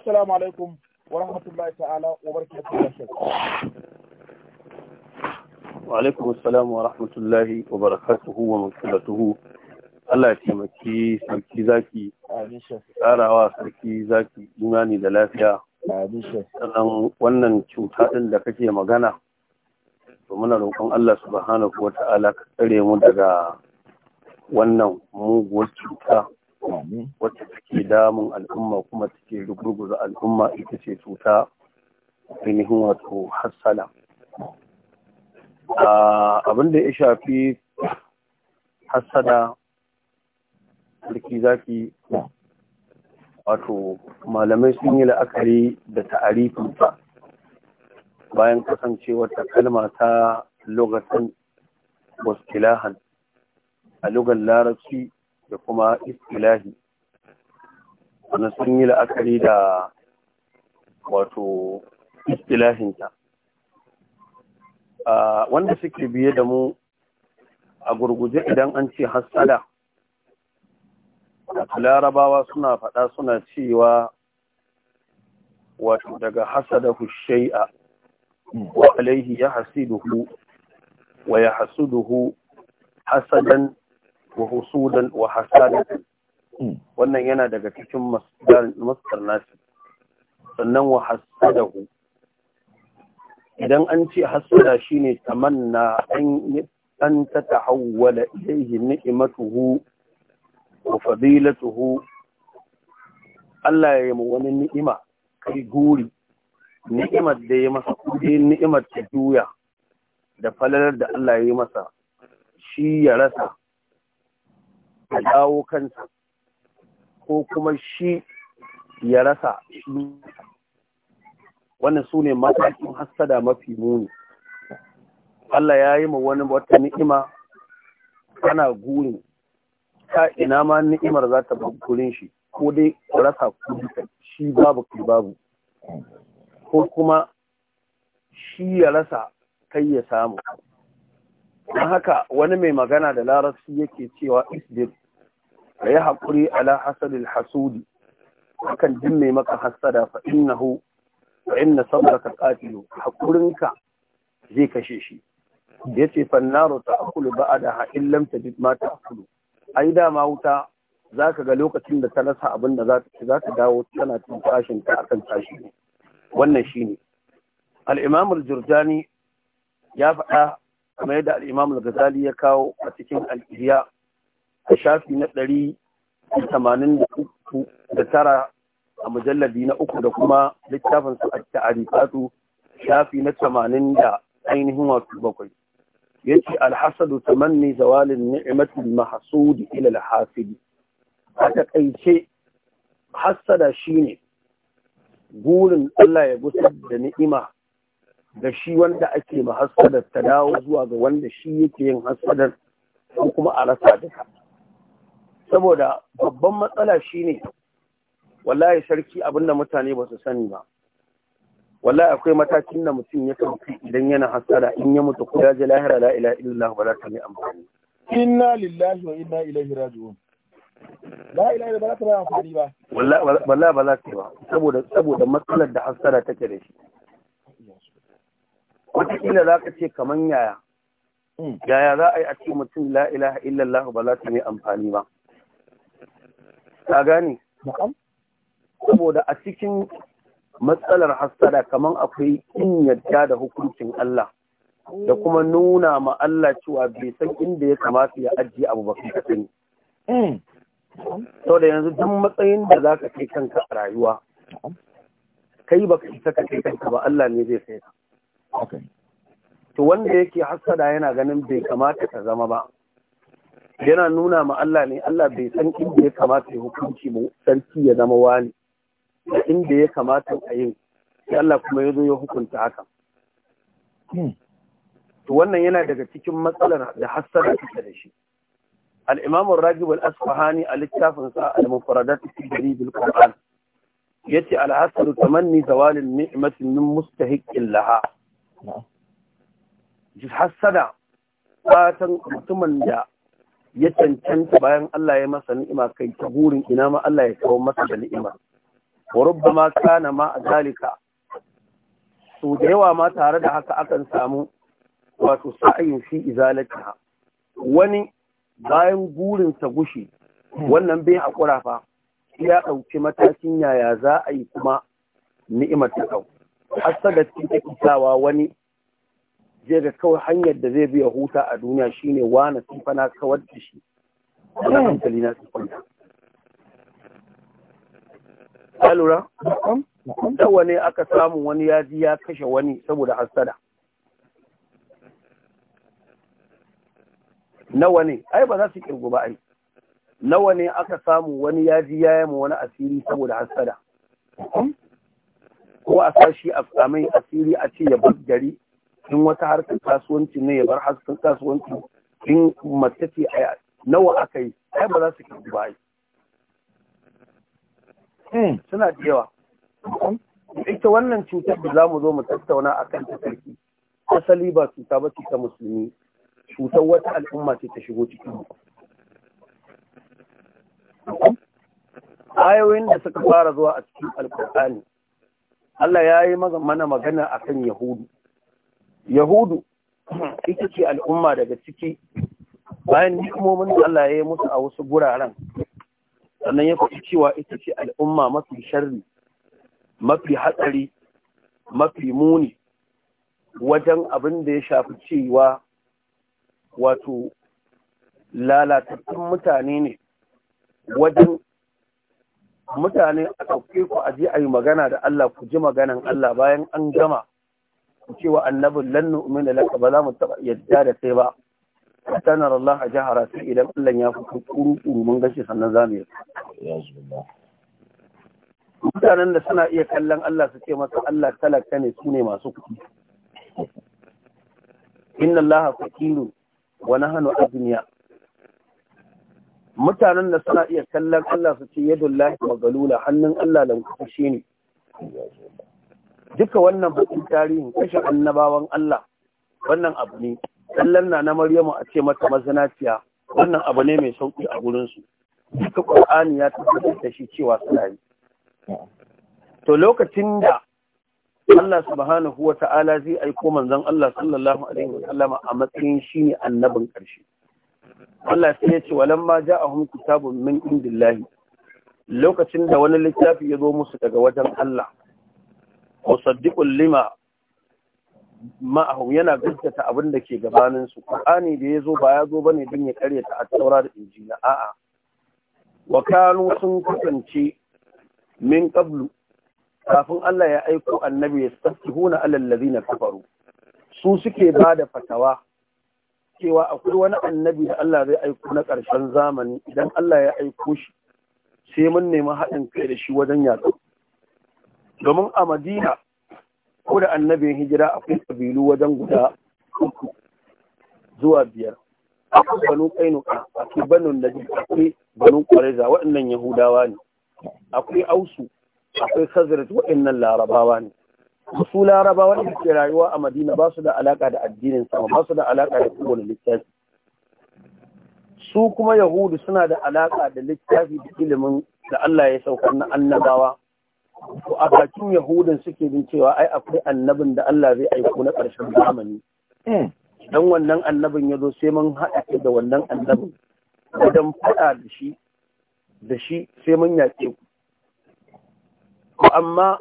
assalamu alaikum wa rahmatullahi ta'ala wa barakatuhu wa alaikum assalam wa rahmatullahi wa barakatuhu wa manfilatuhu Allah ya taimaki sarki zaki tsarawa sarki zaki imani da lafiya sannan wannan cuta ɗin da kake magana to muna roƙon Allah subhanahu wa ta'ala ka tsare mu daga wannan muguwar cuta wacce take damun al'umma kuma take rugurguza al'umma ita ce cuta ainihin wato hassala ah, abin da ya shafi hassada sarki zaki wato malamai sun yi la'akari da ta'arifinsa bayan kasancewar ta kalma ta lokacin wasu a lugar larabci da kuma istilahi wani sun yi la'akari da wato istilahinta wanda suke biye da mu a gurguje idan an ce wato larabawa suna faɗa suna cewa wato daga hasada shai'a wa alaihi ya hasiduhu wa ya hasuduhu hasadan wa husudan wa hmm. wannan yana daga cikin masdar nasi sannan wa hasadahu idan an ce hasada shine tamanna an an tatahawwala ilaihi ni'matuhu wa fadilatuhu Allah ya yi wani ni'ima kai guri ni'imar da ya masa kudi ni'imar ta juya da falalar da Allah ya yi masa shi ya rasa ya dawo kansa ko kuma shi ya rasa shi wannan su ne matakin hassada mafi muni Allah ya yi ma wani wata ni'ima ana guri ta ina ma ni'imar za ta gurin shi ko dai rasa kudinka shi babu kai babu ko kuma shi ya rasa kai ya samu don haka wani mai magana da larabci yake cewa isbir ka yi haƙuri ala hasadil hasudi akan jin mai maka hasada fa innahu fa inna sabraka qatilu haƙurinka zai kashe shi yace ba ta'kulu ba'daha in lam tajid ma Kulu. ai dama wuta zaka ga lokacin da ta rasa abin da za ta ci za dawo tana cin tashin ta akan tashi wannan shine al-imam al-jurjani ya faɗa kamar yadda al-imam al-ghazali ya kawo a cikin al-ihya a shafi na ɗari tamanin da uku da tara a mujalladi na uku da kuma littafin su a ta'arifatu shafi na tamanin da ainihin wasu bakwai ya yace ta tamanni zawalin mahas'u da ilal hasidi a takaice hassada shi ne, burin Allah ya gusar da ni'ima da shi wanda ake mahassadar ta dawo zuwa ga wanda shi yake yin hassadar ko kuma a rasa duka saboda babban matsala shine wallahi sarki abinda mutane ba su sani ba wallahi akwai matakin da mutum ya kai idan yana hasara in ya mutu ko ya ji lahira la ilaha illallah ba za ta yi amfani inna lillahi wa inna ilaihi raji'un la ilaha illallah ba za ta mai amfani ba wallahi ba za ta ba saboda saboda matsalar da hasara take da shi wataƙila za ka ce kaman yaya hmm. yaya za a yi a ce mutum la ilaha illallah ba za ta yi amfani ba ka gane saboda a cikin matsalar hasada kaman akwai in yadda da hukuncin Allah da kuma nuna ma Allah cewa bai san inda ya kamata ya ajiye abu ba kai mm. sani da yanzu duk matsayin da zaka kai kanka a rayuwa kai baka isa ka kai kanka ba Allah ne zai sai ka to wanda yake hasada yana ganin bai kamata ka zama ba yana nuna ma Allah ne Allah bai san inda ya kamata ya hukunci mu sarki ya zama wani da inda ya kamata a yi, sai Allah kuma ya zo ya hukunta haka hmm. to wannan yana daga cikin matsalar da hassara take da shi al-Imam Ragib al-Asfahani a littafin sa al-Mufradat fi Gharib al-Qur'an yace al-hasr tamanni zawal an-ni'mat min mustahiq laha hassada fatan mutumin da ya cancanta bayan Allah ya masa ni'ima kai ta gurin ina ma Allah ya kawo masa da ni'ima wa rubbama kana ma azalika to da yawa ma tare da haka akan samu wato sa'ayin fi izalatiha wani bayan gurin ta gushi wannan bai hakura fa ya dauki matakin yaya za a yi kuma ni'imar ta kau hasadat take kisawa wani zai ga kawai hanyar da zai biya huta a duniya shine wani sun fana kawar da shi wannan hankali na sun ya ka lura dawa ne aka samu wani ya ji ya kashe wani saboda hasada nawa ne ai ba za su kirgu ba ai nawa ne aka samu wani ya ji ya yamma wani asiri saboda hasada ko a sashi a asiri a ce ya bar gari in wata harkar kasuwanci ne ya bar harkar kasuwanci in mace ce nawa aka yi ai ba za su kirgu ba ai hmm, suna da yawa ita wannan cutar da za mu zo mu tattauna akan ta sarki asali ba cuta ba ce ta musulmi cutar wata al'umma ce ta shigo cikin ayoyin da suka fara zuwa a cikin alkur'ani Allah ya yi mana magana akan yahudu yahudu ita ce al'umma daga ciki bayan nikmomin da Allah ya yi musu a wasu guraren sannan ya faɗi cewa ita ce al'umma mafi sharri mafi hatsari mafi muni wajen abin da ya shafi cewa wato lalatattun mutane ne wajen mutane a ɗauke ku aje a yi magana da Allah ku ji maganan Allah bayan an gama ku ce cewa annabi lan da laka ba za mu taɓa yadda da kai ba hatta nara Allah jahara sai idan Allah ya fi kuru kuru mun gashi sannan za mu yi mutanen da suna iya kallon Allah su ce masa Allah talaka ne su ne masu kuɗi inna Allah fakiru wa nahnu adniya mutanen da suna iya kallon Allah su ce yadullahi magalula hannun Allah lankwashe ne duka wannan bakin tarihin kashe annabawan Allah wannan abu ne sallan na na Maryamu a ce mata mazinaciya wannan abu ne mai sauki a gurin su duka Qur'ani ya tabbatar da shi cewa suna yi to lokacin da Allah subhanahu wa ta'ala zai aiko manzon Allah sallallahu alaihi wa sallama a matsayin shine annabin ƙarshe Allah sai ya ce walamma ja'ahum kitabun min indillahi lokacin da wani littafi ya zo musu daga wajen Allah musaddiqul lima ma'ahum yana gaskata abin da ke gabanin su qur'ani da yazo ba ya zo bane din ya karyata at-taura da injila a'a wa kanu sun kasance min qablu kafin Allah ya aiko annabi ya tsakihuna alal ladina kafaru su suke bada fatawa cewa akwai wani annabi da Allah zai aiko na ƙarshen zamani idan Allah ya aiko shi sai mun nemi haɗin kai da shi wajen yaƙi domin a madina ko da annabin hijira akwai kabilu wajen guda uku zuwa biyar akwai banu kainuka akwai banu najib akwai banu kwareza waɗannan yahudawa ne akwai ausu akwai khazrat waɗannan larabawa ne su larabawa da ke rayuwa a madina ba su da alaka da addinin sama ba su da alaka da kowane littafi su kuma yahudu suna da alaka da littafi da ilimin da Allah ya saukar na annabawa to a bakin yahudan suke bin cewa ai akwai annabin da Allah zai aiko na ƙarshen zamani hmm. idan wannan annabin ya zo sai mun haɗa shi da wannan annabin idan faɗa da shi da shi sai mun yaƙe ku amma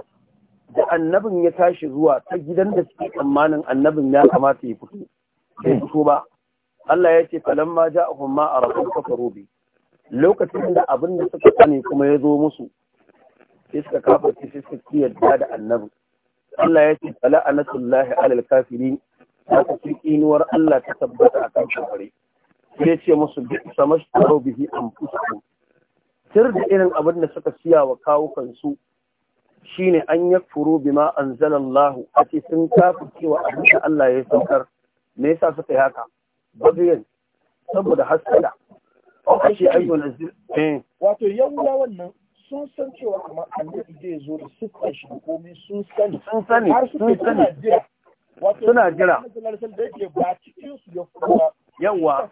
da annabin ya tashi zuwa ta gidan da suke tsammanin annabin ya kamata ya fito bai hmm. fito ba Allah ya ce falan ma ja'ahum ma arafun kafaru bi lokacin da abin da suka sani kuma ya zo musu sai suka kafarci sai suka yadda da annabi Allah ya ce fala alal kafirin haka ci inuwar Allah ta tabbata akan kafare sai ce musu bi samashtaru bihi anfusukum sir da irin abin da suka siya wa kawukansu shine an yakfuru bima anzalallahu a ce sun kafirce cewa abin da Allah ya saukar me yasa suka yi haka babiyan saboda hasala eh. wato yawula wannan sun san cewa amma annabi zai zo da siffar shi komai sun sani sun sani sun sani suna jira ba cikin su ya kuma yawa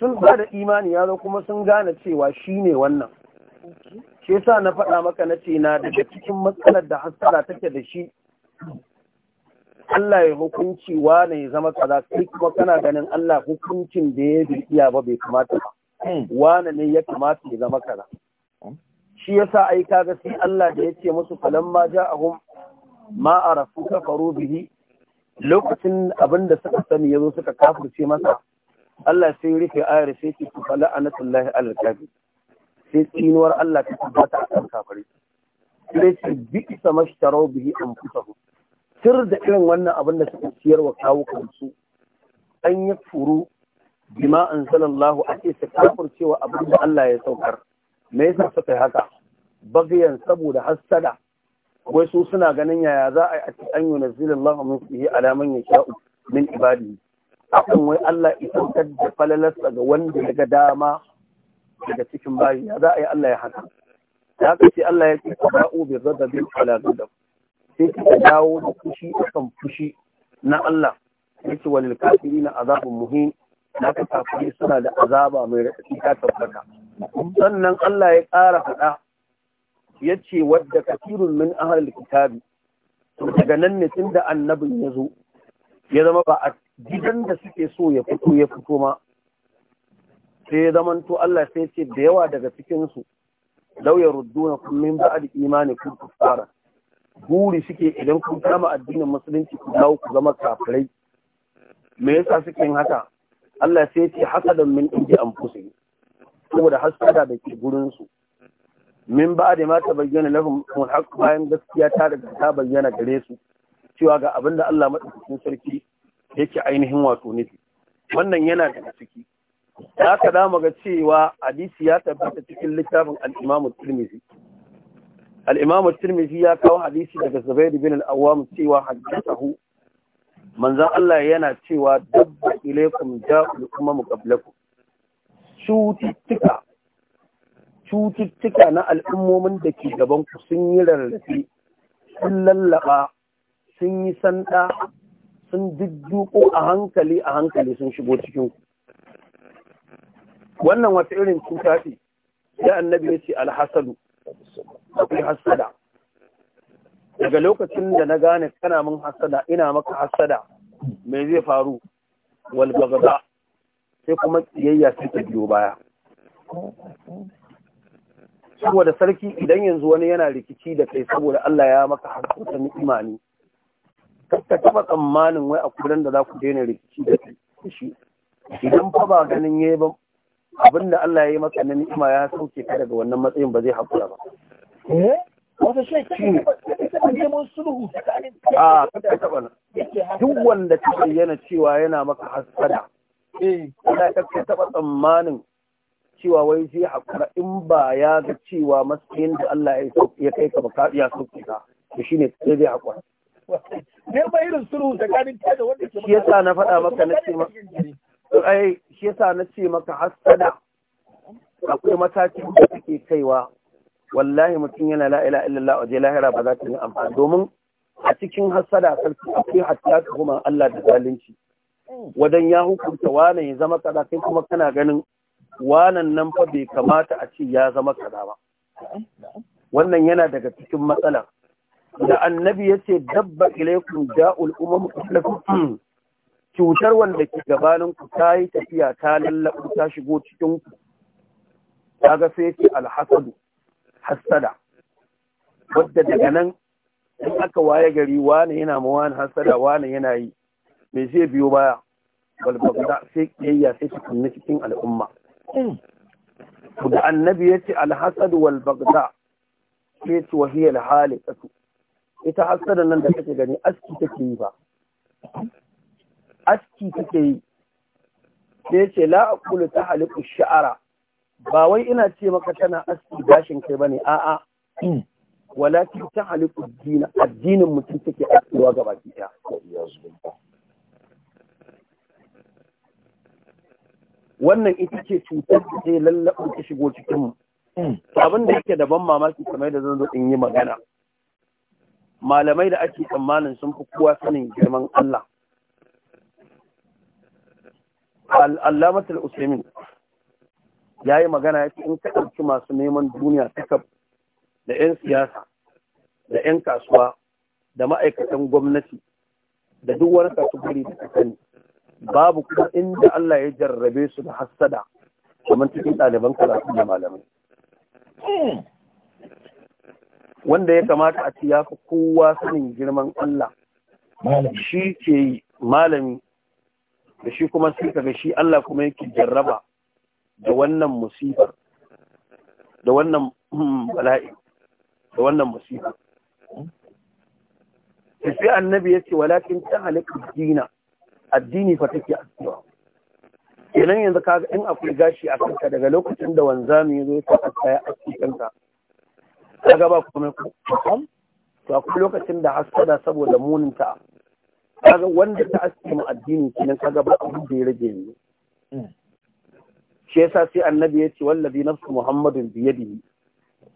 sun ba da imani ya zo kuma sun gane cewa shi ne wannan shi sa na faɗa maka na ce na daga cikin matsalar da hasara take da shi Allah ya hukunci wa ne zama kaza sai kuma kana ganin Allah hukuncin da ya bi iya ba bai kamata ba Hmm. wane ne ya kamata ya zama kaza hmm. shi yasa ai kaga sai Allah da ce musu falamma ja'ahum ma arafu kafaru bihi lokacin abinda suka sani yazo suka kafirce masa Allah sai rufe ayar sai ce ku fala anatullahi alal kafir sai tsinuwar Allah ta tabbata a kan kafiri sai ce bi isa bihi anfusahum sir da irin wannan abin da suka ciyar wa kawo kansu an yi furu bima anzalallahu ake ce cewa kafircewa abin da Allah ya saukar me yasa suka yi haka bagiyan saboda hassada wai su suna ganin yaya za a yi a ce an yunazzilallahu min fihi alaman yasha'u min ibadi. akan wai Allah isaukar da falalarsa ga wanda ya ga dama daga cikin bayi ya za a yi Allah ya haka ya ka Allah ya ce ba'u bi ghadabin ala ghadab sai ka dawo da fushi akan fushi na Allah yace walil na azabun muhin na suna da azaba mai raɗaɗi ta tabbata sannan Allah ya ƙara faɗa ya ce wadda kafirun min ahlul kitabi daga nan ne tun da annabin ya zo ya zama ba a gidan da suke so ya fito ya fito ma sai ya zama to Allah sai ce da yawa daga cikin su law yarudduna kum min imani kun kufara Buri suke idan kun kama addinin musulunci ku dawo ku zama kafirai me yasa suke yin haka Allah sai ce hasadan min inji an fusi saboda hasada da ke gurinsu min ba da mata bayyana lahum kun haq bayan gaskiya ta daga ta bayyana gare su cewa ga abin da Allah madaukakin sarki yake ainihin wato nufi wannan yana daga ciki ka da ga cewa hadisi ya tabbata cikin littafin al-Imam at-Tirmidhi al-Imam tirmidhi ya kawo hadisi daga Zubair bin al-Awwam cewa haddathahu manzan Allah yana cewa dabba ilaikum ja'ul umamu qablakum cututtuka cututtuka na al'ummomin da ke gaban ku sun yi rarrafe sun lallaba sun yi sanda sun dudduko a hankali a hankali sun shigo cikin ku wannan wata irin cuta ce sai annabi ya ce alhasadu akwai hasada daga lokacin da na gane kana min hasada ina maka hasada me zai faru wal sai kuma kiyayya sai ta biyo baya saboda sarki idan yanzu wani yana rikici da kai saboda Allah ya maka hasada ni imani ka taba tsammanin wai a kudin da za ku daina rikici da shi idan fa ba ganin yayi ba abinda Allah ya yi maka na ni'ima ya sauke ka daga wannan matsayin ba zai haƙura ba eh wasu shi ne a kaka taba duk wanda ta bayyana cewa yana maka hasada yana eh. kaka taba tsammanin cewa wai zai hakura in ba ya ga cewa matsayin da Allah ya kai ka baka ya sauke ka to shine sai zai hakura ne ba irin sulhu tsakanin ta da wanda ke shi yasa na faɗa maka na ce maka ai shi yasa na ce maka hasada akwai matakin da suke kaiwa wallahi mutum yana la'ila illallah waje lahira ba za ta yi amfani domin a cikin hasada sarki akwai hatta kuma Allah da zalunci wadan ya hukunta wane ya zama kaza kai kuma kana ganin wanan nan fa bai kamata a ce ya zama kaza ba wannan yana daga cikin matsala da annabi ya ce dabba ilaikum da'ul umam qallakum cutar wanda ke gabanin ku ta yi tafiya ta lallabu ta shigo cikin ku ga sai ce alhasadu hassada wadda daga nan in aka waye gari wani yana ma wani hassada wani yana yi me zai biyo baya walbabda sai kiyayya sai ta kunni cikin al'umma da annabi ya ce alhasad walbabda sai ce wahiyar halikatu ita hasada nan da kake gani aski take yi ba aski take yi sai ce la'akulu ta tahliqu sha'ara ba wai ina ce maka tana aski gashin kai bane a'a walakin ta halittu dina addinin mutum take askewa gaba ki ta wannan ita ce cutar da ta lallaɓa ta shigo cikin abin da yake daban mamaki kamar da zan in yi magana malamai da ake tsammanin sun fi kowa sanin girman Allah. Allah Allamatul Usaimin ya yi magana ya ce in ka ɗauki masu neman duniya suka da 'yan siyasa da 'yan kasuwa da ma'aikatan gwamnati da duk wani katuburi da ka sani babu kuma inda Allah ya jarrabe su da hassada kamar cikin ɗaliban karatu da malamai wanda ya kamata a ci ya fi kowa sanin girman Allah shi ke malami da shi kuma sai kaga shi Allah kuma yake jarraba da wannan musibar da wannan hmm, bala'i da wannan musibar sai annabi ya ce walakin ta halika dina addini fa take addu'a kenan yanzu kaga in akwai gashi a kanka daga lokacin da wanzami ya zo ya taɓa kaya a kanka kaga ba komai kusan to akwai lokacin da hasada saboda munin ta kaga wanda ta aske mu addini kenan kaga ba abin da ya rage ne shi yasa sai annabi ya ce wallazi nafsu muhammadin biyadihi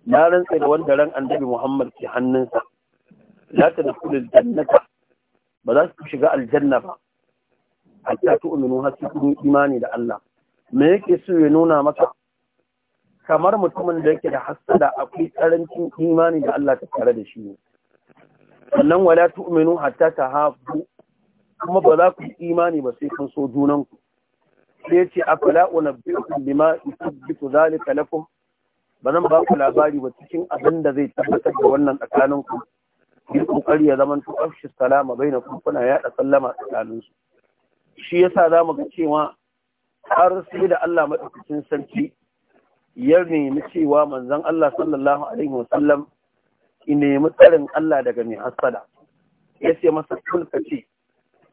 Ya rantsa da wanda ran annabi muhammad ke hannunsa da tadkhulu jannata ba za su shiga aljanna ba hatta tu'minu har su imani da Allah me yake so ya nuna maka kamar mutumin da yake da hasada akwai karancin imani da Allah ta tare da shi ne sannan wala tu'minu hatta tahabbu kuma ba za ku imani ba sai kun so junanku sai ya ce afala unabbiukum bima yusabbitu zalika lakum ba zan ba ku labari ba cikin abin da zai tabbatar da wannan tsakanin ku yi kokari ya zaman tu afshi salama baina na kuna yaɗa sallama tsakanin su shi yasa zamu ga cewa har sai da Allah madaukakin sarki ya nemi cewa manzon Allah sallallahu alaihi sallam! Ki nemi tsarin Allah daga mai hasada ya ce masa kulka ce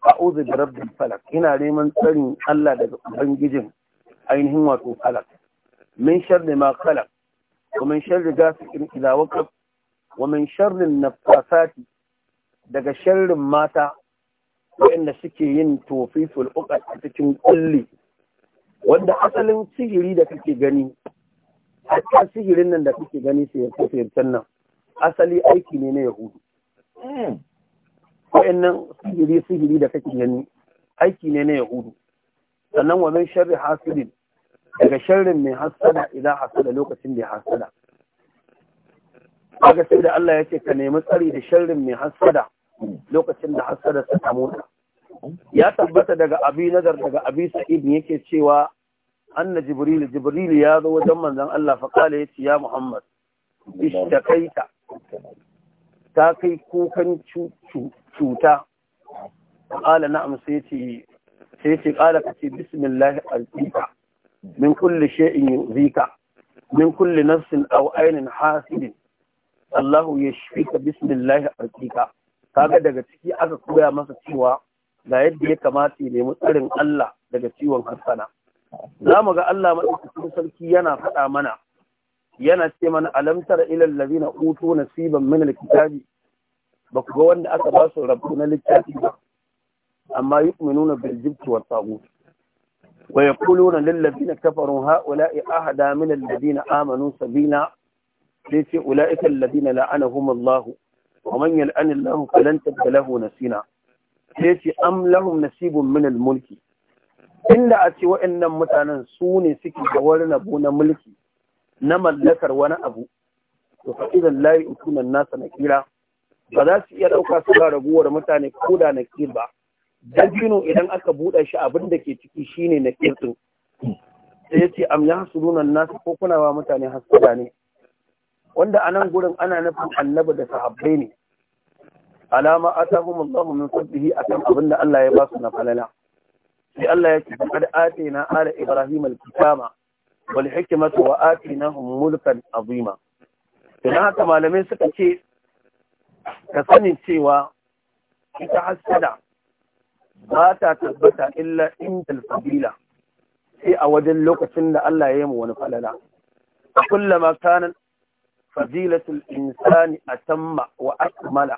a'udhu bi rabbil falak ina neman tsarin Allah daga ubangijin ainihin wato falak min sharri ma khalaq wa min sharri ghasiqin idha waqab wa min sharri nafasati daga sharrin mata wanda suke yin tofiful uqat a cikin kulli wanda asalin sihiri da kake gani hatta sihirin nan da kake gani sai ya kafirtan nan asali aiki ne na yahudu hmm. wa'annan sihiri sihiri da kake gani aiki ne na yahudu sannan wa min sharri hasidin daga sharrin mai hasada idan hasada lokacin da ya hasada kaga sai da Allah ya ce ka nemi tsari da sharrin mai hasada lokacin da hasada ta samu ya tabbata daga abi nazar daga abi sa'id yake cewa anna jibril jibril ya zo wajen manzon Allah fa kale yace ya muhammad ishtakaita ta kai kukan cuta ƙala na'am sai ce sai ce ƙala ka ce bismillah alƙiƙa min kulli shay'in yuzika min kulli nafsin aw ainin hasidin Allahu ya yashfika bismillah alƙiƙa kaga daga ciki aka koya masa cewa ga yadda ya kamata ya nemi tsarin Allah daga ciwon hassana za mu ga Allah maɗaukakin sarki yana faɗa mana yana ce mana alamtar ilal ladina utu nasiban min alkitabi ba ku ga wanda aka ba su rabu na littafi ba amma yu'minuna bil jibti wat tagut wa yaquluna lil ladina kafaru haula'i ahada min alladina amanu sabina sai ce ula'ika alladina la'anahum Allah wa man yal'an Allah falan tabdalahu nasina sai ce am lahum nasibun min mulki inda a ce wa'annan mutanen su ne suke ga wani rabo na mulki na mallakar wani abu to fa idan la yu'tunan nasa nakira ba za su iya ɗauka su ga raguwar mutane ko da nakir ba dabino idan aka buɗe shi abin da ke ciki shine nakir din sai yace am ya nuna nasa ko kuna wa mutane hasuda ne wanda anan gurin ana nufin annabi da sahabbai ne alama atahum Allahu min fadlihi akan abin da Allah ya ba su na falala sai Allah ya ce qad atina ala ibrahim al-kitama wal hikmatu wa atinahum mulkan azima idan haka malamai suka ce ka sani cewa ita hasada ba ta tabbata illa inda fadila sai a wajen lokacin da Allah ya yi mu wani falala kullama kanan fadilatul insani atamma wa akmala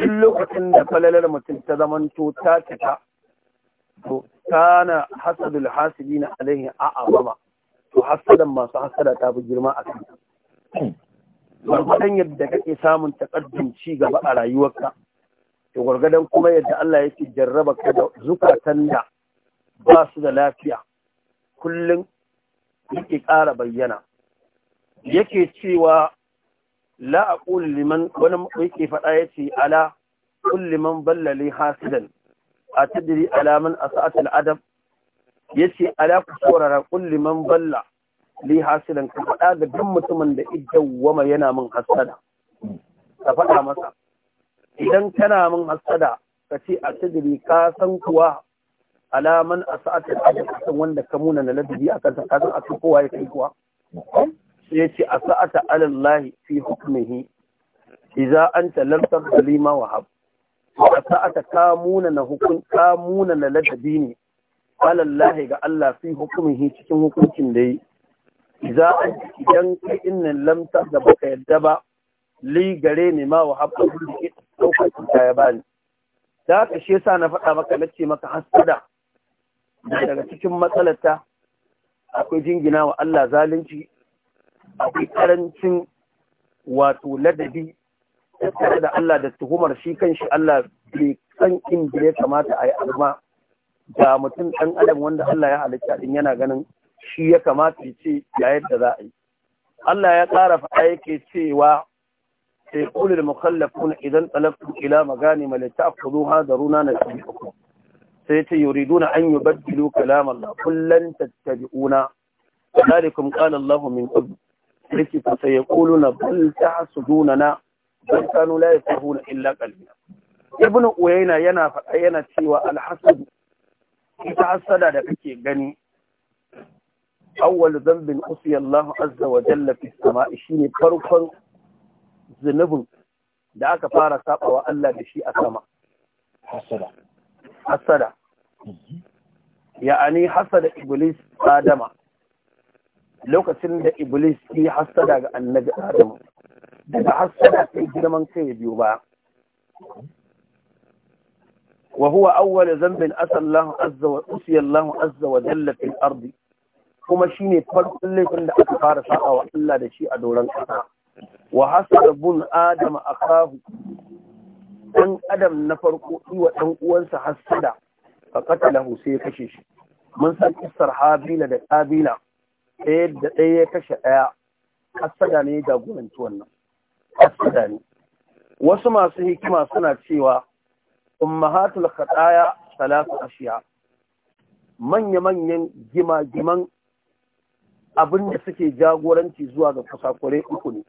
duk lokacin da falalar mutum ta zamanto ta cika to kana hasadul hasidina alaihi a'abama to hasadan masu hasada ta fi girma a kan gwargwadon yadda kake samun takardun ci gaba a rayuwarka to gwargwadon kuma yadda Allah yake jarraba ka da zukatan da ba su da lafiya kullum yake ƙara bayyana yake cewa la aqul liman wani yake faɗa ce ala kulli man ballali hasidan a tadiri alamun a sa'atul adab yace ala ku saurara kulli man balla li hasilan ka faɗa ga duk mutumin da idawwama yana min hasada ka faɗa masa idan kana min hasada ka ce a tijiri ka san kuwa alaman a sa'atar ajiyar wanda ka muna na ladabi a kan sakatun a kowa ya kai kuwa ya ce a sa'ata alallahi fi hukumihi iza an talantar da lima wahab a sa'ata ka muna na hukun ka muna na ladabi ne alallahi ga Allah fi hukumihi cikin hukuncin da yi za a idan ka inna lamta da baka yadda ba li gare ni ma wa habba ke ɗaukacin ta ya bani da haka shi yasa na faɗa maka na ce maka hasada daga cikin matsalarta akwai jingina wa Allah zalunci akwai karancin wato ladabi tare da Allah da tuhumar shi kan shi Allah bai san inda ya kamata a yi alma ga mutum ɗan adam wanda Allah ya halitta din yana ganin shi ya kamata ya ce ya yadda za a yi Allah ya ƙara faɗa yake cewa sai kulil mukallafun idan talaftum ila magani malita runa daruna nasibukum sai ce yuriduna an yubaddilu kalam Allah kullan tattabi'una ذلكم قال الله من قبل لكي فسيقولون بل تحسدوننا بل كانوا لا يفقهون إلا قليلا ابن أوينا ينا فأينا سوى الحسد ita hassada da kake gani awwal zambin usi Allah azza wa jalla fi sama'i shine farkon zunubin da aka fara sabawa Allah da shi a sama hassada hassada mm-hmm. ya'ani hasada iblis adama lokacin da iblis yi hassada ga annabi Adama, daga hassada sai girman kai ya biyo ba. وهو أول ذنب أسى الله عز وأسي الله عز وجل في الأرض kuma shine farkon laifin da aka fara sa'a wa Allah da shi a doron ƙasa wa hasara bun a Kahu. dan adam na farko iwa ɗan uwansa Hassada. fa qatalahu ya kashe shi mun san kissar habila da qabila ɗaya da ɗaya ya kashe ɗaya hasada ne ya jagoranci wannan hasada ne wasu masu hikima suna cewa ummahatul khataya salatu ashiya manya-manyan gima-giman abin da suke jagoranci zuwa ga kusakurai uku ne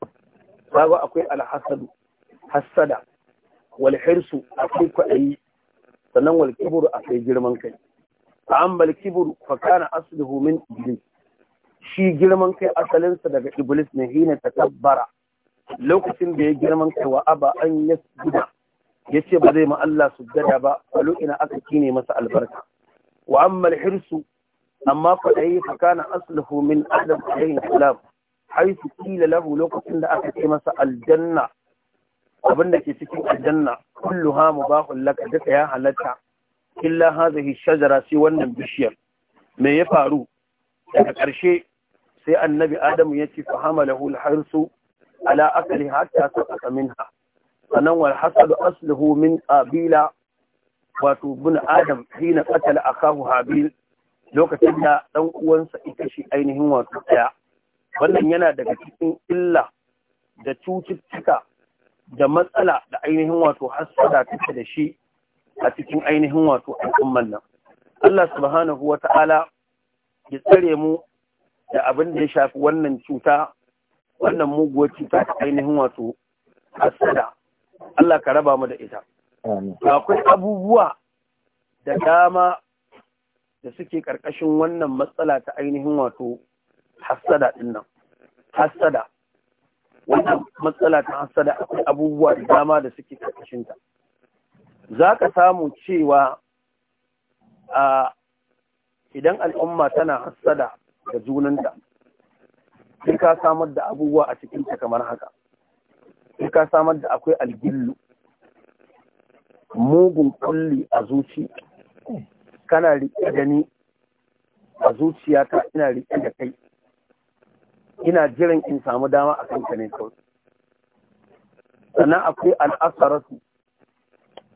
kaga akwai alhasadu hassada wal hirsu akwai kwaɗayi sannan wal kibru akwai girman kai an bal kibru fa kana asluhu min iblis shi girman kai asalinsa daga iblis ne hina takabbara lokacin da ya girman kai wa aba an yasjuda ya ce ba zai ma Allah su sujjada ba a ina aka kine masa albarka wa amma hirsu amma kwaɗayi fa kana aslahu min adam alayhi salam kila lahu lokacin da aka ce masa aljanna abinda ke cikin aljanna kulluha mubahun laka duka ya halatta illa hadhihi shajara sai wannan bishiyar me ya faru daga ƙarshe sai annabi adamu ya ce fa hamalahu alharsu ala akali hatta saqata minha sannan wal hasadu asluhu min qabila wato bin adam hina a akahu habil lokacin da ɗan uwansa ita shi ainihin wato daya wannan yana daga cikin illa da cututtuka da matsala da ainihin wato hasada take da shi a cikin ainihin wato al'umman nan Allah subhanahu wa ta'ala ya tsare mu da abin da ya shafi wannan cuta wannan muguwar cuta ta ainihin wato hasada Allah ka raba mu da ita akwai abubuwa da dama da suke ƙarƙashin wannan matsala ta ainihin wato hassada ɗin nan hassada wannan matsala ta hassada akwai abubuwa da dama da suke ƙarƙashinta za ka samu cewa a idan al'umma tana hassada da junanta sai ka samar da abubuwa a cikinta kamar haka sai ka samar da akwai algillu mugun kulli a zuci kana riƙe da ni a zuciyata ina riƙe da kai ina jiran in samu dama a kanka ne kawai sannan akwai al'asaratu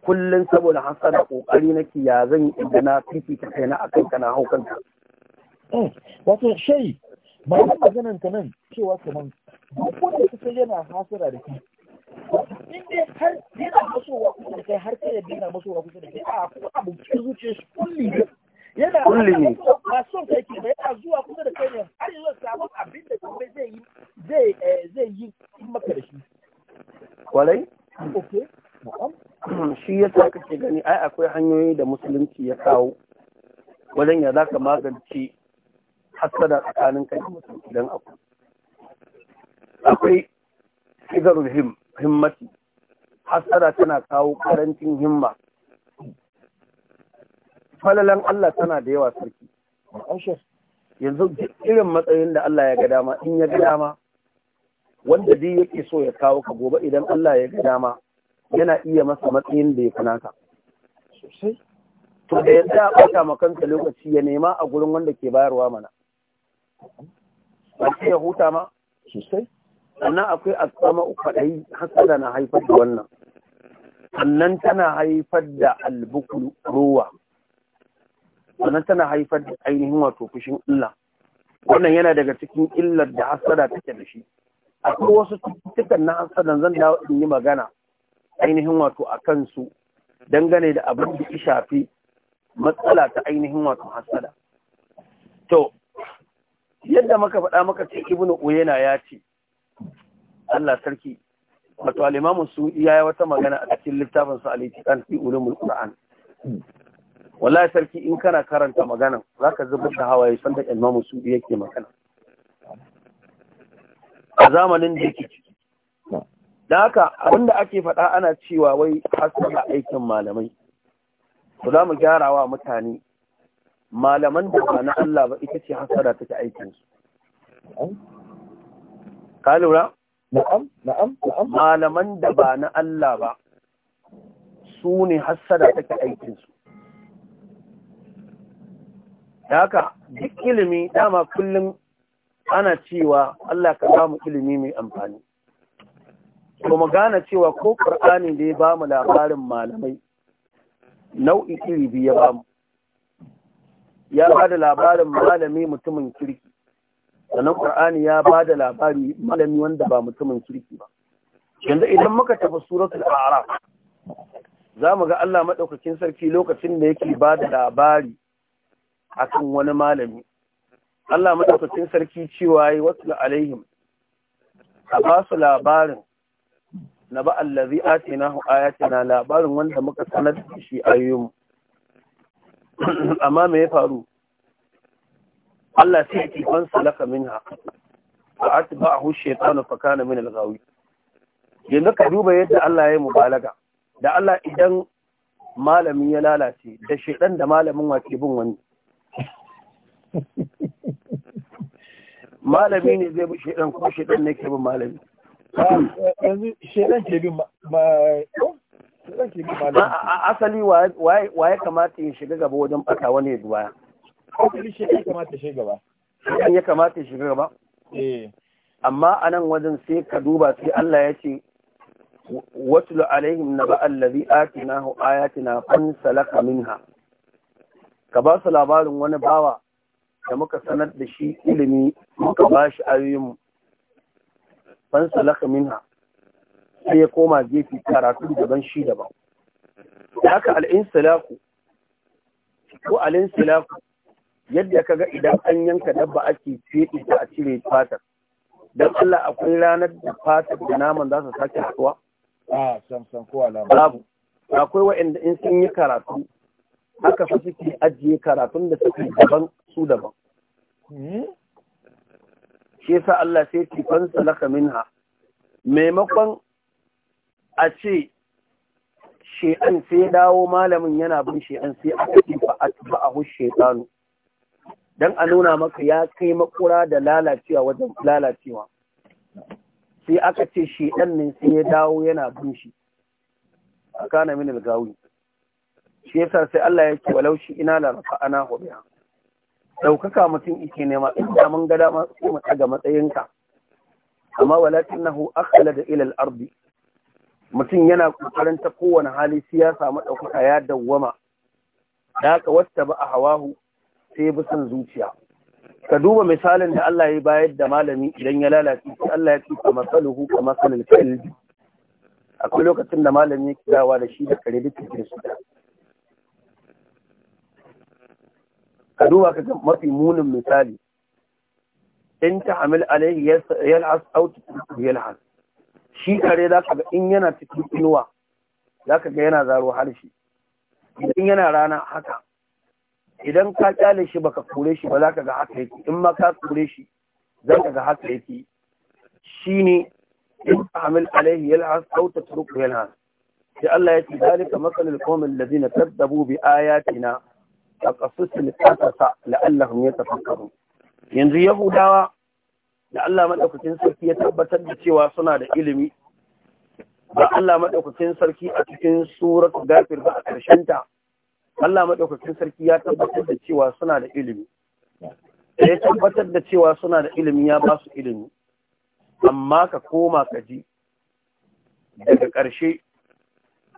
kullum saboda hasada ƙoƙari nake ya zan yi inda na fifita kai na akan kana hau kanka eh, wato shayi ba maganan ka nan cewa kaman kuma da kusa yana hasara da kai in dai har yana masowa kusa da kai har kai da yana masowa kusa da kai a kuma abu cikin zuciya shi kulli ne yana kulli ne ba son kai ke ba yana zuwa kusa da kai ne har yanzu samun abin da kuma zai yi zai eh, zai yi maka da shi kwalai okay shi ya yasa kake gani ai akwai hanyoyi da musulunci ya kawo wajen ya zaka magance hasada tsakanin kai da mutum idan akwai akwai sigarul him himmati hasara tana kawo karancin himma falalan Allah tana da yawa sarki yanzu irin matsayin da Allah ya ga dama in ya ga dama wanda dai yake so ya kawo ka gobe idan Allah ya ga dama yana iya masa matsayin da ya kunaka to da yadda a ɓata ma lokaci ya nema a gurin wanda ke bayarwa mana ba ya huta ma sosai sannan akwai asama kwaɗayi hasada na haifar da wannan sannan tana haifar da albukulu ruwa sannan tana haifar da ainihin wato fushin illa wannan yana daga cikin illar da hasada take da shi akwai wasu cututtukan na hasada zan dawo in yi magana ainihin wato a kansu dangane da abin da ya shafi matsala ta ainihin wato hasada to yadda muka faɗa maka ce ibnu uyena ya ce Allah sarki wato alimamu su iya wata magana a cikin littafin su al-Itiqan fi ulumul Qur'an wallahi sarki in kana karanta magana zaka zubar da hawaye san da su Suudi yake magana a zamanin da yake ciki da haka abinda ake faɗa ana cewa wai hasala aikin malamai to za mu gyara wa mutane malaman da ba na Allah ba ita ce hasara take su. ka lura Malaman da ba na Allah ba, su ne hassada take aikinsu. Da haka, duk ilimi dama kullum ana cewa Allah ka samu ilimi mai amfani. To mu gane cewa ko Ƙur'ani da ya ba mu labarin malamai, nau'i iri ya ba mu. Ya ba da labarin malami mutumin kirki. sannan ƙur'ani ya ba da labari malami wanda ba mutumin kirki ba yanzu idan muka tafi suratul a'raf za mu ga Allah maɗaukakin sarki lokacin da yake ba da labari akan wani malami Allah maɗaukacin sarki cewa yi wasu alaihim a ba su labarin na ba allazi ce na labarin wanda muka sanar da shi ayoyinmu amma me ya faru Allah sai ya kifan salaka min ha, ba atba'ahu shaytanu fa kana min al-ghawi yanzu ka duba yadda Allah ya yi mubalaga da Allah idan malamin ya lalace da shaytan da malamin ke bin wani malami ne zai bi shaytan ko shaytan ne ke bin malami yanzu shaytan ke bin asali waye kamata ya shiga gaba wajen ɓata wani ya duwaya hankali shi ya kamata shi gaba shi ya kamata shi gaba eh amma anan wajen sai ka duba sai Allah ya ce watlu alaihim naba allazi atinahu ayatina salaka minha ka ba su labarin wani bawa da muka sanar da shi ilimi muka ba shi ayoyin salaka minha sai ya koma gefe karatu daban shi daban haka al'insilaku ko al'insilaku yadda ka ga idan an yanka dabba ake feɗi ta a cire fatar don Allah akwai ranar da fatar da naman za su sake haɗuwa? a ko babu akwai waɗanda in sun yi karatu haka fa suke ajiye karatun da suke daban su daban hmm? shi sa Allah sai ki fansa kamin minha maimakon a ce she'an sai dawo malamin yana bin she'an sai aka kifa atba'ahu shaytanu don a nuna maka ya kai makura da lalacewa wajen lalacewa sai aka ce shi ɗan ne sai ya dawo yana bin shi a kana min gawi shi yasa sai Allah ya ce walau shi ina la ana hu biha daukaka mutum yake nema da mun ga dama sai mu ga matsayinka amma walakinahu akhlada ila al-ard mutum yana kokarin ta kowane hali sai ya samu daukaka ya dawwama Daka haka wasta ba a hawahu sai bi son zuciya ka duba misalin da Allah ya bayar da malami idan ya lalace sai Allah ya ce ka masaluhu ka masalil kalbi akwai lokacin da malami ya kidawa da shi da kare duk cikin su ka duba ka ga mafi munin misali in ta amil alaihi yal'as aw yal'as shi kare za ka ga in yana cikin inuwa za ga yana zaro harshe idan yana rana haka idan ka kyale shi baka kure shi ba za ka ga haka yake in ma ka kure shi za ka ga haka yake shine in amil alaihi yalhas aw tatruku yalhas sai Allah ya ce zalika masalul qawmin allazina kadzabu bi ayatina taqassasul qasasa la'allahum yatafakkarun yanzu yahudawa da Allah madaukakin sarki ya tabbatar da cewa suna da ilimi ba Allah madaukakin sarki a cikin surat gafir ba a karshen ta Allah maɗaukakin sarki ya tabbatar da cewa suna da ilimi da ya tabbatar da cewa suna da ilimi ya ba su ilimi amma ka koma ka ji daga ƙarshe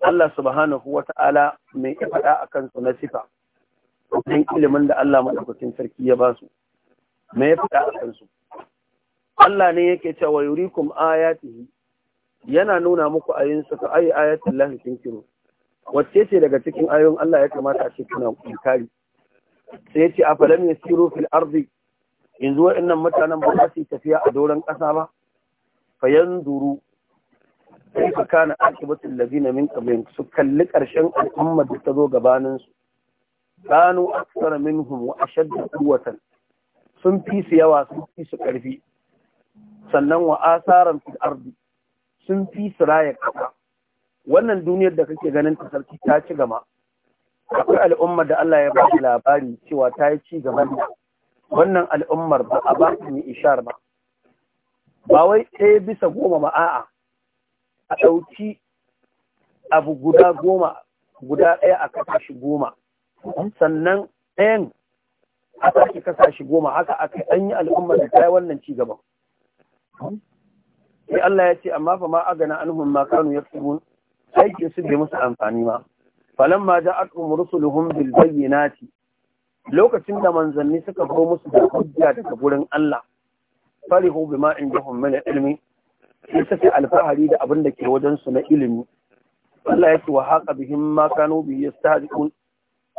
Allah subhanahu wa ta'ala mai ya faɗa a kansu na sifa ɗan ilimin da Allah maɗaukakin sarki ya ba su mai ya faɗa a kansu Allah ne yake cewa yurikum ayatihi yana nuna muku ayinsa ka ayi ayatin lahi tunkiru wacce ce daga cikin ayoyin Allah ya kamata a ce kuna inkari sai ya ce a falam siro fil ardi yanzu waɗannan mutanen ba su yi tafiya a doron ƙasa ba yan duru sai ka kana akibatul ladina min qablihim su kalli ƙarshen al'ummar da ta zo gabanin su kanu aksara minhum wa ashaddu quwwatan sun fi su yawa sun fi su ƙarfi sannan wa asaran fil ardi sun fi su raya ƙasa wannan duniyar da kake ganin ta sarki ta ci gaba akwai al'ummar da Allah ya ba labari cewa ta yi ci gaba wannan al'ummar ba a ba su ishar ba ba wai ɗaya bisa goma ba a'a a ɗauki abu guda goma guda ɗaya a kasashe goma sannan ɗayan a sake kasashe goma haka aka an yi al'ummar da ta yi wannan ci gaba sai Allah ya ce amma fa ma agana anhum ma kanu yaktubun aikin su bai musu amfani ba falamma ja'atuhum rusuluhum bil bayyinati lokacin da manzanni suka zo musu da hujja daga gurin Allah farihu in indahum min ilimi, sai suka alfahari da abin da ke wajensu su na ilimi Allah ya ce wa haka bihin ma kanu bi yastahzi'un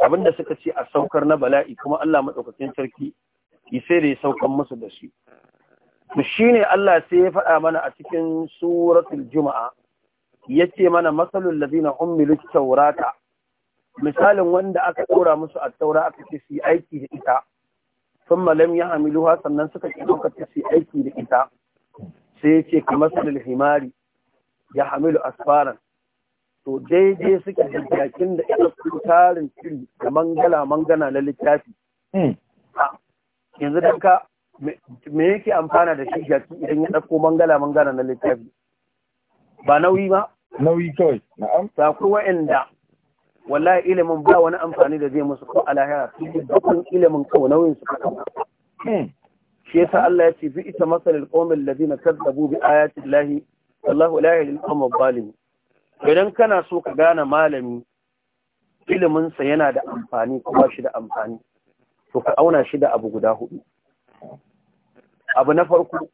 abin da suka ce a saukar na bala'i kuma Allah madaukakin sarki yi sai da ya saukan musu da shi to shine Allah sai ya faɗa mana a cikin suratul juma'a Ya ce mana masalul ladina ummilu taurata misalin wanda aka tsora musu a taura aka ce su aiki da ita sun malam ya ha sannan suka ce suka ce su aiki da ita sai ya ce kamar su himari ya hamilu asfaran to daidai suke da jakin da ita su tarin shiri da mangala mangana na littafi hmm. ah, yanzu don ka me yake amfana da shi jaki idan ya ɗauko mangala mangana na littafi ba nauyi ba nauyi kawai na'am ta ku wa'anda wallahi ilimin ba wani amfani da zai musu ko alahira su ji dukkan ilimin kawai nauyin su kaɗan hmm. shi yasa Allah ya ce bi ita masalil qawmin ladina kazzabu bi ayati llahi wallahu la yahdil qawmal zalimin idan kana so ka gane malami ilimin sa yana da amfani kuma shi da amfani to ka auna shi da abu guda hudu abu na farko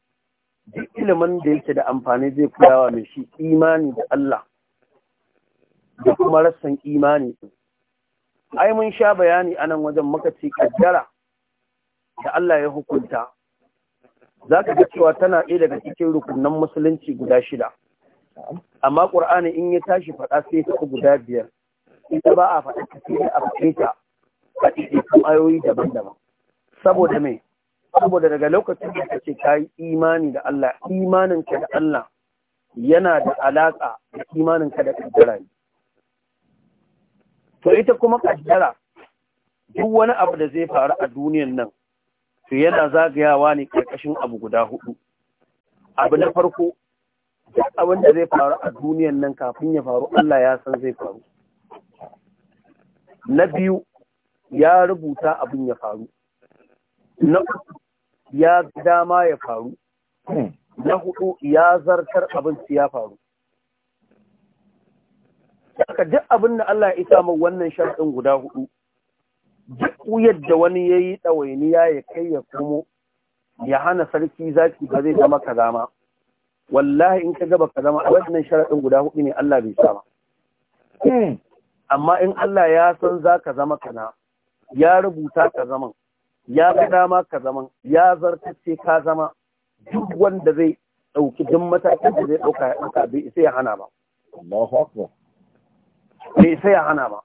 duk ilimin da yake da amfani zai kulawa mai shi imani da Allah da kuma rassan imani ai mun sha bayani anan wajen maka ce kaddara da Allah ya hukunta za ka ga cewa tana ɗaya daga cikin rukunan musulunci guda shida amma ƙur'ani in ya tashi faɗa sai ta guda biyar ita ba a faɗa ta sai a faɗe ta a ɗaiɗaikun ayoyi daban-daban saboda mai saboda daga lokacin da kake kayi imani da Allah imanin ka da Allah yana da alaka da imanin ka da kaddara to ita kuma kaddara duk wani abu da zai faru a duniyan nan to yana zagayawa ne karkashin abu guda hudu abu na farko duk abin da zai faru a duniyan nan kafin ya faru Allah ya san zai faru na biyu ya rubuta abin ya faru na ya dama ya faru na hudu ya zartar abin ya faru Daga duk abin da Allah ya isa min wannan sharɗin guda hudu, duk da wani ya yi ɗawainiya ya kai ya komo, ya hana sarki zaki ba zai zama ka zama Wallahi in ka gaba ka zama a wannan sharaɗin guda hudu ne Allah bai sama Amma in Allah ya san za ka zama kana, ya rubuta ka zaman, ya fi dama ka zama ya ce ka zama duk wanda zai ɗauki duk matakin da zai ɗauka ya ɗauka bai isa ya hana ba. Bai isa ya hana ba.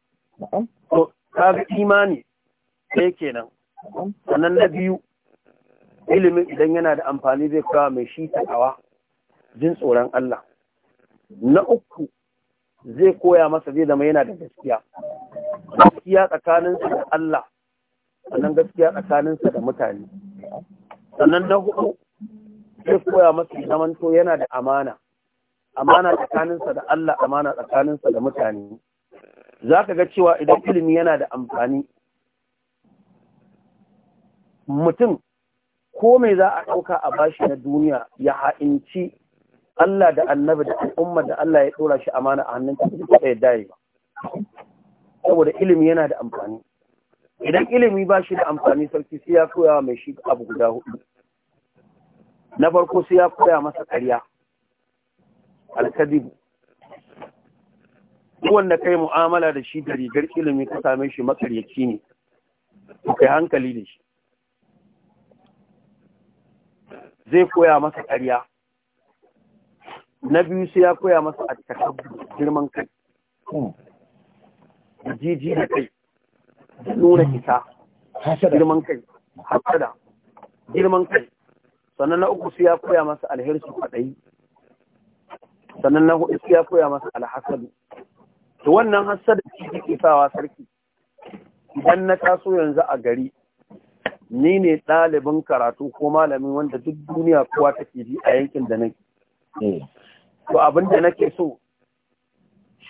To ka ga imani ɗaya kenan. Sannan na biyu ilimin idan yana da amfani zai kawo mai shi takawa jin tsoron Allah. Na uku zai koya masa zai zama yana da gaskiya. Gaskiya tsakaninsa da Allah sannan gaskiya tsakaninsa da mutane sannan na hudu zai koya masa zamanto yana da amana amana tsakaninsa da Allah amana tsakaninsa da mutane za ka ga cewa idan ilimi yana da amfani mutum ko mai za a ɗauka a bashi na duniya ya ha'inci Allah da annabi da al'umma da Allah ya ɗora shi amana a hannun ta ya daye ba saboda ilimi yana da amfani idan ilimi ba shi da amfani sarki sai ya koya wa mai shi abu guda hudu na farko sai ya koya masa ƙarya alkadibu wanda kai mu'amala da shi da rigar ilimi ka same shi makaryaci ne ku kai hankali da shi zai koya masa ƙarya na biyu sai ya koya masa a girman kai jiji da kai da nuna hmm. isa girman kai hasada girman kai sannan na uku su ya koya masa alherci sannan na hudu su ya koya masa alhasadu to wannan hasada ce take sawa sarki idan na taso yanzu a gari ni ne ɗalibin karatu ko malamin wanda duk duniya kowa take ji a yankin da nake hmm. to abin da nake so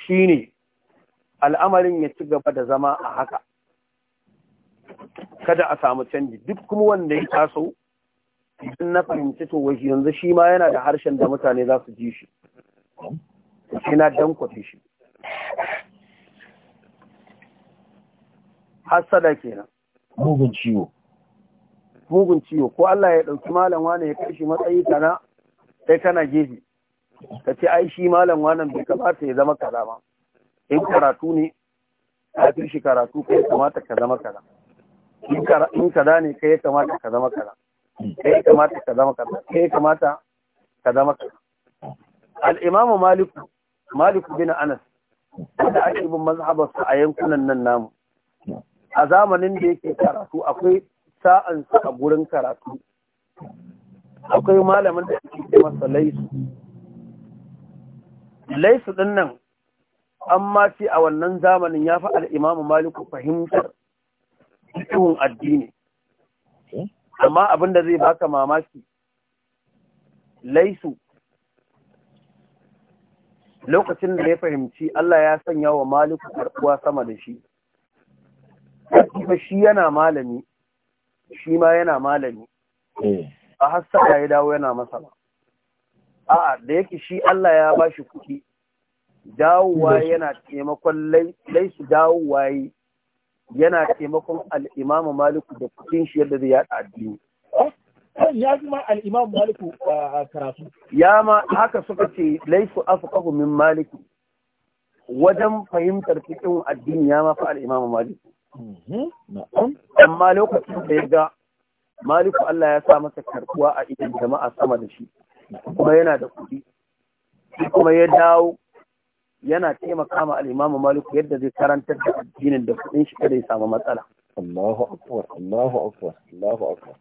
shine al'amarin ya ci gaba da zama a haka kada a samu canji duk kuma wanda ya taso idan na fahimci to wai yanzu shi ma yana da harshen da mutane za su ji shi shi na kwafi shi hassada kenan mugun ciwo mugun ciwo ko Allah ya ɗauki malam wane ya kai shi matsayi kana sai kana gefe ka ce ai shi malam wannan bai kamata ya zama kaza ba in karatu ne ka fi shi karatu kai kamata ka zama kaza in kaza ne kai ya kamata ka zama kaza kai ya kamata ka zama kaza kai ya kamata ka zama kaza al-imamu malik malik bin anas da ake bin mazhabarsa a yankunan nan namu a zamanin da yake karatu akwai sa'ansa a gurin karatu akwai malamin da ake masa laisu laisu din nan an ma ce a wannan zamanin ya fi al-imamu maliku fahimtar cikin addini eh? amma abin da zai baka mamaki laisu lokacin da ya fahimci Allah ya sanya wa maliku karɓuwa sama da shi kuma shi yana malami shi ma yana malami eh. a hasa ya dawo yana masa a'a da yake shi Allah ya bashi kuki dawowa yana taimakon laisu dawowa yi yana taimakon al'imamu maliku da kudin shi yadda zai yada addini ya fi ma al'imamu maliku karatu ya ma haka suka ce laifu afqahu min maliku wajen fahimtar cikin addini ya ma fa al'imamu maliku mhm, amma lokacin da ya ga maliku Allah ya sa masa karkuwa a idan jama'a sama da shi kuma yana da kuɗi kuma ya dawo yana taimaka ma al'imamu maliku yadda zai karantar da addinin da kudin shi kada ya samu matsala Allahu akbar Allahu akbar Allahu akbar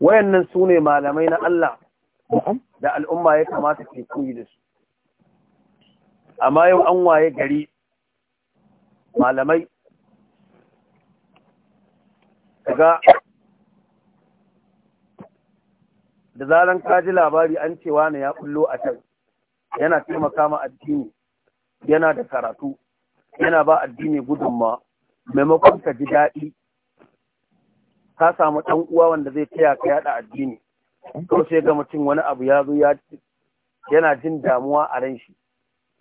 wayannan su ne malamai na Allah da al'umma ya kamata ke koyi da su amma yau an waye gari malamai daga da zaran ka ji labari an cewa na ya kullo a can yana taimaka ma addini yana da karatu yana ba addini gudunma maimakon ka ji daɗi ka samu ɗan uwa wanda zai taya ka yaɗa addini to sai ga mutum wani abu ya zo ya yana jin damuwa a ran shi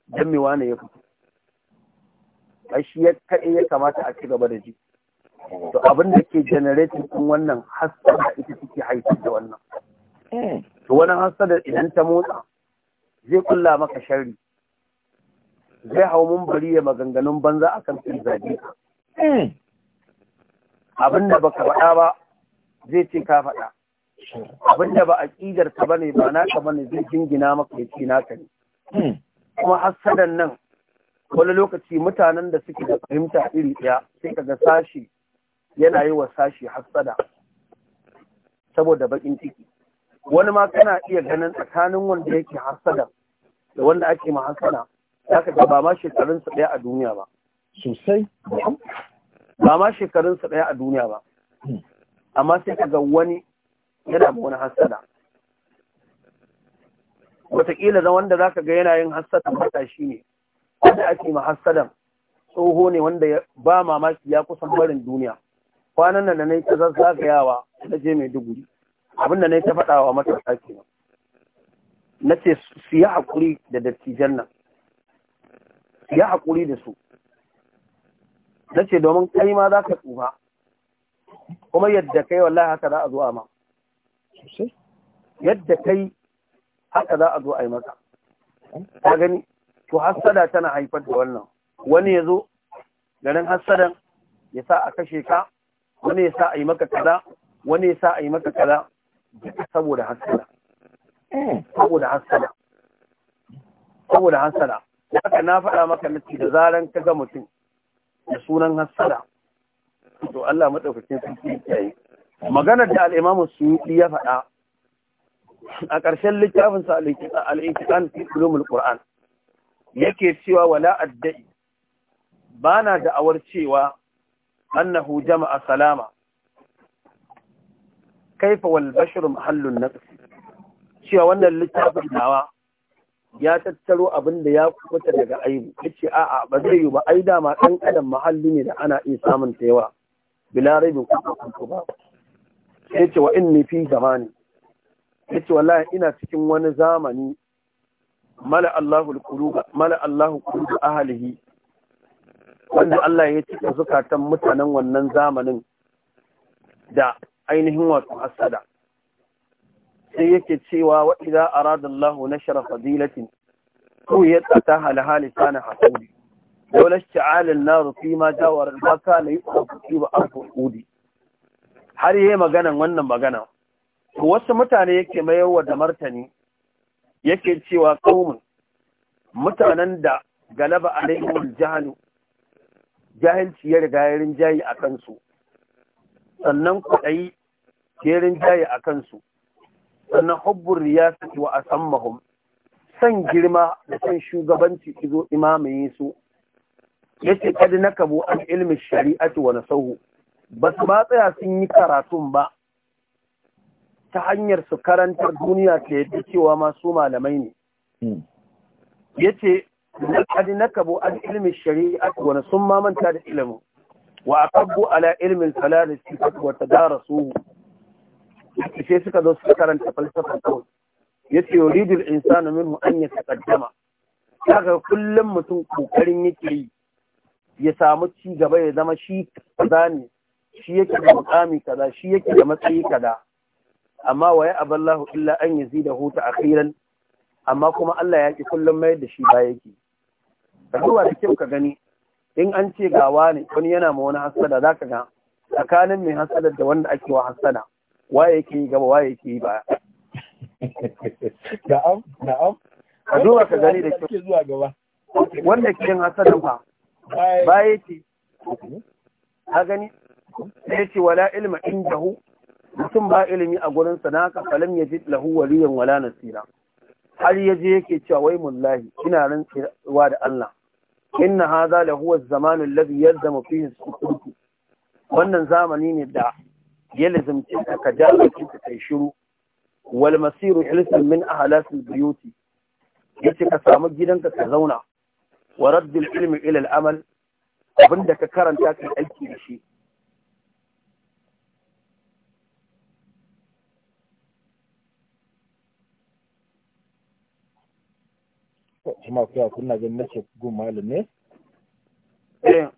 don me wane ya fito ai shi kaɗai ya kamata a ci gaba da ji to abin da ke generating ɗin wannan hasada ita take haifar da wannan eh. to wani hasada idan ta motsa zai kulla maka shari zai hau mun bari ya maganganun banza a kan zabe hmm. abin da baka faɗa ba zai ce ka faɗa abin da ba aƙidar ka bane ba ka bane zai jingina maka ya ce naka ne hmm. kuma hassadan nan wani lokaci mutanen da suke da fahimta iri ɗaya sai ka ga sashi yana yi wa sashi hassada saboda baƙin ciki wani ma kana iya ganin tsakanin wanda yake hasada da wanda ake ma hasada ka ga ba ma shekarun sa daya a duniya ba sosai ba ma shekarun sa daya a duniya ba amma sai ka ga wani yana ma wani hasada wataƙila da wanda ka ga yana yin hasada matashi ne wanda ake ma hasada tsoho ne wanda ba mamaki ya kusan barin duniya kwanan nan da na yi ta zazzagayawa na je mai duguri abin da na ta faɗa wa matasa kenan na ce su yi haƙuri da dattijan nan su yi haƙuri da su na ce domin kai ma za ka tsufa kuma yadda kai wallahi haka za a zo a ma yadda kai haka za a zo a yi maka ta gani to hassada tana haifar da wannan wani ya zo garin hassadan ya sa a kashe ka wani ya sa a yi maka kaza wani ya sa a yi maka kaza saboda hasala eh. saboda hasala saboda hasala haka na faɗa maka nake da zaran ka ga mutum da sunan hasala to Allah madaukakin sarki yi. maganar da al-Imam Suyuti ya faɗa a ƙarshen littafin sa al-Iqan fi ulumul Qur'an yake cewa wala addai bana awar cewa annahu jama'a salama kaifa wal bashir mahallun nafs cewa wannan littafin nawa ya tattaro abin da ya fita daga aibu yace a'a ba zai yi ba ai dama ɗan adam mahalli ne da ana iya samun ta yawa bila raibin ku ba yace wa inni fi zamani yace wallahi ina cikin wani zamani mala Allahu al mala Allahu ahlihi wanda Allah ya cika zukatan mutanen wannan zamanin da ainihin wa hasada sai yake cewa wa idza arada na shara fadilatin ko ya tsata halahali sana hasudi dawla sha'al an-nar ma jawar al-baka la yuqti ba al-qudi har yayi maganan wannan magana wasu mutane yake mayarwa da martani yake cewa qaumun mutanen da galaba a al-jahl jahilci ya riga rinjayi a kansu sannan kwaɗayi jerin jaye a kansu sannan hubbun riyasati wa asammahum san girma da san shugabanci izo imamaye su yace kad nakabu an ilmi shari'ati wa nasahu ba su ba tsaya sun yi karatun ba ta hanyar su karantar duniya ta yadda cewa masu malamai ne hmm. yace kad nakabu an ilmi shari'ati wa nasum ma manta da ilmin wa aqabbu ala ilmin salalis sifat wa tadarasuhu sai suka zo suka karanta falsafar kawai yace yuridul insanu minhu an yataqaddama kaga kullum mutum kokarin yake yi ya samu ci gaba ya zama shi kaza ne shi yake da mukami kaza shi yake da matsayi kaza amma waya aballahu illa an yazidahu ta akhiran amma kuma Allah ya ki kullum mai da shi ba yake ka duba da kyau ka gani in an ce gawa ne wani yana ma wani hasada za ka ga tsakanin mai hasada da wanda ake wa hasada waye ke yi gaba waye ke yi baya na'am na'am a zuwa ka gani da ke zuwa gaba wanda ke yin hasada fa ya ce ka gani sai ce wala ilma jahu. mutum ba ilimi a gurin sa naka falam ji lahu waliyan wala nasira har yaje yake cewa wai mullahi ina rantsuwa da Allah inna haza da huwa zamanin zamanu alladhi yalzamu fihi wannan zamani ne da ya da ka jawo ka kai shiru wal masiru hilsan min ahlas al Ya yace ka samu gidanka ka zauna wa radd al-ilmi ila amal abinda ka karanta ka aiki da shi kuma ku ya gun ne eh.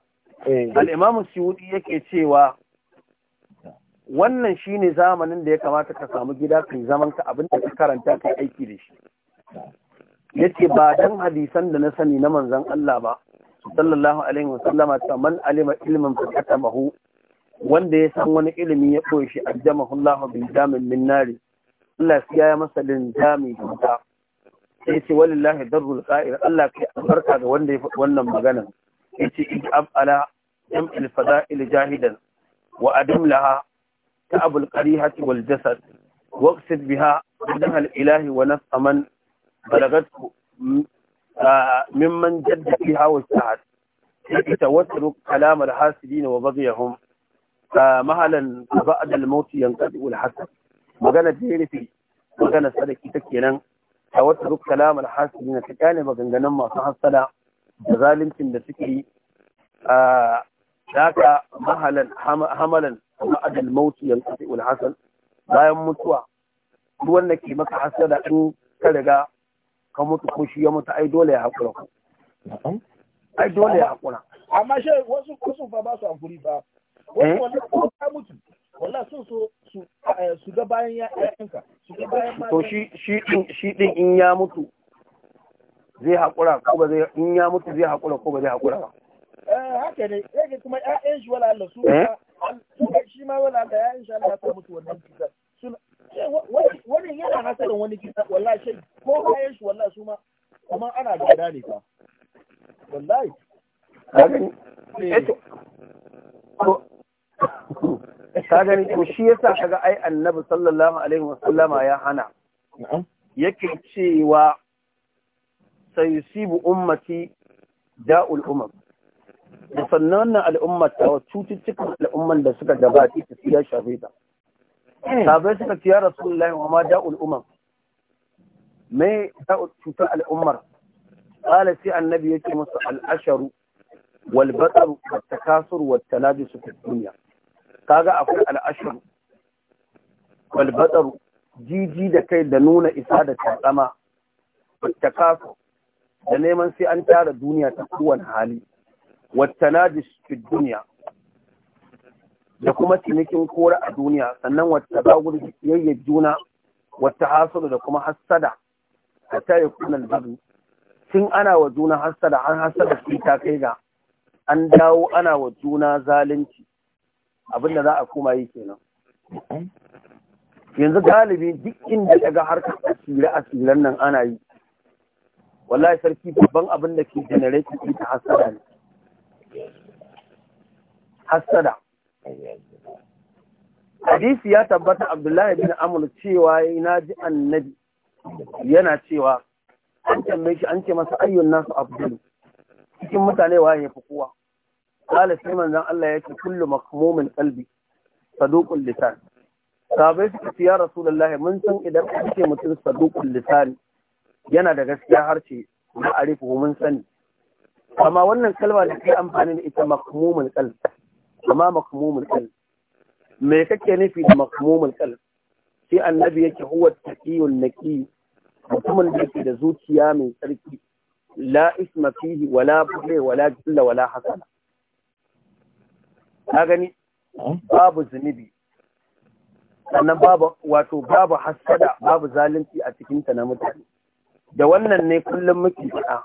Eh. yake cewa wannan shine zamanin da ya kamata ka samu gida kai zaman ka abin da ka karanta kai aiki da shi yace ba dan hadisan da na sani na manzan Allah ba sallallahu alaihi wasallama ta man alima ilmin mahu wanda ya san wani ilimi ya koyi shi a Allah bil jamin min nari Allah ya masa da sai ce walillahi darul qa'ir Allah kai albarka ga wanda ya faɗi wannan magana yace ijab abala jam al fada'il jahidan wa adim laha ta'ab qarihati wal jasad waqsid biha bidah al ilahi wa naf aman balagatku mimman jadda fiha wa sa'ad tawattur kalam al hasidin wa baghiyahum mahalan ba'da al maut yanqadi al hasad magana da ya rufe magana sadaki ta kenan a wata duk kalamar hasiri na ta kyale maganganun masu hassada da zaluncin da suke yi a daga mahalan hamalan mautu yanzu yan kasi hasan bayan mutuwa duk wanda ke maka hassada in ka riga ka mutu ko shi ya mutu ai dole ya haƙura ku ai dole ya haƙura amma shi wasu wasu ba ba su amfuri ba wasu eh? wani ko ka mutu wallah sun so su su ga bayan ƴaƴanka su ga bayan to shi shi din shi din in ya mutu zai haƙura ko ba zai in ya mutu zai haƙura ko ba zai haƙura ba eh haka ne yake kuma ya'yan shi wala Allah su eh? shi ma wala da ya insha Allah ta mutu wannan cutar eh, wani yana nasarar wani kisa wallahi shi ko ya'yan shi wallahi su ma kuma ana gada ne fa wallahi ka gani to shi yasa kaga ai annabi sallallahu alaihi wasallama ya hana yake cewa sayusibu ummati da'ul umam musannan al'ummar ta wa cututtukan al'ummar da suka gabata ta ya shafe ta sabai suka ce ya rasulullahi wa ma da'ul umam me da'ul cutar al'ummar qala sai annabi yake musu al'asharu wal batar wat takasur wat kaga akwai al'ashiru wal jiji da kai da nuna isa da tsama ta kafu da neman sai an tara duniya ta kowane hali wata najis fi duniya da kuma cinikin kora a duniya sannan wata bagun yayya juna wata hasada da kuma hassada a tare kunan bazu tun ana wa juna hassada har hassada su ta kai ga an dawo ana wa juna zalunci abin da za a koma yi kenan yanzu galibi duk inda daga harkar asirin asirin nan ana yi wallahi sarki babban abin da ke generating ita hasada ne hasada hadisi ya tabbata abdullahi bin amur cewa yi ji annabi yana cewa an tambaye shi an ce masa ayyun nasu abdul cikin mutane waye ya fi kowa kala sai manzon Allah ya ce kullu makmumin qalbi saduqul lisan sabai suka ya rasulullahi mun san idan ka mutum saduqul lisan yana da gaskiya harshe na arifu mun sani amma wannan kalma da kai amfani da ita makamomin qalb amma makamomin qalb me kake nufi da makamomin qalb sai annabi yake huwa taqiyul naƙi, mutumin da yake da zuciya mai tsarki la isma fihi wala bulle wala jilla wala hasana ka gani babu zunubi sannan babu wato babu hassada babu zalunci a cikinta na mutane da wannan ne kullum muke faɗa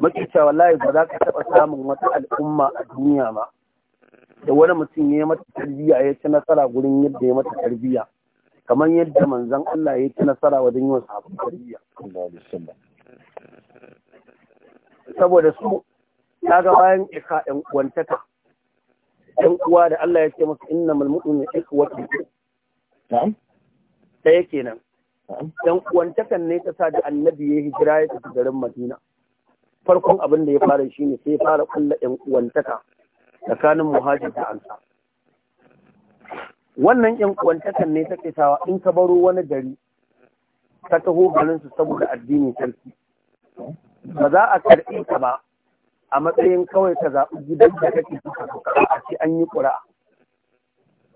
muke cewa wallahi ba za ka taɓa samun wata al'umma a duniya ma da wani mutum ya yi mata tarbiyya ya ci nasara gurin yadda ya mata tarbiyya kamar yadda manzon Allah ya ci nasara wajen yi wa sahabbai tarbiyya saboda su ta ga bayan ika ɗan uwantaka ɗan uwa da Allah ya ce masa innamal uwa ke na'am ɗaya kenan yan uwantakan ne ta sa da annabi ya hijira ya tafi garin Madina farkon abin da ya fara shi ne sai fara kulla ɗan uwantaka tsakanin muhaji da ansa wannan ɗan uwantakan ne take sawa in ka baro wani gari ka taho garinsu saboda addini sarki ba za a karɓi ka ba a matsayin kawai ta zaɓi gidan da kake duka suka a ce an yi ƙura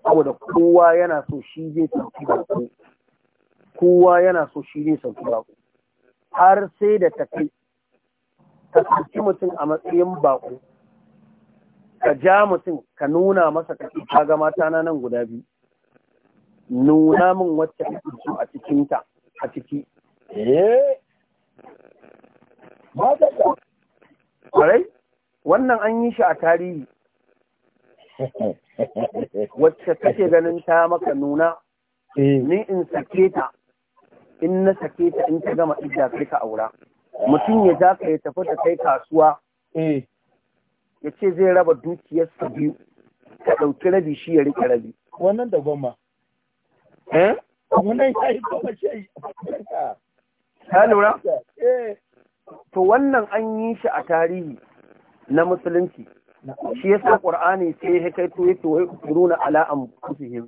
saboda kowa yana so shi zai sauki ba ku kowa yana so shi zai sauki ba ku har sai da ta kai ka sauki mutum a matsayin baƙo ka ja mutum ka nuna masa kake ka ga mata na nan guda biyu nuna min wacce kake so a cikinta a ciki eh kwarai wannan an yi shi a tarihi wacce kake ganin ta maka nuna eh. ni in sake ta in na sake ta in ta gama idda kai ka aura mutum ya za ka ya tafi ta kai kasuwa eh. ya ce zai raba dukiyarsa biyu ka ɗauki rabi shi ya rike rabi wannan da goma eh wannan ya yi goma shi ka lura eh. to wannan an yi shi a tarihi na musulunci shi yasa qur'ani sai ya kai to yake wai runa ala am kusihim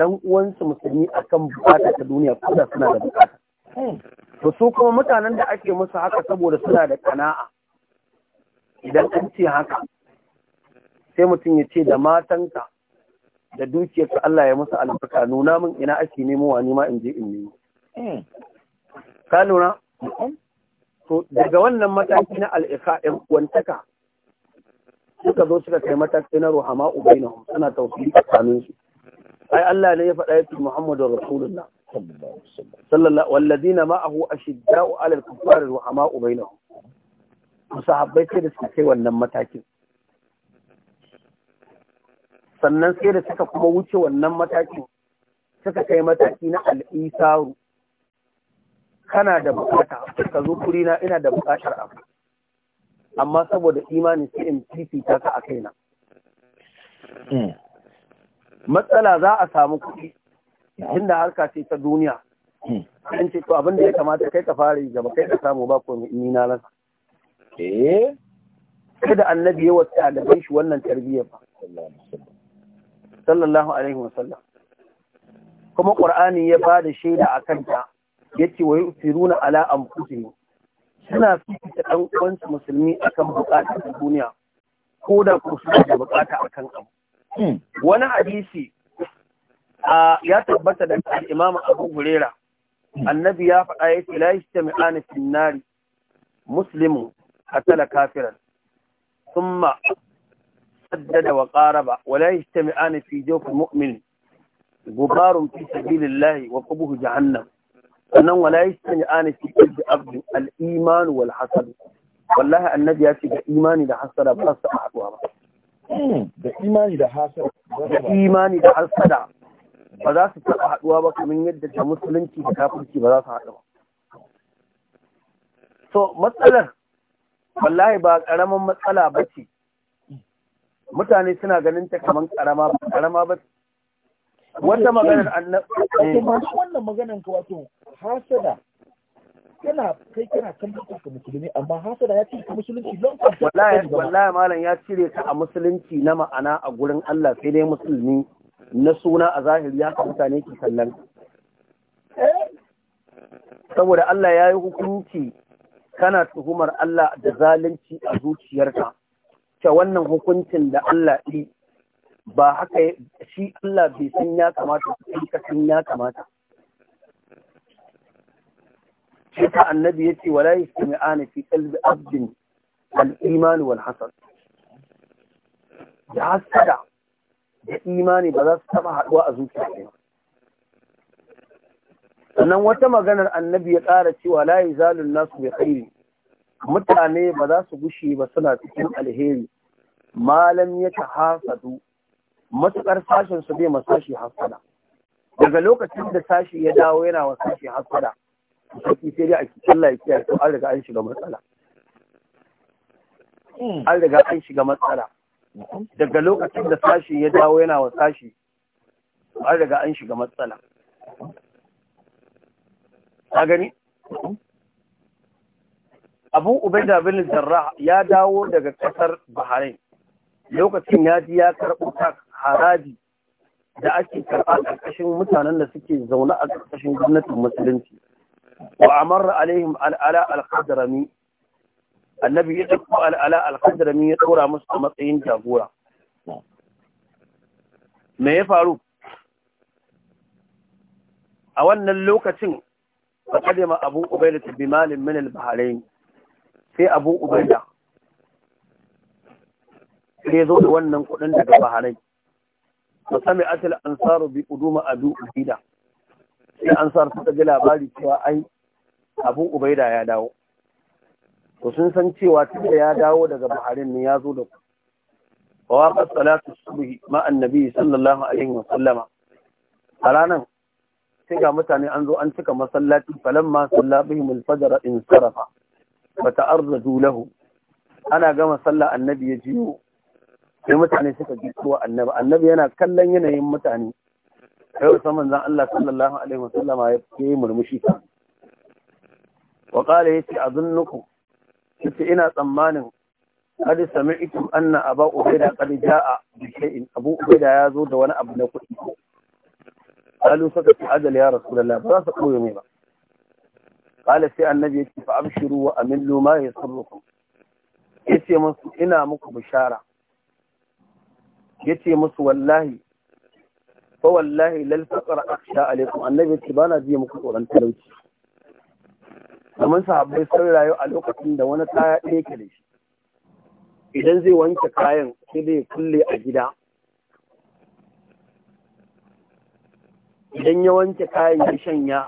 dan uwansu musulmi akan bukata ta duniya ko da suna da bukata to su kuma mutanen da ake musu haka saboda suna da kana'a idan an ce haka sai mutum ya ce da matanka da dukiyarsa Allah ya musu albarka nuna min ina ake wa ni ma in je in nemo ka lura to daga wannan mataki na al'iqa ɗin wantaka suka zo suka kai mataki na ruhama ubainahum suna tausayi tsakanin su ai Allah ne ya faɗa ya ce Muhammadu Rasulullah sallallahu alaihi walladina ma'ahu ashidda'u 'alal kuffari ruhama ubainahum sahabbai sai da suka kai wannan matakin sannan sai da suka kuma wuce wannan matakin suka kai mataki na al'isaru kana da bukata ka zo kurina ina da bukatar abu amma saboda imanin sai in fifita ka a kaina hmm. matsala za a samu kuɗi inda harka ce ta duniya hmm. in ce to abin da ya kamata kai ka fara gaba kai ka samu ba ko ni na rasa eh kada annabi ya wata ɗaliban shi wannan tarbiyyar ba sallallahu alaihi wasallam kuma qur'ani ya ba da shaida a ta. yace wa yusiruna ala anfusihim suna fifita ɗan uwansu musulmi akan buƙatar duniya ko da ko suna da buƙata akan abu hmm. wani hadisi ya tabbata da al-Imam Abu Huraira hmm. annabi ya faɗa ya ce la yastami'ani fin nari muslimu qatala kafiran thumma saddada wa qaraba wa la yastami'ani fi jawfi mu'min gubarun fi sabilillahi wa qubuhu jahannam sannan wala yastani ana shi qalbi abu al'imanu wal hasad wallahi annabi ya ce da imani da hasada ba su haɗuwa ba hmm, da imani da hasada da imani da hasada ba za su taɓa haɗuwa ba kamar yadda da musulunci da kafirci ba za su haɗu ba so matsalar wallahi ba ƙaramin matsala ba ce mutane suna ganin ta kamar ƙarama ba ƙarama ba ce Wata maganar annabi eh. wannan maganar ka wato hasada kana kai kana tabbatar ka musulmi amma hasada ya cire ka musulunci don ka wallahi wallahi malam ya cire ka a musulunci na ma'ana a gurin Allah sai dai musulmi na suna a zahiri ya ka mutane ki kallon eh? saboda Allah ya yi hukunci kana tuhumar Allah da zalunci a zuciyarka ta wannan hukuncin da Allah yi ba haka shi Allah bai san ya kamata kai ka san ya kamata shi ta annabi yace wala yastami'ana fi qalbi abdin al-iman wal hasad da hasada da imani ba za su taba haduwa a zuciya ne sannan wata maganar annabi ya ƙara cewa la yazalun nasu bi khairi mutane ba za su gushe ba suna cikin alheri malam ya tahasadu matuƙar sashen su bai masashi hasada daga lokacin da sashi ya dawo yana wa sashi hasada sauki sai dai a cikin Allah kiyaye to an riga an shiga matsala an riga an shiga matsala daga lokacin da sashi ya dawo yana wa sashi an riga an shiga matsala a gani abu ubaida bin jarrah ya dawo daga kasar bahrain lokacin ya ji ya karɓo tak haraji da ake karɓa ƙarƙashin mutanen da suke zaune a ƙarƙashin gwamnatin musulunci wa amarra alaihim al'ala al-qadrami annabi ya ɗauko al'ala al-qadrami ya ɗora musu a matsayin jagora me ya faru a wannan lokacin fa kadima abu ubaida bi malin min al-bahrain sai abu ubaida sai zo da wannan kuɗin daga bahrain wa sami'at al-ansaru bi quduma abu sai ansar suka ji labari cewa ai abu ubaida ya dawo to sun san cewa tunda ya dawo daga baharin ne ya zo da ku wa waqat salatu subhi ma annabi sallallahu alaihi wa sallama a ranar sai ga mutane an zo an cika masallaci falamma salla bihim al-fajr in sarafa fa ta'arradu lahu ana gama sallah annabi ya jiyo sai mutane suka ji kowa annabi annabi yana kallon yanayin mutane sai musamman zan Allah sallallahu alaihi wasallama ya yi murmushi ta wa qala yati azunnuku yace ina tsammanin qad sami'tu anna aba ubaida qad jaa bi shay'in abu ubaida ya zo da wani abu na kuɗi قالوا سكت عدل يا رسول الله فلا تقولوا يمينا قال سي النبي فأبشروا وأملوا ما يسركم يسي ina muku bishara yace musu wallahi fa wallahi lal faqra akhsha alaikum annabi ce bana ji muku tsoron talauci kamar sahabbai sun rayu a lokacin da wani kaya ɗaya ke da shi idan zai wanke kayan sai dai kulle a gida idan ya wanke kayan ya shanya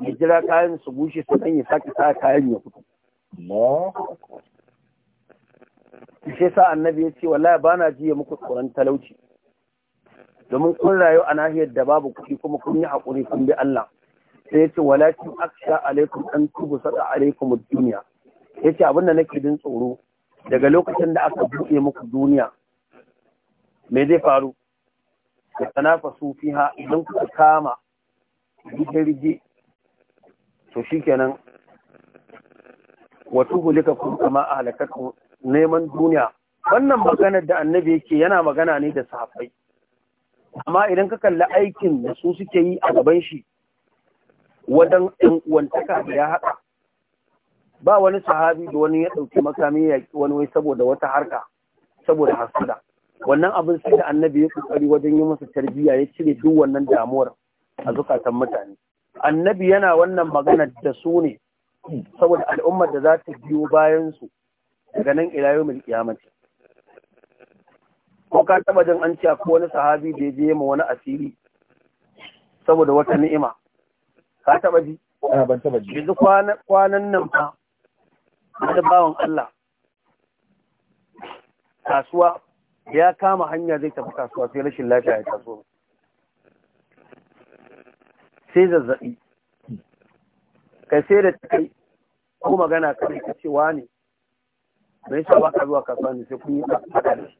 ya jira kayan su bushe su ya sake sa kayan ya fito shi sa annabi ya ce wallahi ba na jiya muku tsoron talauci domin kun rayu a nahiyar da babu kuɗi kuma kun yi haƙuri kun bi Allah sai ya ce walakin aksha alaikum an tubu sada alaikum duniya ya ce abinda nake din tsoro daga lokacin da aka buɗe muku duniya me zai faru da tanafa ha, idan kuka kama rige-rige to shikenan wato hulika kun kama a neman duniya wannan maganar da annabi yake yana magana ne da sahabbai amma idan ka kalli aikin da su suke yi a gaban shi wadan ɗan uwantaka da ya haɗa ba wani sahabi da wani ya ɗauki makami ya wani wai saboda wata harka saboda hasada wannan abin sai da annabi ya kokari wajen yi masa tarbiyya ya cire duk wannan damuwar a zukatan mutane annabi yana wannan magana da su ne saboda al'ummar da za ta biyo bayansu. daga nan ila mil kiyamati ko ka taba jin an cewa ko wani sahabi da je ma wani asiri saboda wata ni'ima ka taba ji a ah, ban taba ji yanzu kwanan nan fa da bawan Allah kasuwa ya kama hanya zai tafi kasuwa sai rashin lafiya ya taso sai zazzabi kai sai da kai ko magana kai ka ce wani bai sa ba ka zuwa kasuwanci sai kun yi haka da shi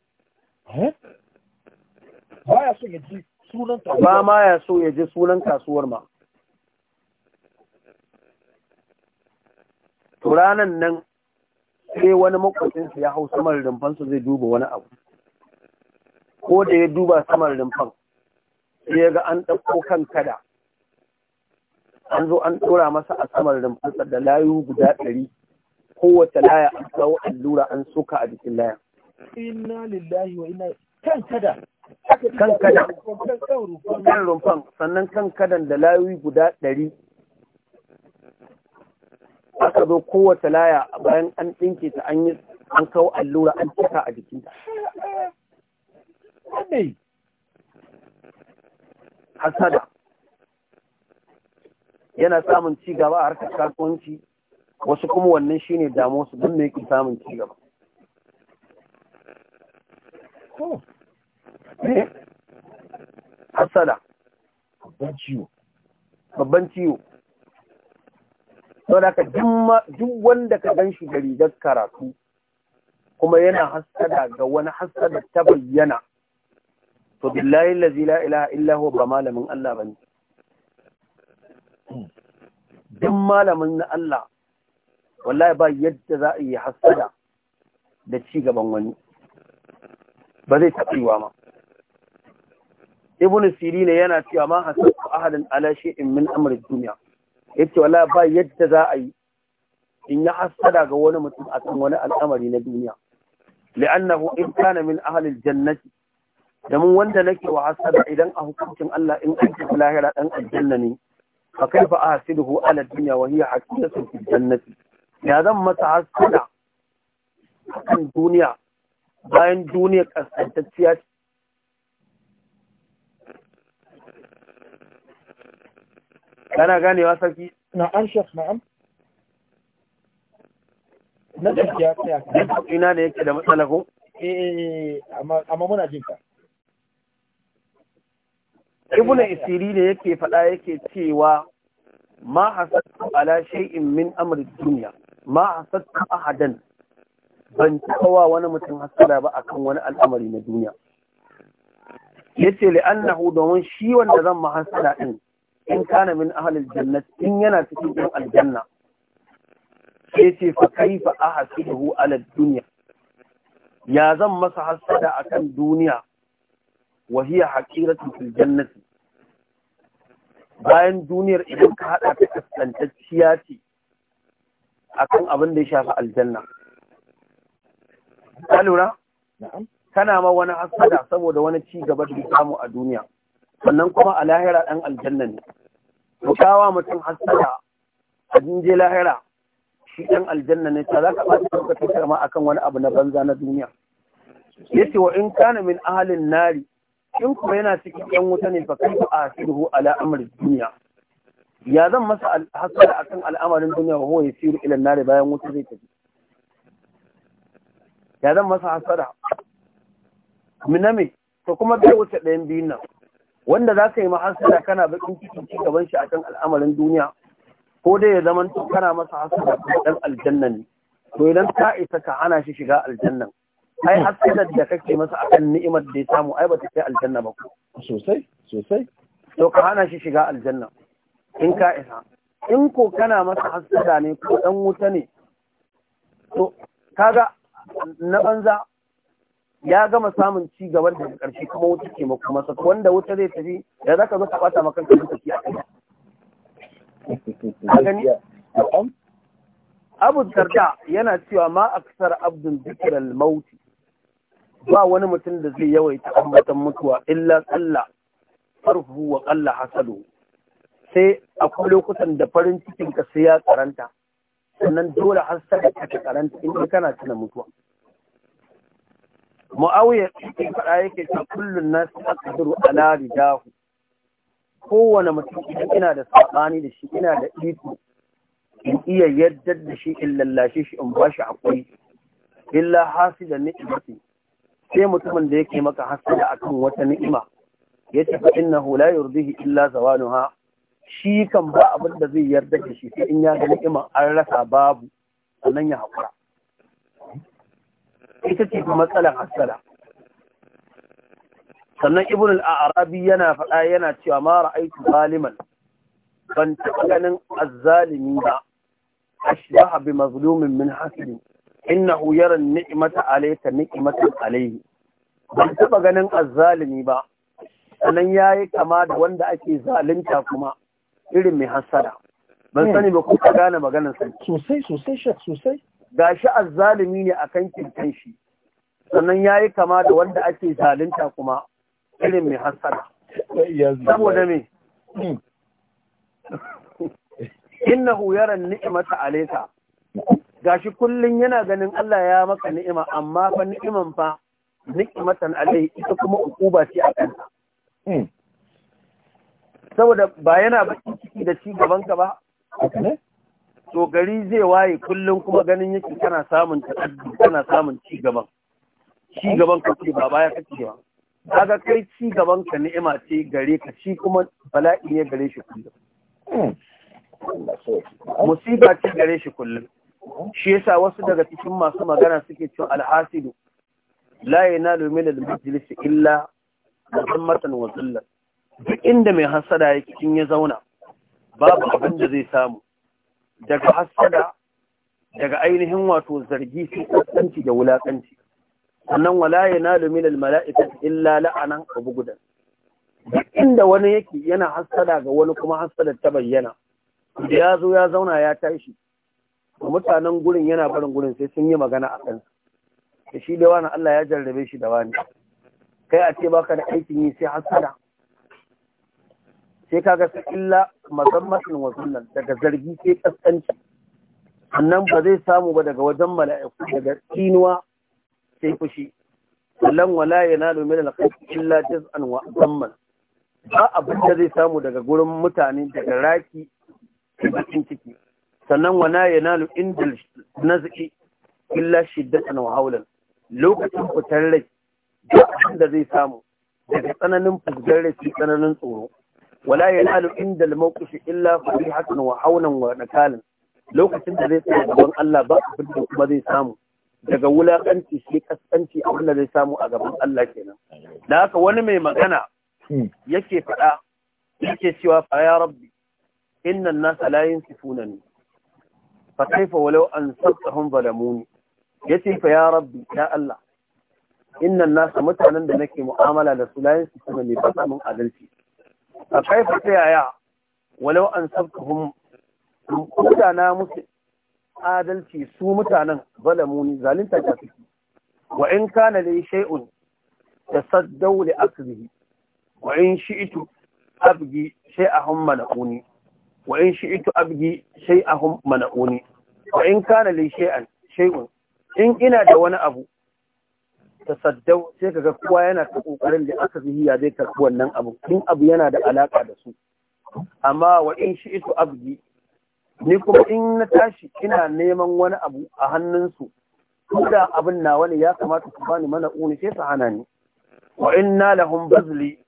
eh? ba ya so ya ji sunan kasuwar ba ma ya so ya ji sunan kasuwar ma ranan nan sai wani makwacinsa ya hau saman rumfansa zai duba wani abu ko da ya duba saman rumfan sai ya ga an ɗauko kan kada an zo an ɗora masa a saman rumfansa da layu guda ɗari kowace laya an kawo allura an suka a jikin laya inna lillahi wa inna kan kada kan kada kan rumfan sannan kan kadan da layoyi guda ɗari aka zo kowace laya bayan an ɗinke ta an yi an kawo allura an cika a jikinta hasada yana samun ci gaba a harkar kasuwanci wasu kuma wannan shine damu su don me yake samun ci gaba oh. eh? hasada babban ciwo babban ciwo sau da ka duk wanda ka gan shi da rigar karatu kuma yana hasada ga wani hasada ta bayyana to billahi lazi la ilaha illahu ba malamin Allah ne. Hmm. duk malamin na Allah wallahi ba yadda za a yi hasada da ci gaban wani ba zai taɓa yiwa ma ibn sirina yana cewa ma hasadu ahadan ala shay'in min amri dunya yace wallahi ba yadda za a yi in ya hasada ga wani mutum akan wani al'amari na duniya li'annahu in kana min ahli aljannati da mun wanda nake wa hasada idan a hukuncin Allah in aiki tafi lahira dan aljanna ne fa kaifa ahsiduhu ala dunya wa hiya haqiyatu fil jannati ya zan masa haskuna kan duniya bayan duniya ƙasantacciya ce kana ganewa sarki na an shek na'am na gaskiya tsaya ina ne yake da matsala ko eh, eh, eh amma muna jin ka isiri ne yake faɗa yake cewa ma hasatu ala shay'in min amri dunya ma hasadtu ahadan ban taɓa wani mutum hasada ba akan wani al'amari na duniya yace li'annahu domin shi wanda zan ma hasada din in kana min ahlil jannat in yana cikin ɗan aljanna yace fa kaifa ahsiduhu ala dunya ya zan masa hasada akan duniya wa hiya haqiratu fil jannati bayan duniyar idan ka hada ta kaskantacciya ce akan abin da ya shafi aljanna ka lura kana ma wani hasada saboda wani ci gaba da samu a duniya sannan kuma a lahira ɗan aljanna ne to kawa mutum hasada a je lahira shi ɗan aljanna ne ta za ka ɓata lokacin karma akan wani abu na banza na duniya yace wa in kana min ahalin nari in kuma yana cikin yan wuta ne fa kai ba a ala amr duniya ya zan masa hasara akan al'amarin duniya wa ya siru ilan nare bayan wuta zai tafi ya zan masa hasara miname to kuma bai wuce ɗayan biyun nan wanda za ka yi mahasara kana bakin cikin ci gaban shi akan al'amarin duniya ko dai ya zama to kana masa hasara ko dan aljanna ne to idan ka isa ka ana shi shiga aljannan ai hasarar da kake masa akan ni'imar da ya samu ai ba ta kai aljanna ba sosai sosai to ka hana shi shiga aljanna in ka isa in ko kana masa hasada ne ko dan wuta ne to kaga na banza ya gama samun ci gaban da karshe kuma wuta ke maka masa wanda wuta zai tafi da zaka zo ka bata maka kanka lokaci a kai gani Abu Darda yana cewa ma aksar abdul zikral mauti ba wani mutum da zai yawaita ambatan mutuwa illa tsalla farhu wa qalla hasalu sai akwai lokutan da farin cikin ka sai ya karanta sannan dole har sai ka karanta in kana tana mutuwa Mu'awiya cikin faɗa yake ta kullun nasu aqdiru ala ridahu kowane mutum idan ina da sabani da shi ina da iko in iya yadda da shi in lallashe shi in bashi akwai illa hasi da sai mutumin da yake maka hasida akan wata ni'ima ya ce fa innahu la yurdihi illa zawanuha shi kan ba abin da zai yarda da shi sai in ya ga ni'ima an rasa babu sannan ya haƙura ita ce matsalar hasala sannan ibn al-arabi yana faɗa yana cewa ma ra'aytu zaliman ban taɓa ganin azzalimi ba ashbaha bi mazlumin min hasidi innahu yara an-ni'mata alayka ni'matan alayhi ban taɓa ganin azzalimi ba sannan yayi kama da wanda ake zalunta kuma irin mai hasada ban hmm. sani ba kuka gane maganar sa sosai sosai shek sosai gashi azzalimi ne akan kintan shi sannan ya yi kama da wanda ake zalunta kuma irin mai hasada saboda me hmm. ni'imata a ni'mata Ga gashi kullum yana ganin Allah ya maka ni'ima amma fa ni'iman fa ni'matan alai ita kuma ukuba ce a kanta hmm. saboda ba yana bakin ciki da ci gabanka ba to gari zai waye kullum kuma ganin yake kana samun taɗaddu kana samun ci gaban ci gaban ka ce ba baya kake ba kaga kai ci gaban ka ni'ima ce gare ka shi kuma bala'i ne gare shi kullum hmm. musiba ce gare shi kullum shi yasa wasu daga cikin masu magana suke cewa alhasidu la yanalu min al-majlis illa muhammatan wa Zullar. duk inda mai hasada ya cikin ya zauna babu abin da zai samu daga hasada daga ainihin wato zargi sai kaskanci da wulakanci sannan wala ya yanalu min almala'ikati illa la'anan abu gudan duk inda wani yake yana hasada ga wani kuma hasada ta bayyana da ya zo ya zauna ya tashi mutanen gurin yana barin gurin sai sun yi magana a kansa da shi da wani Allah ya jarrabe shi da wani kai a ce baka da aikin yi sai hasada sai kaga sai illa mazammatin wa nan. daga zargi sai kaskanci annan ba zai samu ba daga wajen mala'iku daga tinuwa sai fushi sallan wala yanalu min da khayr illa jaz'an wa zamman ba abin da zai samu daga gurin mutane daga raki cikin ciki sannan wala da indal nazqi illa shiddatan wa haulan lokacin fitar rai ba abin da zai samu daga tsananin fusgar rai tsananin tsoro wala yanalu inda al-mawqif illa farihatan wa hawnan wa lokacin da zai tsaya gaban Allah ba abin kuma zai samu daga wulakanci sai kaskanci abin da zai samu a gaban Allah kenan da haka wani mai magana yake faɗa yake cewa fa ya rabbi inna an-nasa la yansifunani fa kaifa walau ansabtahum zalamuni yace fa ya rabbi ya Allah inna nasa mutanen da nake mu'amala da su la yansifunani ba samun adalci a kaifa ta yaya walau an sabka hun Mutana musu adalci su mutanen balamuni zalinta ta fi wa in kana da shay'un da saddau da asbihi wa in ito abgi shay'ahum mana'uni wa in ito abgi shay'ahum mana'uni wa in kana li shay'un in ina da wani abu saddau sai ga kowa yana ta kokarin da aka zihiya zai karɓi wannan abu in abu yana da alaka da su amma wa in shi ito abdi ni kuma in na tashi ina neman wani abu a hannunsu su da abin na wani ya kamata su bani mana uni sai su hana ni wa in na lahum bazli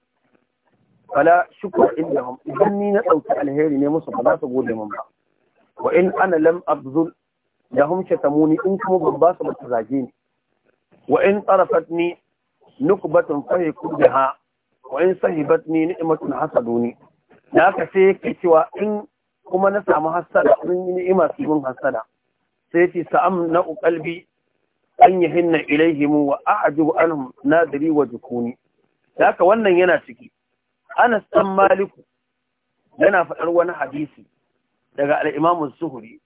fala shukra indahum idan ni na dauki alheri ne musu ba za su gode min ba wa in ana lam abzul lahum shatamuni in kuma ban ba su zage ni wa in tsarafatni nukbatun fahi kubiha wa in sahibatni ni'matun hasaduni da haka sai yake cewa in kuma na samu hasada in yi ni'ima su mun hasada sai ce sa'am na qalbi an yahinna ilaihim wa a'jibu anhum nadiri wa jukuni da haka wannan yana ciki Anas dan Maliku yana faɗar wani hadisi daga al-Imam Zuhri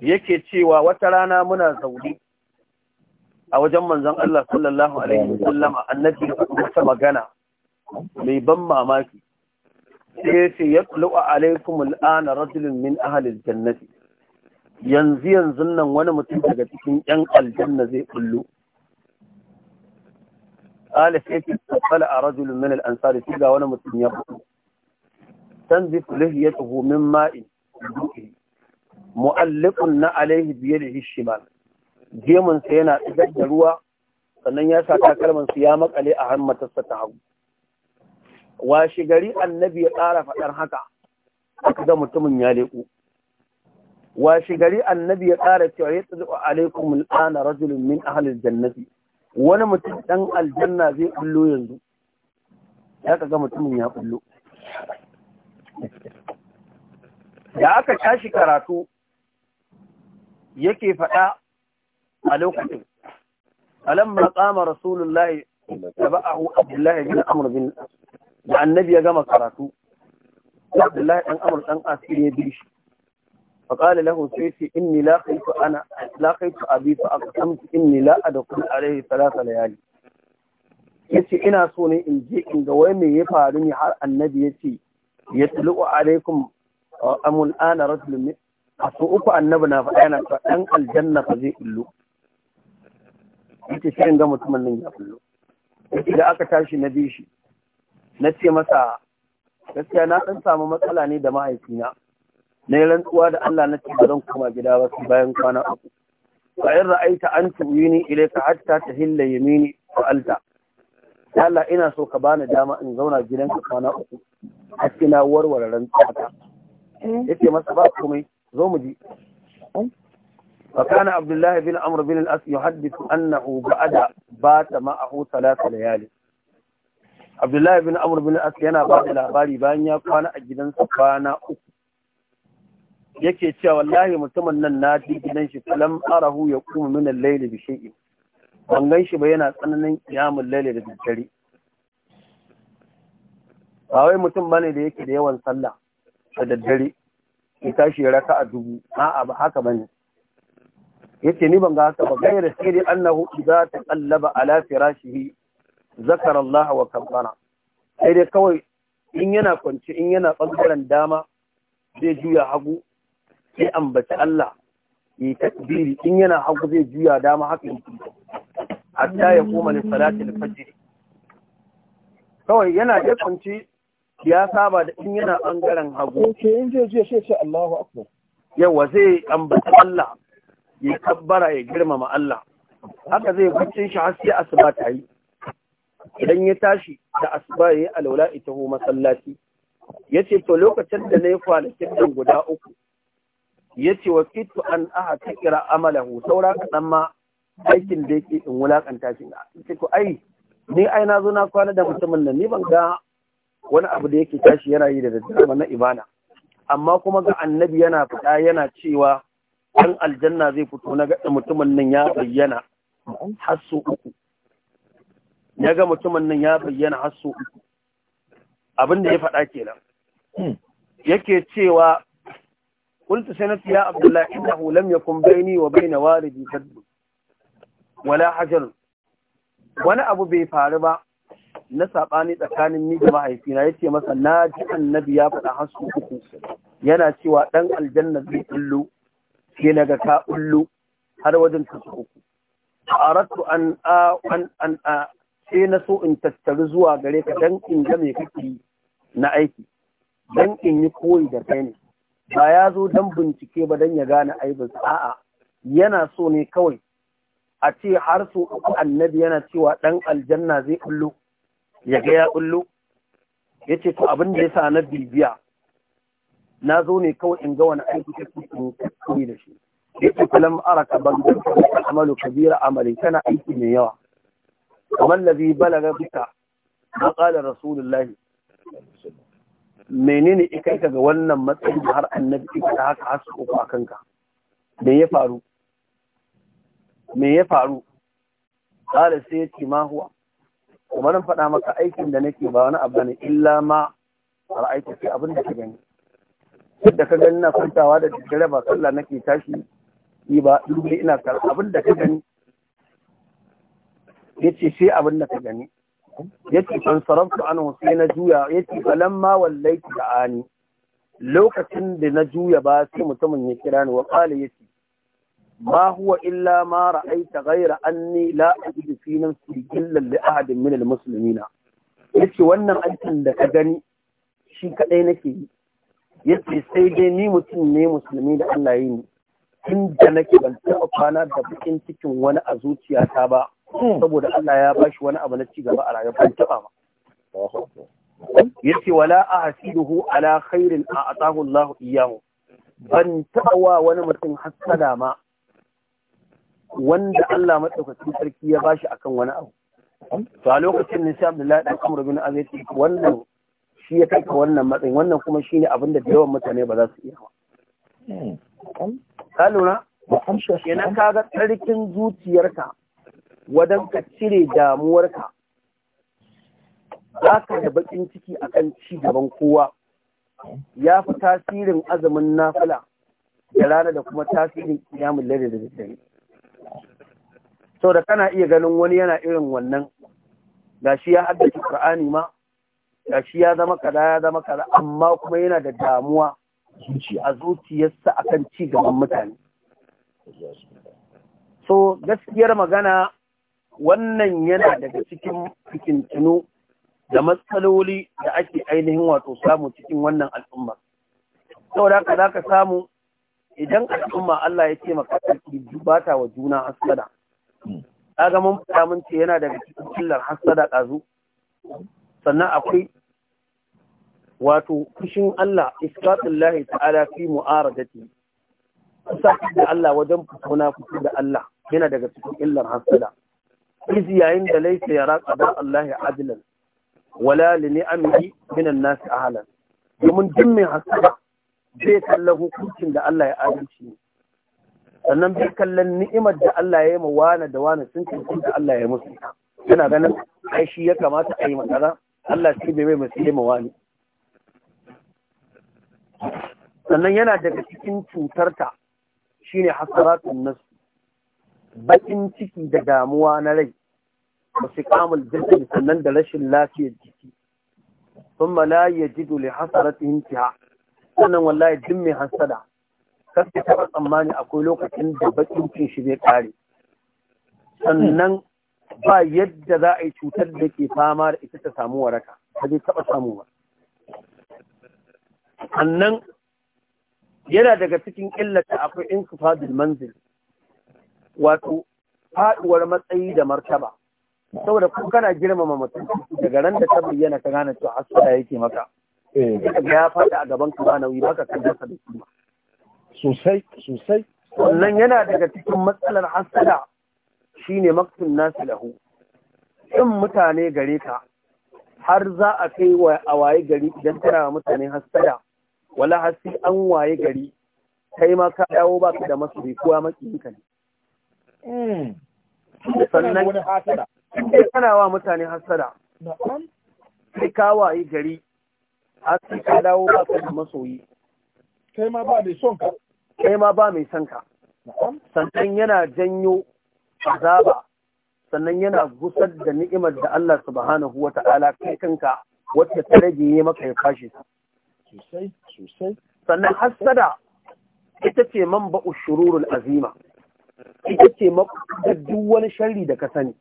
yake cewa wata rana muna zaune a wajen manzan Allah sallallahu alaihi wasallam annabi ya magana mai ban mamaki sai yace yaqulu alaikum al'ana rajulun min ahli al-jannati yanzu yanzu nan wani mutum daga cikin yan aljanna zai kullu qala sayfi qala rajulun min al-ansar sai ga wani mutum ya kullu tanzi lihiyatuhu min ma'in mu'alliqun alayhi bi yadihi shimal gemunsa yana tsigar da ruwa sannan ya sa takalmansa ya makale a hammatarsa ta hagu washe gari annabi ya tsara faɗar haka aka ga mutumin ya leƙo washe gari annabi ya tsara cewa ya tsaji wa alaikum al'ana rajulun min halin jannati wani mutum ɗan aljanna zai ɓullo yanzu ya ka ga mutumin ya ɓullo da aka tashi karatu yake faɗa a lokacin alamma qama rasulullahi tabahu abdullahi bin amr bin da annabi ya gama karatu abdullahi dan amr dan asiri ya bi shi فقال له سيتي إني لا خيت أنا لا خيت أبي فأقسمت إني لا أدخل عليه ثلاث ليالي yace ina so ne in je in ga wai me ya faru ne har annabi yace yatlu alaikum amul ana rajulun min asu uku annabi na faɗa yana cewa dan aljanna fa zai illu yake shi in ga mutumin nan ya kullu Yake da aka tashi na bishi. na ce masa gaskiya na dan samu matsala ne da mahaifina na yi rantsuwa da Allah na ce ba zan koma gida ba su, bayan kwana uku fa in ra'aita an tuwini ilayka hatta hilla yamini wa alta Allah ina so ka bani dama in zauna gidanka kwana uku a cikin na warware rantsuwa ta eh. yace masa ba komai zo mu ji eh. فكان عبد الله بن عمرو بن الأس يحدث أنه بعد بات معه ثلاث ليالي عبد الله بن عمرو بن الأس yana ba da labari bayan ya kwana a gidansa kwana uku yake cewa wallahi mutumin nan na ji gidan shi falam arahu ya kuma min al-layl bi shay'in ban gan shi ba yana tsananin qiyamul layl da daddare ba wai mutum bane da yake da yawan sallah da daddare ya tashi raka'a dubu a'a ba haka bane yace ni ban ga haka ba gairar sai dai annahu idza taqallaba ala firashihi zakara Allah wa kabbara sai dai kawai in yana kwance in yana bangaren dama zai juya hagu sai ambaci Allah yi takbiri in yana hagu zai juya dama haka yi hatta ya koma ne salatul fajr kawai yana da kwance ya saba da in yana bangaren hagu sai in zai juya sai ce Allahu akbar yawa zai ambaci Allah ya kabbara ya girmama Allah haka zai baccin shi har sai asuba ta yi idan ya tashi da asuba ya yi laula ita ho masallaci ya ce to lokacin da na yi kwanakin nan guda uku ya ce wa kitu an aha ta kira amalahu saura kaɗan ma aikin da yake in wulaƙanta shi na ce ko ai ni ai na zo na kwana da mutumin nan ni ban ga wani abu da yake tashi yana yi da daddare na ibana amma kuma ga annabi yana fita yana cewa dan aljanna zai fito na ga mutumin nan ya bayyana har uku ya ga mutumin nan ya bayyana har uku abin da ya faɗa kenan yake cewa قلت lam yakun عبد wa إنه Wani abu wala hajar wani Na bai faru ba na sabani tsakanin ni da mahaifina yace masa na ji annabi ya faɗa hasu uku yana cewa ɗan aljanna zai kullu sai na ga ka ullu har wajen kaso uku aratu an a an a sai na so in tattaru zuwa gare ka dan in ga me kake na aiki dan in yi koyi da kai ne ba ya zo dan bincike ba dan ya gane aibin a'a yana so ne kawai a ce har so uku annabi yana cewa ɗan aljanna zai kullu ya ga ya ce yace to abin da yasa na bibiya na zo ne kawai in ga wani aiki kake in koyi da shi yake kalam araka ban da amalu kabira amali kana aiki mai yawa kamar ladhi balaga bika na qala rasulullahi menene ikai ka ga wannan matsayi har annabi ika ta haka hasu uku a kanka me ya faru me ya faru qala sai ya ce ma huwa kuma faɗa maka aikin da nake ba wani abu ne illa ma ra'aita sai abin da ka gani yadda ka gani na kwantawa da daddare ba sallah nake tashi yi ba ina kar abin da ka gani yace sai abin da ka gani yace kan sarrafa an sai na juya yace falamma wallahi ta'ani lokacin da na juya ba sai mutumin ya kira ni wa qala yace ma huwa illa ma ra'aita ghayra anni la ajidu fi nafsi illa li ahadin min Musulmina. muslimina yace wannan aikin da ka gani shi kadai nake yi yace sai dai ni mutum ne musulmi da Allah yi ni tun da nake ban taɓa kwana da bakin cikin wani a zuciyata ba hmm. saboda Allah ya bashi wani abu na cigaba a rayuwa ban taɓa ba yace wala ahsiduhu ala khairin a'tahu Allah iyyahu ban taɓa wa wani mutum hassada ma wanda Allah madaukakin sarki ya bashi akan wani abu to a lokacin ne sai Abdullahi dan Amr bin Aziz wannan shi ya kai wannan matsayin wannan kuma shi ne abinda da yawan mutane ba za su iya ba. Ka lura? Kenan ka ga tsarkin zuciyarka wadan ka cire damuwarka za ka da bakin ciki a kan ci gaban kowa ya fi tasirin azumin nafila da rana da kuma tasirin kiyamun lare da daddare. Sau da kana iya ganin wani yana irin wannan shi ya haddace Qur'ani ma gashi ya zama kaza ya zama kaza amma kuma yana da damuwa a zuciyarsa kan ci gaban mutane so gaskiyar magana wannan yana daga cikin fikintinu da matsaloli da ake ainihin wato samu cikin wannan al'umma saboda haka za ka samu idan al'umma Allah ya ce maka sarki bata wa juna hasada hmm. kaga mun fada mun ce yana daga cikin killar hasada ƙazu sannan akwai wato fushin Allah iskatun lahi ta'ala fi mu'aradati kusa da Allah wajen fitona fito da Allah yana daga cikin illar hasada iz yayin da ya yara qada Allah adlan wala li ni'amihi min an-nas ahlan domin duk mai hasada bai kallon hukuncin da Allah ya adalci ne sannan bai kallon ni'imar da Allah ya yi wani da wani sun da Allah ya musu yana ganin ai shi ya kamata a yi magana Allah sai bai mai masu musulma wani sannan yana daga cikin cutarta shi shine hasaratun nasu Baƙin ciki da damuwa na rai ba su kamul jirgin sannan da rashin lafiyar jiki sun malaye jido dole hasaratun hintiha sannan wallahi jin mai hasada kaske taɓa tsammani akwai lokacin da bakin cin shi zai kare sannan ba yadda za a yi cutar da ke fama da ita ta samu waraka ta zai taɓa samu ba Annan yana daga cikin illata akwai fadin manzil wato faɗuwar matsayi da martaba saboda ko kana girmama mutum daga ran da ta yana ka gane cewa hasala yake maka eh. ga ya faɗi a gaban ka ba nauyi baka kan dasa da kuma sosai sosai Wannan yana daga cikin matsalar hasala shine maktun nasu lahu in mutane gare ka har za a kai wa a waye gari idan tana mutane hasada wala hasi an waye gari kai ma ka dawo ba ka da masoyi kowa makiyinka ne hmm. sannan kana wa mutane hasada kai ka waye gari hasi ka dawo ba ka da masoyi kai ma ba mai son ka kai ma ba mai son ka sannan yana janyo azaba sannan yana gusar da ni'imar da Allah subhanahu wa ta'ala kai kanka wacce ta rage maka ya fashe ta sannan hassada ita ce man ba azima ita ce da duk wani sharri da ka sani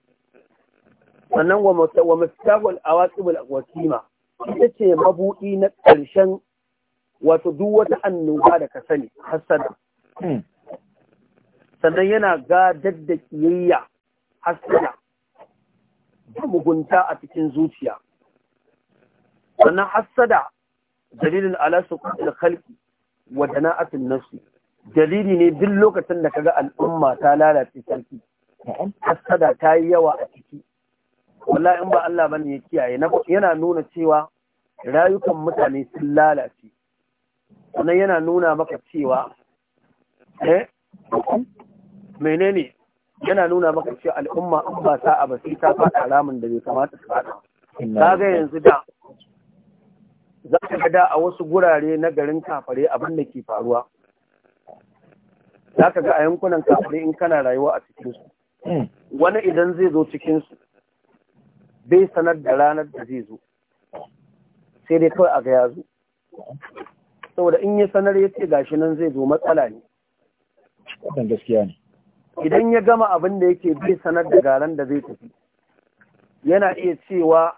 sannan wa mustaqbal awaqibul wasima ita ce mabuɗi na ƙarshen wato duk wata annoba da ka sani hassada hmm. sannan yana gadar da kiyayya hasada da mugunta a cikin zuciya sannan hasada dalilin alasu kudin halki wa dana'atin nasu dalili ne duk lokacin da kaga al'umma ta lalace sarki hasada ta yi yawa a ciki wallahi in ba Allah bane ya kiyaye yana nuna cewa rayukan mutane sun lalace sannan yana nuna maka cewa eh menene yana nuna maka cewa al'umma in ba sa a basi ta faɗa alamun da bai kamata su faɗa ga yanzu da za ka ga da a wasu gurare na garin kafare abin da ke faruwa za ka ga a yankunan kafare in kana rayuwa a cikinsu hmm. wani idan zai zo cikinsu bai sanar da ranar da zai zo sai dai kawai a ga ya zo saboda in yi sanar ya ce gashi nan zai zo matsala ne gaskiya ne idan ya gama abin da yake bi sanar da garan da zai tafi yana iya cewa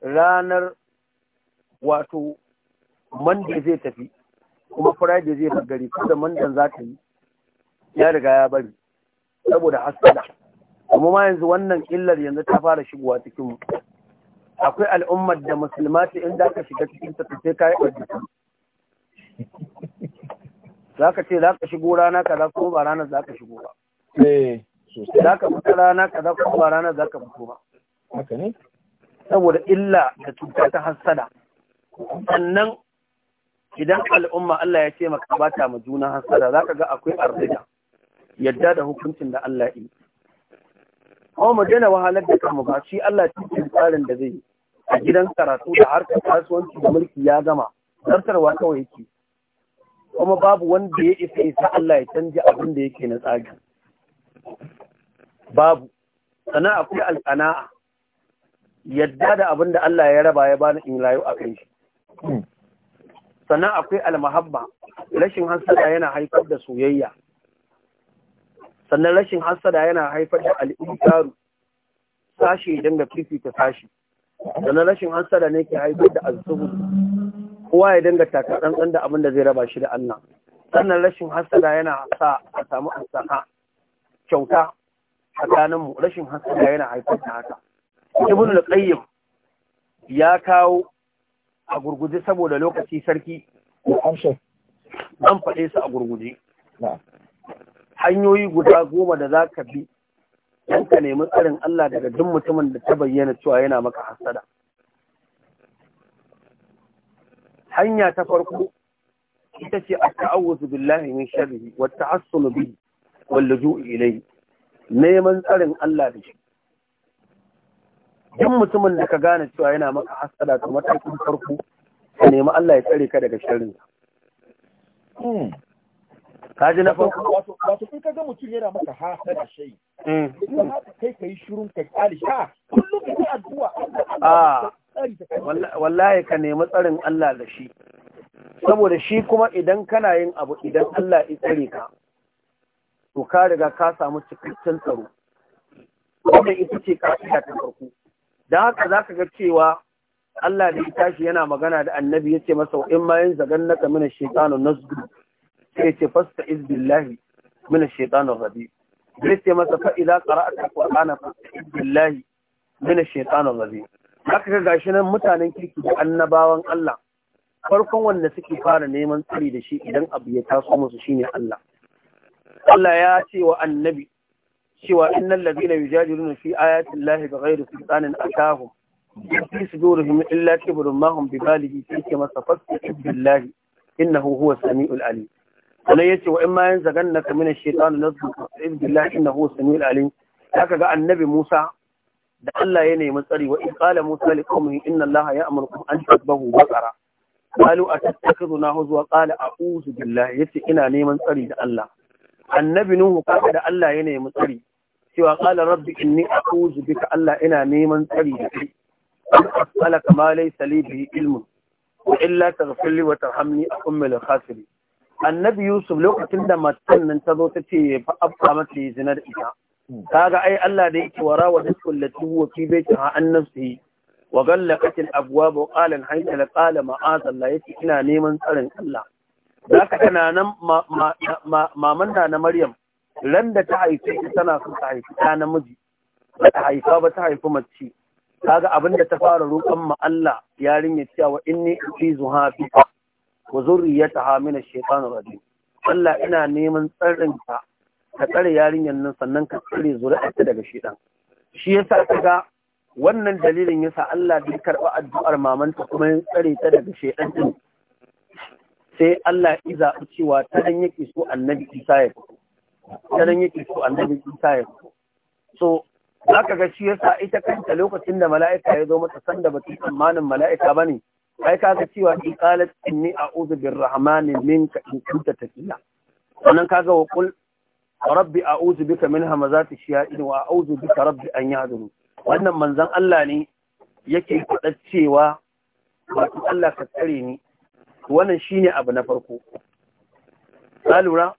ranar wato mande zai tafi kuma friday zai fagari ko za ta yi ya riga ya bari saboda hasada kuma ma yanzu wannan illar yanzu ta fara shigowa cikin akwai al'ummar da musulma ce in za ka shiga cikin ta sai ka yi za ka ce za ka shigo rana kaza ko ba ranar za ka shigo ba Eh, sosai za ka fita rana za ko ba rana za ka fito ba saboda illa da cuta ta hassada sannan idan al'umma Allah ya ce maka ba ta ma juna hassada za ka ga akwai arzika yadda da hukuncin da Allah yi kuma mu daina wahalar da kanmu ba shi Allah cikin tsarin da zai yi. a gidan karatu da harkar kasuwanci da mulki ya gama zartarwa kawai yake kuma babu wanda ya isa isa Allah ya canja abin da yake na tsari babu sannan akwai al'ana'a yadda da abin da Allah ya raba ya bani in layu a kai shi sannan akwai almahabba rashin hasada yana haifar da soyayya sannan rashin hasada yana haifar da al'inkaru sashi idan da fifita sashi sannan rashin hasada ne ke haifar da azubu kowa ya dinga taka da abin da zai raba shi da Allah sannan rashin hasada yana sa a samu asaha kyauta tsakanin mu rashin hasada yana haifar da haka ibn al-qayyim ya kawo a gurguje saboda lokaci sarki an faɗe su a gurguje hanyoyi guda goma da za ka bi don ka nemi tsarin Allah daga duk mutumin da ta bayyana cewa yana maka hasada hanya ta farko ita ce a ta'awuzu billahi min sharri wa ta'assunu bihi wallaju ilai neman tsarin Allah da shi duk mutumin da ka gane cewa yana maka hasada ta matakin farko ka nemi Allah ya tsare ka daga sharrin ka ji na farko wato kai ka ga mutum yana maka hasada shai kai ka yi shirin ka kyale Ha! kullum ka yi addu'a a wallahi ka nemi tsarin Allah da shi saboda shi kuma idan kana yin abu idan Allah ya tsare ka to ka riga ka samu cikakken tsaro wannan ita ce ka'ida ta farko Da haka zaka ga cewa Allah da ya tashi yana magana da annabi ya ce masa in ma yin zagan naka min ash na zuru sai ce fasta iz mina min ash-shaytanu ya masa "Za ka qara'ta al-qur'ana fasta iz mina min ash haka ga gashi nan mutanen kirki da annabawan Allah farkon wanda suke fara neman tsari da shi idan abu ya taso musu shine Allah Allah ya ce wa annabi cewa innal ladina yujadiluna fi ayati llahi bighairi sultanin atahum fi sudurihim illa kibrun ma hum bibalighi fi kama tafassu billahi innahu huwa samiul alim sannan yace wa in ma yanzagannaka min ash-shaytan nazghu fasta'id billahi innahu huwa samiul alim haka ga annabi Musa da Allah ya nemi tsari wa in qala Musa li qaumihi inna allaha ya'murukum an tasbahu baqara قالوا أتتخذنا هزوا قال أعوذ بالله يتي ina neman tsari da Allah. annabi nuhu kaga da Allah ya nemi tsari cewa qala rabbi inni a'udhu bika Allah ina neman tsari da kai qala kama laysa li bihi ilmun wa illa taghfir li wa tarhamni akun min al-khasirin annabi yusuf lokacin da matan nan ta zo ta ce fa abba mata yi zina da ita kaga ai Allah da yake wara wa dukkan lati huwa fi baitiha an nafsihi wa ghallaqat al-abwab wa qala hayta la qala yake ina neman tsarin Allah da aka tana nan maman da na Maryam ran da ta haife shi tana son ta haifi ta namiji ba ta haifa ba ta haifi mace kaga abin da ta fara roƙon ma Allah yarinya cewa inni ufizu hafi wa zurriyataha min ash-shaytanir rajim Allah ina neman tsarin ka ka tsare yarinyar nan sannan ka tsare zuri'arta daga shedan shi yasa kaga wannan dalilin yasa Allah bai karɓi addu'ar mamanta kuma ya tsare ta daga shedan din sai Allah ya zaɓi cewa ta dan yake so annabi Isa ya fito ta dan yake so annabi Isa ya fito so zaka ga shi yasa ita kanta lokacin da mala'ika ya zo mata sanda ba ta tsammanin mala'ika bane ai ga cewa in qalat inni a'udhu birrahmani minka in kunta taqiya wannan kaga wa qul rabbi a'udhu bika min hamazati shayatin wa a'udhu bika rabbi an yahdurun wannan manzon Allah ne yake faɗa cewa Allah ka tsare ni wannan shine abu na farko ka lura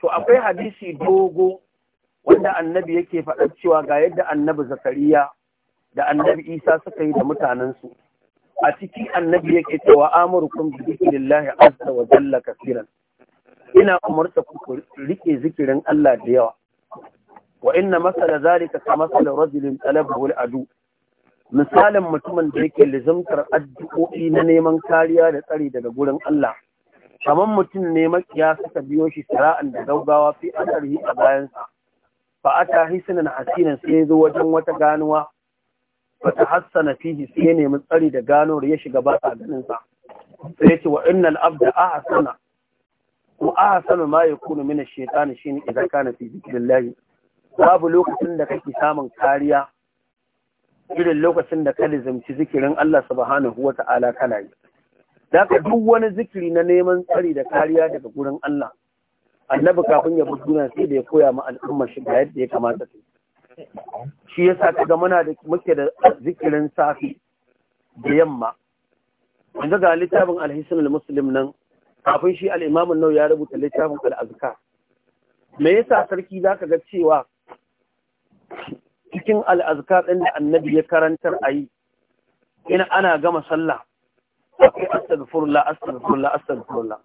to akwai hadisi dogo wanda annabi yake faɗa cewa ga yadda annabi zakariya da annabi isa suka yi da mutanensu a ciki annabi yake cewa amurkum bi lillahi azza wa jalla kasiran ina umarta ku rike zikirin Allah da yawa wa inna masala zalika ka masala rajulin talabahu al-adu misalin mutumin da yake lizimtar addu'o'i na neman kariya da tsari daga gurin Allah kamar mutum ne makiya suka biyo shi sara'an da gaugawa fi asarhi a bayansa fa ata hisnan asinan sai zo wajen wata ganuwa fa ta hassana fihi sai nemi tsari da ganuwar ya shiga ba a ganin sa sai ya ce wa innal abda ahsana a ahsanu ma yakunu min ash-shaytan shine idan kana fi zikrillah babu lokacin da kake samun kariya irin lokacin da ka lizamci zikirin Allah subhanahu Ta'ala kana yi Daka duk wani zikiri na neman tsari da kariya daga gurin Allah annabi kafin ya budduna sai da ya koya ma al'umma shi ga yadda ya kamata su shi sa kaga muna da muke da zikirin safi da yamma yanzu ga littafin alhisan al-muslim nan kafin shi al nau ya rubuta littafin al-azkar me yasa sarki zaka ga cewa cikin al'azka ɗin da annabi ya karantar a yi ina ana gama sallah akwai astagfirullah astagfirullah astagfirullah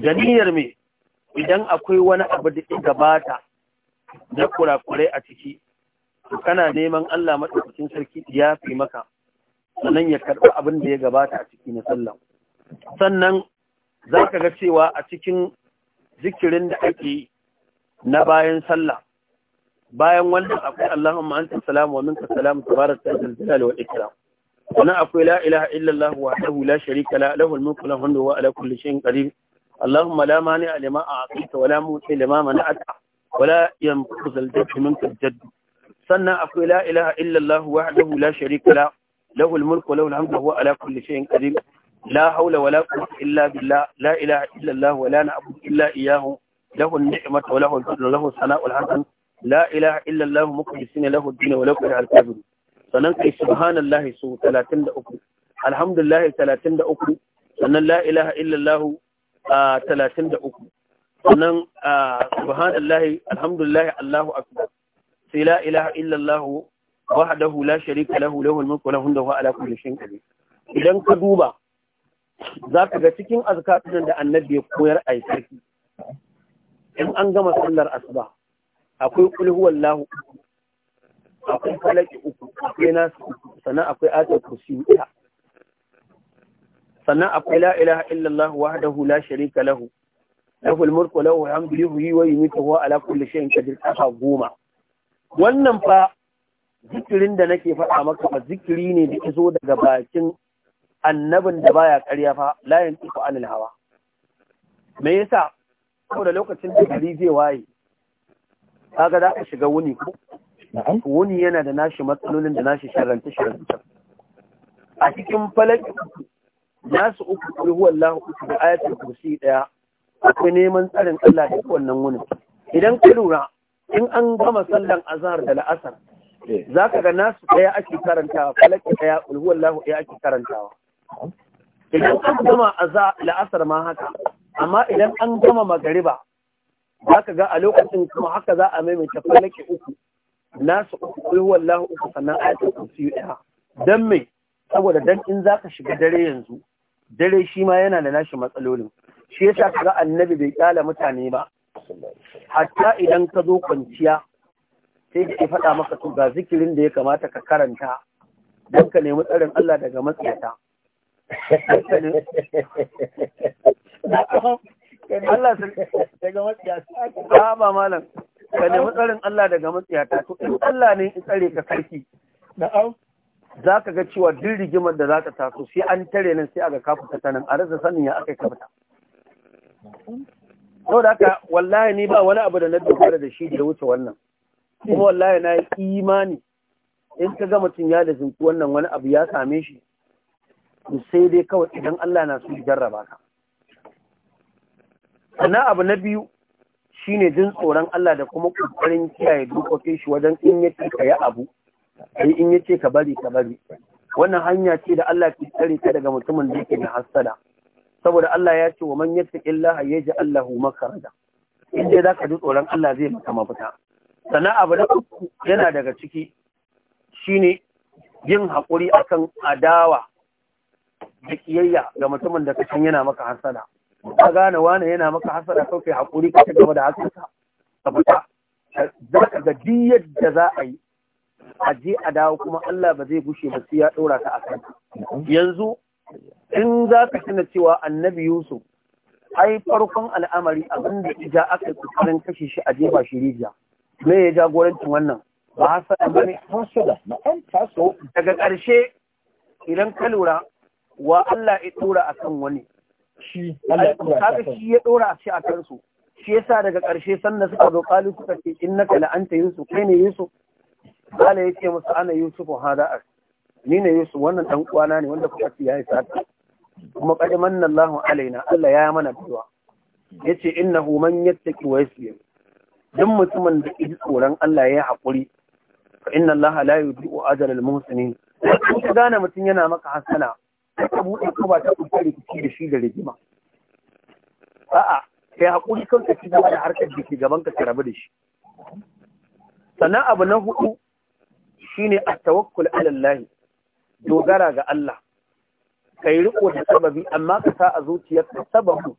janiyar me idan akwai wani abu da ke gabata na kurakurai a ciki kana neman Allah maɗaukacin sarki ya fi maka sannan ya karɓi abin da ya gabata a ciki na sallah sannan za ka ga cewa a cikin zikirin da ake na bayan sallah bayan wannan akwai Allahumma anta salamu wa minka salamu tabaraka ta'ala jalal wal ikram wannan akwai la ilaha illallah wahdahu la sharika la lahu al-mulku lahu al wa ala kulli shay'in qadir Allahumma la mani'a lima a'tayta wa la mu'ti lima mana'ta wa la yanfa'u zal jaddi minka al-jadd sannan akwai la ilaha illallah wahdahu la sharika la lahu al-mulku lahu al wa ala kulli shay'in qadir لا حول ولا قوة إلا بالله لا إله إلا الله ولا نعبد إلا إياه له النعمة وله الفضل وله الثناء والحسن la ilaha illallah mukhlisina lahu ad-din wa law kariha al-kafirun sannan kai subhanallahi su 33 alhamdulillah 33 sannan la ilaha illallah 33 ah, sannan ah, subhanallahi alhamdulillah allahu akbar sai la ilaha illallah wahdahu la sharika lahu lahu al-mulku wa lahu al-hamdu ala kulli shay'in qadir idan ka duba zaka ga cikin azkatunan da annabi ya koyar a yi sarki in an gama sallar asuba akwai kulhuwan lahu akwai falaki uku akwai nasu sannan akwai ajiyar kursi wuta sannan akwai la ilaha wa wahdahu la sharika lahu lahul mulku lahu alhamdu yuhyi wa mita huwa alakulli kulli shay'in qadir kafa goma wannan fa zikirin da nake faɗa maka ba zikiri ne da iso daga bakin annabin da baya ƙarya fa la yantiqu anil hawa me yasa da lokacin da gari zai waye kaga za a shiga wuni ko wuni yana da nashi matsalolin da nashi sharranta sharanta a cikin falaki nasu uku kuri huwa Allah uku da ayatul kursi daya akwai neman tsarin Allah da wannan wuni idan ka lura in an gama sallan azhar da la'asar eh. za ka ga nasu daya ake karantawa falaki daya huwa Allah daya ake karantawa idan an gama la'asar ma haka amma idan an gama magariba za ga a lokacin kuma haka za a maimaita falake uku nasu uku kai wallahu uku sannan ayatul kursiyu ɗaya dan me saboda dan in za ka shiga dare yanzu dare shi ma yana da nashi matsalolin shi yasa ka ga annabi bai kyala mutane ba hatta idan ka zo kwanciya sai ka faɗa maka to ga zikirin da ya kamata ka karanta don ka nemi tsarin Allah daga matsayata Allah daga matsiyata nemi tsarin Allah daga matsiyata to in Allah ne in tsare ka sarki za ka ga cewa duk rigimar da za ka taso sai an tare nan sai aga kafu ta nan a rasa sanin ya aka kafa Sau da haka wallahi ni ba wani abu da na dogara da shi da wuce wannan kuma wallahi na yi imani in ka ga mutum ya da zinku wannan wani abu ya same shi sai dai kawai idan Allah na su jarraba ka sannan abu na biyu shine jin tsoron Allah da kuma kokarin kiyaye dokokin shi wajen in yace ka yi abu sai eh, in yace ka bari ka bari wannan hanya ce da Allah ke tsare ta daga mutumin da yake da hasada saboda Allah ya ce wa man Allah yaj'al allahu makhraja in dai zaka ji tsoron Allah zai maka mafita sannan abu na uku yana daga ciki shine yin haƙuri akan adawa da kiyayya ga mutumin da ka san yana maka hasada ka gane wani yana maka hasara kawai kai haƙuri ka ta gaba da hasarsa ka fita za ka ga yadda za a yi a je a dawo kuma Allah ba zai gushe ba sai ya ɗora ta a kan yanzu in za ka tuna cewa annabi Yusuf ai farkon al'amari abin da ija aka yi kusurin kashe shi a jefa shi rijiya me ya jagorancin wannan ba hasada ba ne daga ƙarshe idan ka lura wa Allah ya tura akan wani shi kaga shi ya dora shi a kansu shi yasa daga ƙarshe sannan suka zo kalu suka ce innaka la anta yusuf kai ne yusuf kala yace musu ana yusuf hada ni ne yusuf wannan dan uwana ne wanda kuka ci yayi sata kuma qad manna Allahu alaina Allah ya mana biwa yace innahu man yattaqi wa yasbir duk mutumin da ke tsoron Allah ya haƙuri fa inna Allah la yudi'u ajral muhsinin ka gane mutum yana maka hasana sai ka buɗe kofa ta kuka rikici da shi da rigima a'a kai haƙuri kan ka ci gaba da harkar da ke gaban ka ka rabu da shi sannan abu na hudu shine at-tawakkul ala Allah dogara ga Allah kai riko da sababi amma ka sa a zuciyarka sababu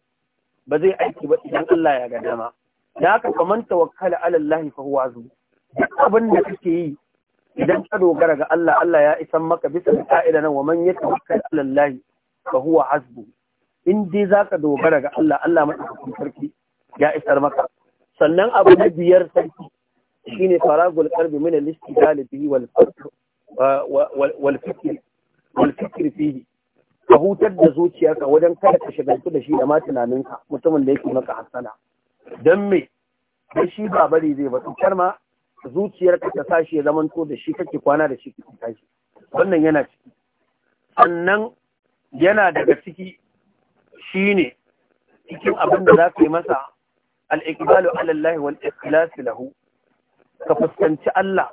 ba zai aiki ba idan Allah ya ga dama da haka kaman tawakkala ala Allah fa huwa zu duk abin da kake yi idan ka dogara ga Allah Allah ya isan maka bisa da ka'ida nan wa man yatawakkal ala Allah fa huwa hasbu in dai zaka dogara ga Allah Allah madaukakin sarki ya isar maka sannan abu na biyar sarki shine faragul qalbi min al istidal bihi wal fikr wal fikr wal fikr fihi ka hutar da zuciyarka wajen kada ka shagaltu da shi da ma tunaninka mutumin da yake maka hassana. Don me shi ba bari zai ba tukar ma zuciyarka ta sashi ya zamanto da shi kake kwana da shi kake tashi wannan yana ciki sannan yana daga ciki shine cikin abin da za ka yi masa al al'allahi wal ikhlas lahu ka fuskanci Allah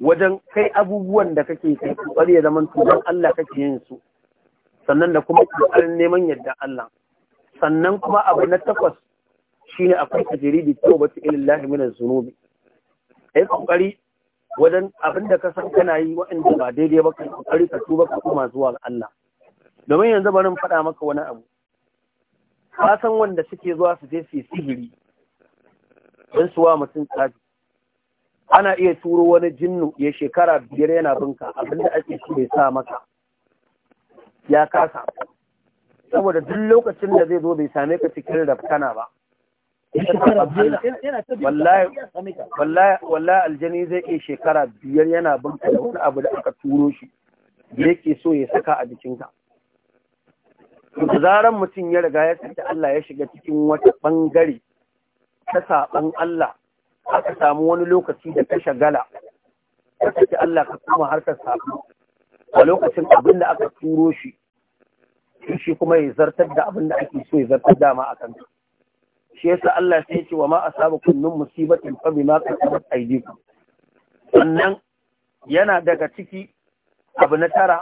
wajen kai abubuwan da kake kai kokari ya zaman don Allah kake yin su sannan da kuma kokarin neman yadda Allah sannan kuma abu na takwas shine akwai da tawbatu ila Allah zunubi ka yi kokari wajen abin da ka san kana yi waɗanda ba daidai ba ka yi kokari ka tuba ka kuma zuwa ga Allah domin yanzu bari faɗa maka wani abu ka san wanda suke zuwa su je su sihiri don suwa mutum tsafi ana iya turo wani jinnu ya shekara biyar yana binka abinda ake shi bai sa maka ya kasa saboda duk lokacin da zai zo bai same ka cikin rafkana ba wallahi aljani zai iya shekara biyar yana banka da wani abu da aka turo shi da yake so ya saka a jikinka da zaran mutum ya riga ya saki Allah ya shiga cikin wata bangare ta saɓan Allah aka samu wani lokaci da ta shagala ka saki Allah ka kuma ka sabu a lokacin abin da aka turo shi shi kuma ya zartar da abin da ake so ya zartar dama a kanta. shi yasa Allah sai ce wa ma asabakum min musibatin fa bima kasabat aydikum sannan yana daga ciki abu na tara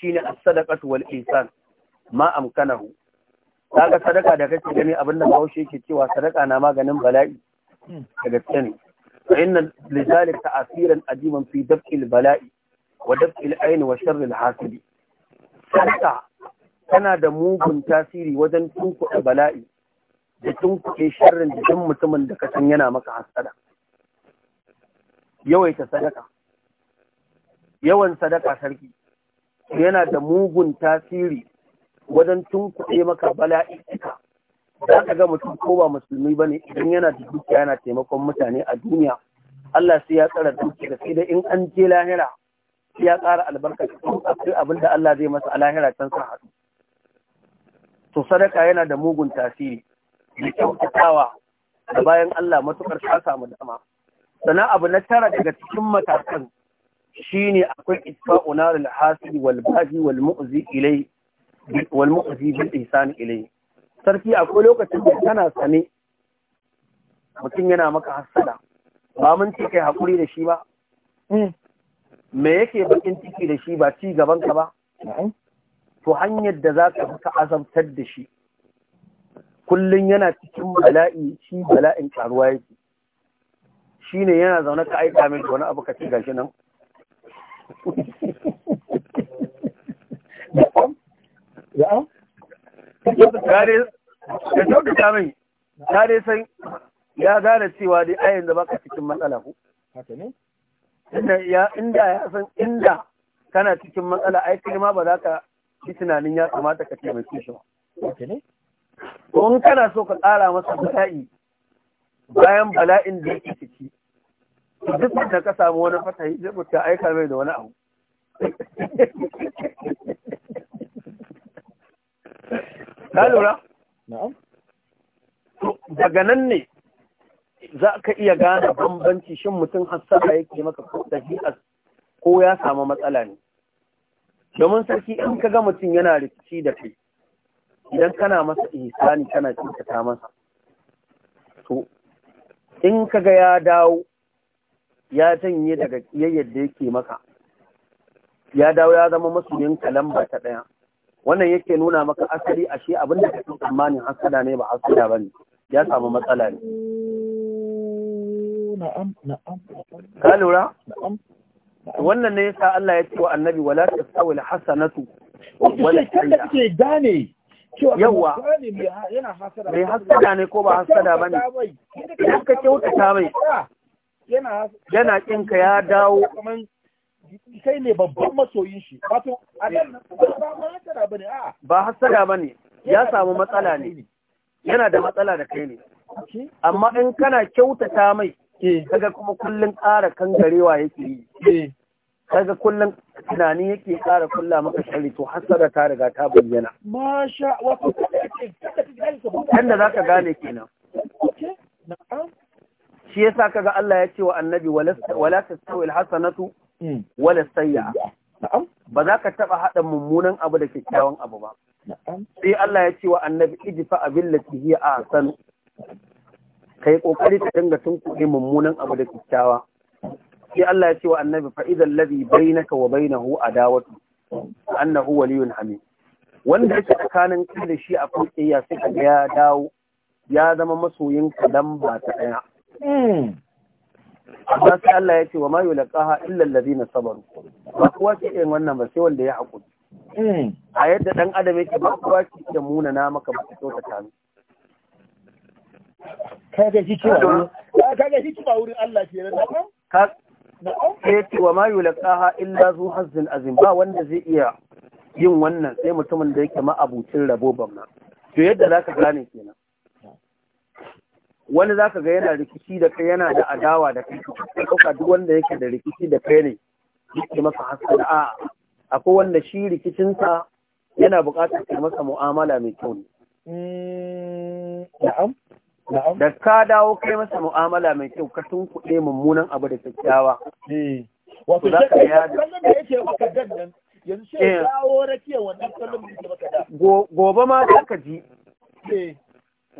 shine as-sadaqatu wal ihsan ma amkanahu kaga sadaka da kake gani abin da Bahaushe yake cewa sadaka na maganin bala'i Daga gaske ne fa inna lidhalika ta'asiran ajiban fi daf'il bala'i wa daf'il ayn wa sharril hasidi sadaka tana da mugun tasiri wajen tunkuɗa bala'i da tunkuɗe sharrin da tun mutumin da ka san yana maka hasada yawaita sadaka yawan sadaka sarki yana da mugun tasiri wajen tunkuɗe maka bala'i ita. za ka ga mutum ko ba musulmi ba ne idan yana da dukiya yana taimakon mutane a duniya Allah sai ya tsara dukiya sai da in an je lahira ya ƙara albarka cikin akwai abin da Allah zai masa a lahira can sa haɗu to sadaka yana da mugun tasiri da kyautatawa da bayan Allah matukar ta samu dama Sana abu na tara daga cikin matakan ne akwai itfa'u unar alhasi wal baji wal mu'zi ilai wal mu'zi bil ilai sarki akwai lokacin da kana sane mutum yana maka hasada ba mun ce kai hakuri da shi ba hmm. me yake bakin ciki da shi ba ci gaban ka ba to hanyar da za ka azabtar da shi kullum yana cikin bala'i shi bala'in karuwa yake shi ne yana zaune ka aika min wani abu ka ce gashi nan ya kyautata mai dai san ya gane cewa dai a yanzu baka cikin matsala ku inda ya san inda kana cikin matsala aiki ma ba za ka fi tunanin ya kamata ka taimake shi ba in kana so ka ƙara masa bala'i bayan bala'in da yake ciki duk da ka samu wani fatahi zai mutu aika mai da wani abu ka lura? daga nan ne za ka iya gane bambanci shin mutum hassara yake maka ko dabi'ar ko ya samu matsala ne domin sarki in ka ga mutum yana rikici da kai idan kana masa ihsani kana kyautata masa to in kaga ya dawo ya janye daga kiyayyar da yake maka ya dawo ya zama masoyinka lamba ta ɗaya wannan yake nuna maka asali ashe abin da kake tsammanin hasada ne ba hasada bane ya samu matsala ne ka lura wannan ne yasa Allah ya ce wa annabi wala tasawil hasanatu wala sayyi'a gane Yawwa, mai hasada ne ko ba hasada ba ne idan ka kyautata mai yana kinka ya dawo kai ne babban masoyin shi wato ba hasada ba ne ya samu matsala ne yana da matsala da kai ne amma in kana kyautata mai eh. kaga kuma kullum ƙara garewa yake yi eh. kaga kullum tunani yake kara kulla maka shari to hasara ta riga ta bayyana masha wato kada zaka gane kenan shi yasa kaga Allah ya ce wa annabi wala tastawi alhasanatu hmm. wala sayyi'a ba za ka taba hada mummunan abu da kyakkyawan abu ba sai Allah ya ce wa annabi idfa abillati hiya ahsan kai kokari ka dinga tunkuɗe mummunan abu da kyakkyawa sai Allah ya ce wa annabi fa idal ladhi bainaka wa bainahu adawatu annahu waliyun hamid wanda yake tsakanin kai da shi a kokiya sai ka ya dawo ya zama masoyin ka dan ba ta daya amma sai Allah ya ce wa ma yulqaha illa alladhina sabaru ba kowa ke yin wannan ba sai wanda ya hakuri a yadda dan adam yake ba kowa ke da muna na maka ba ta tota kanu kaga hikima kaga hikima wurin Allah ke nan sai ce wa ma yulqaha illa zu hazin azim ba wanda zai iya yin wannan sai mutumin da yake ma'abucin rabo ma to yadda za ka gane kenan wani za ka ga yana rikici da kai yana da adawa da kai ka duk wanda yake da rikici da kai ne yake maka hasken a akwai wanda shi rikicinsa yana buƙatar kai masa mu'amala mai kyau ne mm, na'am da ka dawo kai masa mu'amala mai kyau ka kuɗe mummunan abu da kyakkyawa eh. wato ka da yake maka dan nan yanzu sai ya eh. dawo wannan kallon da yake maka da gobe ma za ka ji eh.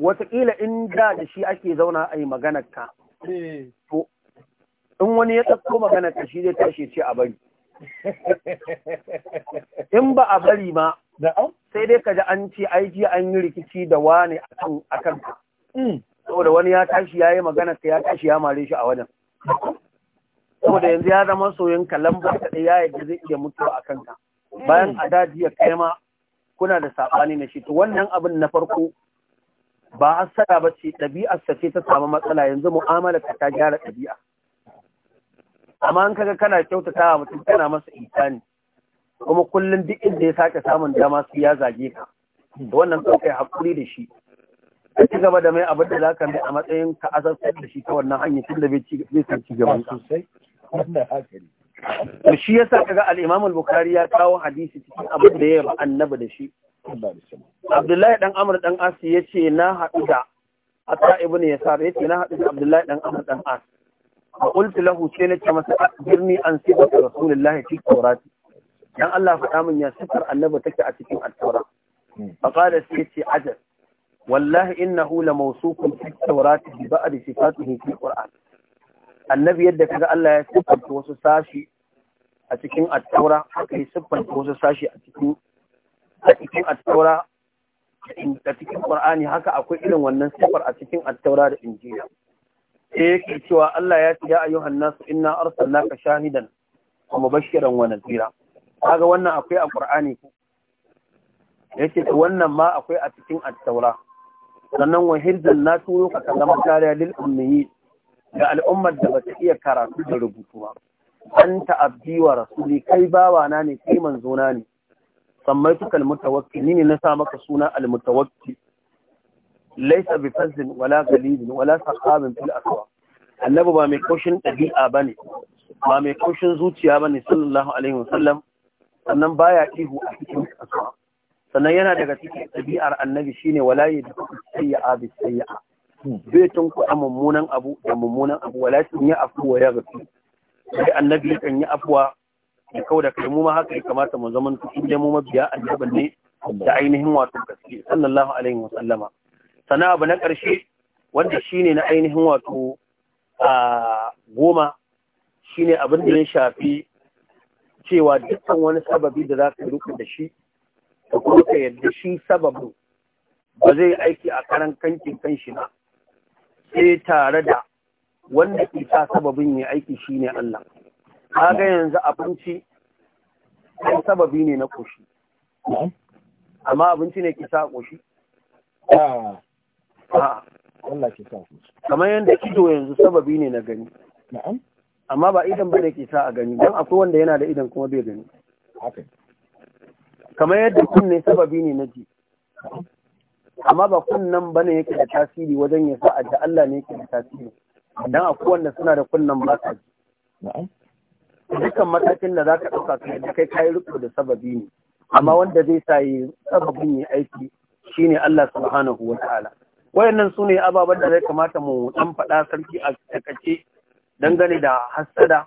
wataƙila in da da shi ake zauna a yi maganar ka to in wani ya ɗauko maganar ka shi zai tashi ce a bari in ba a bari ma sai dai ka ji an ce aiki an yi rikici da wane a akan ka Hmm. saboda wani ya tashi ya yi magana sai ya tashi ya mare shi a wajen saboda yanzu ya zama soyin kalan ba ta ya yadda zai iya mutuwa a kanka hmm. bayan a daji ya kai ma kuna da saɓani na shi to wannan abin na farko ba sara ba ce ɗabi'ar sa ce ta samu matsala yanzu mu'amala ka ta gyara ɗabi'a amma an kaga kana kyautata wa mutum kana masa isani kuma kullum duk inda ya sake samun dama sai ya zage ka wannan kai hakuri da shi ka ci gaba da mai abin da za ka mai a matsayin ka azabtar da shi ta wannan hanyar tun da bai san ci gaban ka. To shi yasa kaga al-Imam al-Bukhari ya kawo hadisi cikin abin da ya yaba annabi da shi. Abdullahi dan Amr dan As yace na haɗu da Atta ibn Yasar yace na haɗu da Abdullahi dan Amr dan As. Qultu lahu sai nace masa birni an sifatu Rasulullahi fi Tawrati. Dan Allah faɗa min ya sifar annabi take a cikin At-Taurat. Hmm. Faqala sai yace ajal wallahi innahu la mawsufun fi tawrati bi ba'd sifatihi fi qur'an annabi yadda kaga Allah ya siffanta wasu sashi a cikin at-taura haka ya siffanta wasu sashi a cikin a cikin at-taura a cikin qur'ani haka akwai irin wannan siffar a cikin at-taura da injila sai yake cewa Allah ya ce ya ayyuhan nasu inna arsalnaka shahidan wa mubashiran wa nadhira kaga wannan akwai a qur'ani yake wannan ma akwai a cikin at-taura sannan wa hirzan na turo ka zama kariya lil ummiyi ga al'ummar da bata iya karatu da rubutu ba an ta'abdi wa rasuli kai bawa na ne kai manzo na ne sammai tukal mutawakkil ni ne na sa maka suna al mutawakkil laysa bi fazlin wala galidin wala saqabin fil aswa annabi ba mai kaushin ɗabi'a ba ne ba mai kaushin zuciya ba ne sallallahu alaihi wasallam sannan baya ihu a cikin kasuwa sannan yana daga cikin ɗabi'ar annabi shine wala yi sayya'a bi sayya'a hmm. bai tun a mummunan abu da mummunan abu wala su yi afuwa ya gafi sai annabi kan yi afuwa da kau da kai mu ma haka ya kamata mu zama su inda mu mabiya annabin ne da ainihin wato gaske sallallahu alaihi wa sallama sannan abu na ƙarshe wanda shine na ainihin wato a goma shine abin da ya shafi cewa dukkan wani sababi da za ka rike da shi da kuma ka yadda shi sababin ba zai aiki a karan kankin shi ba sai tare da wanda ke sa sababin ya aiki shi ne Allah kaga yanzu abinci sai sababi ne na ƙoshi, amma abinci ne ke sa ƙoshi? Ah. Allah ke sa koshi kamar yadda ido yanzu sababi ne na gani amma ba idan ba ne ke sa a gani don akwai wanda yana da idan kuma bai gani kamar yadda kunne sababi ne na ji amma ba kunnan bane yake da tasiri wajen ya sa da Allah ne yake da tasiri dan akwai wanda suna da kunnan ba ka ji dukkan matakin da zaka dauka da kai kai riko da sababi ne amma wanda zai sa yi sababin yi aiki shine Allah subhanahu wa ta'ala wayannan sune ababen da zai kamata mu dan faɗa sarki a takace dangane da hassada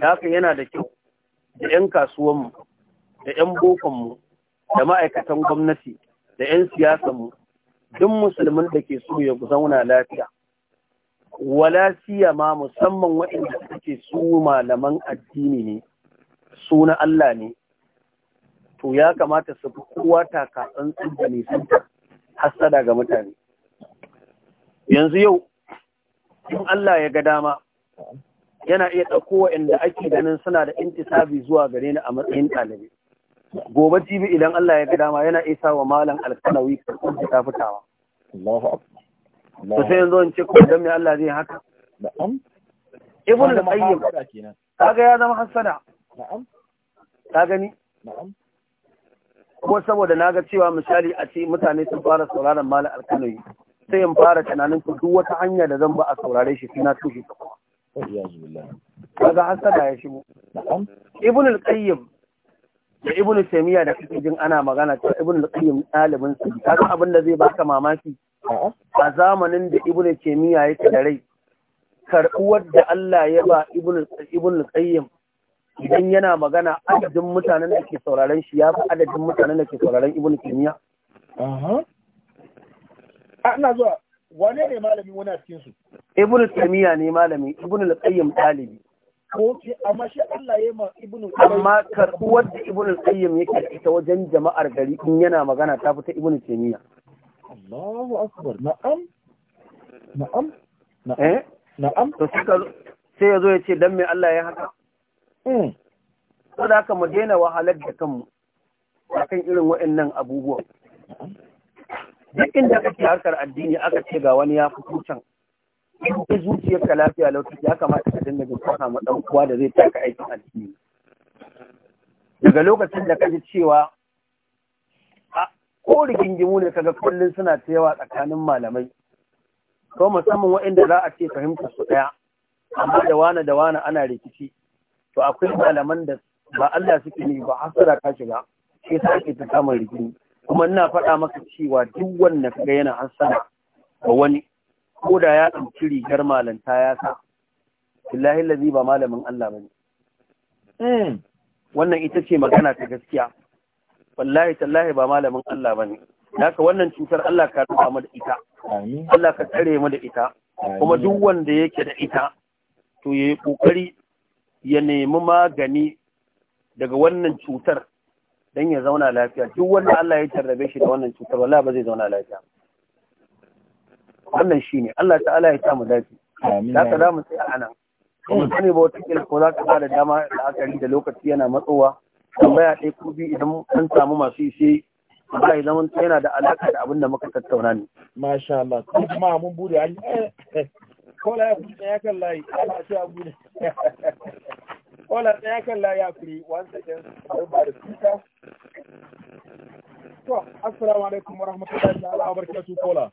haka yana da kyau da 'yan kasuwanmu da 'yan bokonmu da ma'aikatan gwamnati da 'yan siyasanmu duk musulmin da ke so ya zauna lafiya wala ma musamman waɗanda suke su malaman addini ne su na Allah ne to ya kamata su fi kowa taka tsantsan da nisanta hasada ga mutane yanzu yau in Allah ya ga dama yana iya ɗauko waɗanda ake ganin suna da intisabi zuwa gare ni a matsayin ɗalibai. gobe jibi idan Allah ya ga dama yana isa wa malam alkanawi karɓar ta fitawa Allahu akbar to sai yanzu in ce ko dan Allah zai haka na'am ibn al-qayyim kaga ya zama hasada na'am ka gani na'am ko saboda na ga cewa misali a ce mutane sun fara sauraron malam alkanawi. sai in fara tunanin ku duk wata hanya da zan ba a saurare shi suna tushe ta kuma kaga hasada ya shigo ibn al-qayyim da ibn taymiya da kake jin ana magana ta ibn qayyim dalibin sa kaga abin da zai baka mamaki a zamanin da ibn taymiya yake da rai karbuwar da Allah ya ba ibn ibn qayyim idan yana magana adadin mutanen da ke sauraron shi ya fi adadin mutanen da ke sauraron ibn taymiya ina zuwa wane ne malami wani a cikin su ibn taymiya ne malami ibn qayyim dalibi amma shi Allah ya ma ibnu amma da ibnu qayyim yake ita wajen jama'ar gari in yana magana ta fita ibnu taymiya Allahu akbar na'am na'am na'am eh? na'am to sai yazo ya ce dan me Allah ya haka to hmm. da haka mu daina wahalar da kanmu akan irin waɗannan abubuwan duk inda kake harkar addini aka ce ga wani ya fito can ta zuciyar ka lafiya lokaci ya kamata ka dinga jin ka ma dan uwa da zai taka aikin addini daga lokacin da kaji cewa ko rigingimu ne kaga kullun suna ta yawa tsakanin malamai ko musamman waɗanda za a ce fahimta su ɗaya amma da wani da wani ana rikici to akwai malaman da ba Allah suke ne ba hasara ka shiga shi yasa ake ta samun rigini kuma ina faɗa maka cewa duk wanda kaga yana hasara ga wani ko da ya ɗauki rigar malanta ya sa Allahi lazi ba malamin Allah bane hmm. wannan ita ce magana ta gaskiya wallahi tallahi ba malamin Allah bane haka wannan cutar Allah ka rufa mu da ita Allah ka tsare mu da ita kuma duk wanda yake da ita to ya yi ƙoƙari ya nemi magani daga wannan cutar don ya zauna lafiya duk wanda Allah ya tarrabe shi da wannan cutar wallahi ba zai zauna lafiya wannan shi ne, Allah ta'ala ya mu dafi za ka za mu sai a nan kuma sani ba wata kila ko za ka ba da dama da aka da lokaci yana matsowa tambaya ɗaya ko biyu idan an samu masu ishe ba ya zama yana da alaka da abin da muka tattauna ne. Masha Allah, kuma mun bude an eh, eh, kola ya kusa ya kan layi, ana ce a bude. Kola ya kan layi a kuri, one second, bari ba da kuka. To, assalamu alaikum wa rahmatullahi wa barakatuh kola.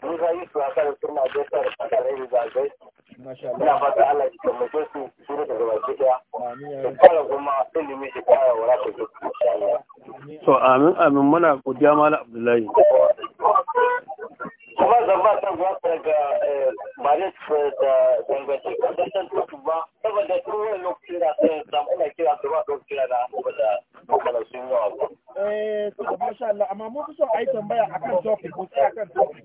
sun yi su akan suna gaisa da kakarai da zagai ina fata Allah ya taimake su su ne daga baki daya da kara kuma ilimi shi kara wa raka ji to amin amin muna godiya mala abdullahi kuma zan ba san zuwa daga eh, maris eh, da dangantar kasantar tutu ba saboda tun wani lokaci da sai samu ina kira su ba lokaci da na da kuma sun yawa ba. Eh, to masha Allah amma mun fi son a tambaya akan topic ko sai akan topic.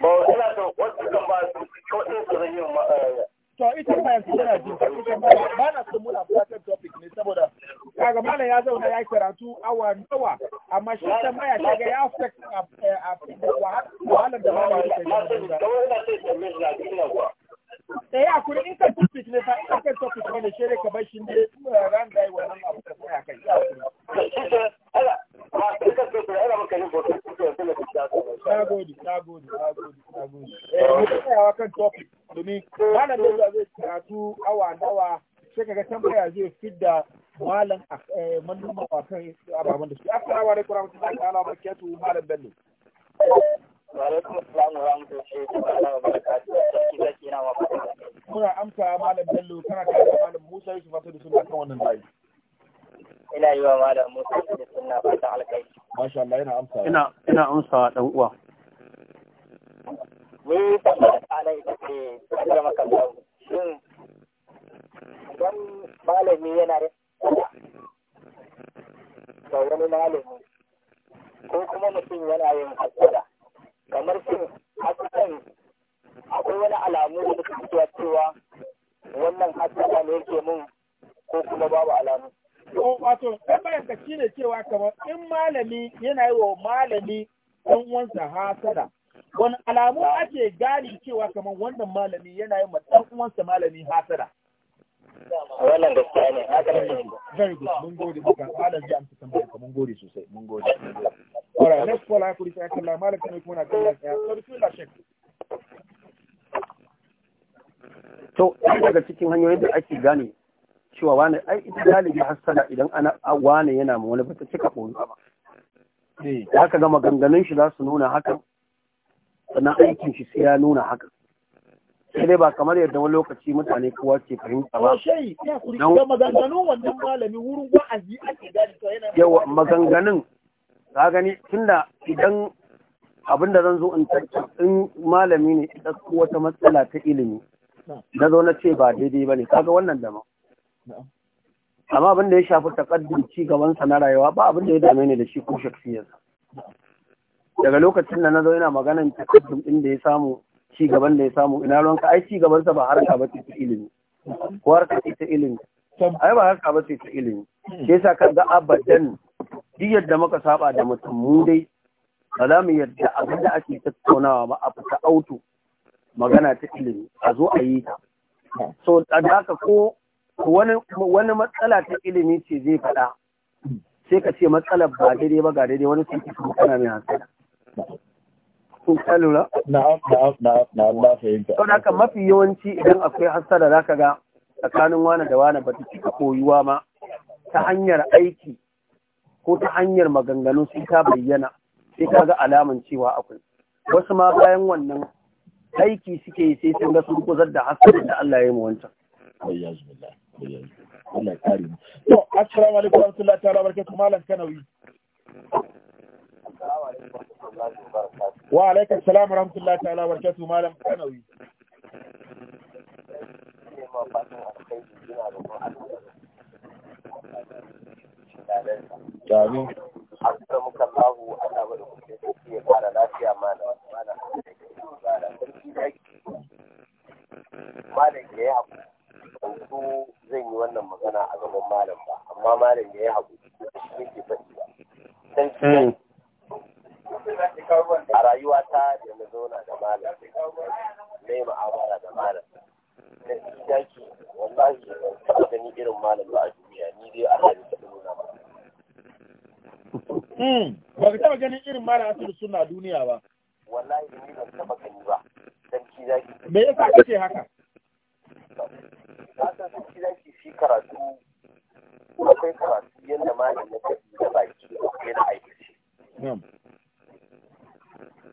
Ba ina so wasu kan ba su ko in su zan to ita ba yanzu tana jin kusa ba ba na son muna fatan topic ne saboda kaga malam ya zauna ya karatu awa nawa amma shi ta maya ta ga ya affect eh, eh, eh, a wahalar da malam ya kai da ya kuri in ka topic ne fa in ka topic ne shere ka bar shi ne ran da wannan abu ka tsaya kai ya kuri na gode na gode na gode na gode eh mu tsaya kan topic domin malam da zai karatu awa dawa sai kaga baya zai fidda malam eh, manoma a kan ababen da su assalamu alaikum warahmatullahi ta'ala wa malam bello Muna amsa Malam Bello kana tare da Malam Musa Yusuf Fatu da suna kan wannan layi. Ina yi wa Malam Musa da suna fata alkai. Masha Allah amsa. Ina ina amsa dan uwa. ni tambayar ana ita ce da maka zaru shin idan malami yana da ga wani malami ko kuma mutum yana yin hakkada kamar shin hakkadan akwai wani alamu da suka fitowa cewa wannan hakkada ne yake mun ko kuma babu alamu wato tambayar ka shine cewa kamar in malami yana yi wa malami ɗan uwansa hasada wani alamu ake gane cewa kamar wannan malami yana yin matsan uwansa malami hasara wannan gaskiya ne very good mun gode muka malam ji amsa tambayar ka mun gode sosai mun gode all right next call hakuri kalla malam kuma kuma na kalla sai sorry kula shek daga cikin hanyoyin da ake gane cewa wane, ai ita galibi hassana idan ana wane yana ma wani bata cika ƙoru ba haka eh. gama ganganin shi za su nuna hakan sannan aikin shi sai ya nuna haka sai dai ba kamar yadda wani lokaci mutane kowa ke fahimta ba don maganganun wannan malami wurin wa'azi ake gani to yana yawa maganganun ka gani tunda idan abin da zan zo in in malami ne ita wata matsala ta ilimi na zo na ce ba daidai ba ne kaga wannan dama amma abin da ya shafi takaddun ci gaban sa na rayuwa ba abin da ya dame ne da shi ko shaksiyarsa daga lokacin da na zo ina maganan takardun ɗin da ya samu ci gaban da ya samu ina ruwan ka ai ci gaban sa ba harka ba ce ta ilimi ko harka ce ta ilimi ai ba harka ba ce ta ilimi sai sa ga abadan duk yadda muka saba da mutum mu dai ba za mu yarda abin da ake tattaunawa ba a fita auto magana ta ilimi a zo a yi ta so da daka ko wani matsala ta ilimi ce zai faɗa sai ka ce matsalar ba daidai ba ga daidai wani sun fi kana mai hasala ka mafi yawanci idan akwai hasara zaka ga tsakanin wani da wani ba ta cika koyuwa ma ta hanyar aiki ko ta hanyar maganganu sai ta bayyana sai ka ga alaman cewa akwai wasu ma bayan wannan aiki suke yi sai sun ga sun kuzar da hasari da Allah ya yi mu wancan Allah wa alaikar salam wa rahmatullahi ta'ala wa barakatuhu malam kanawi Amin. Mm-hmm. yi wannan magana a gaban malam ba amma malam ya a rayuwa ta da na zauna da malam na yi ma'amala da malam na jaki wallahi ban taɓa gani irin malam ba a duniya ni dai a ne ta nuna ba hmm, ba ka taɓa ganin irin malam asibi suna duniya ba wallahi ni ban taɓa gani ba ki zaki me yasa kace haka ka san sarki zaki shi karatu akwai karatu yadda malam ya tafi da baki akwai na aikace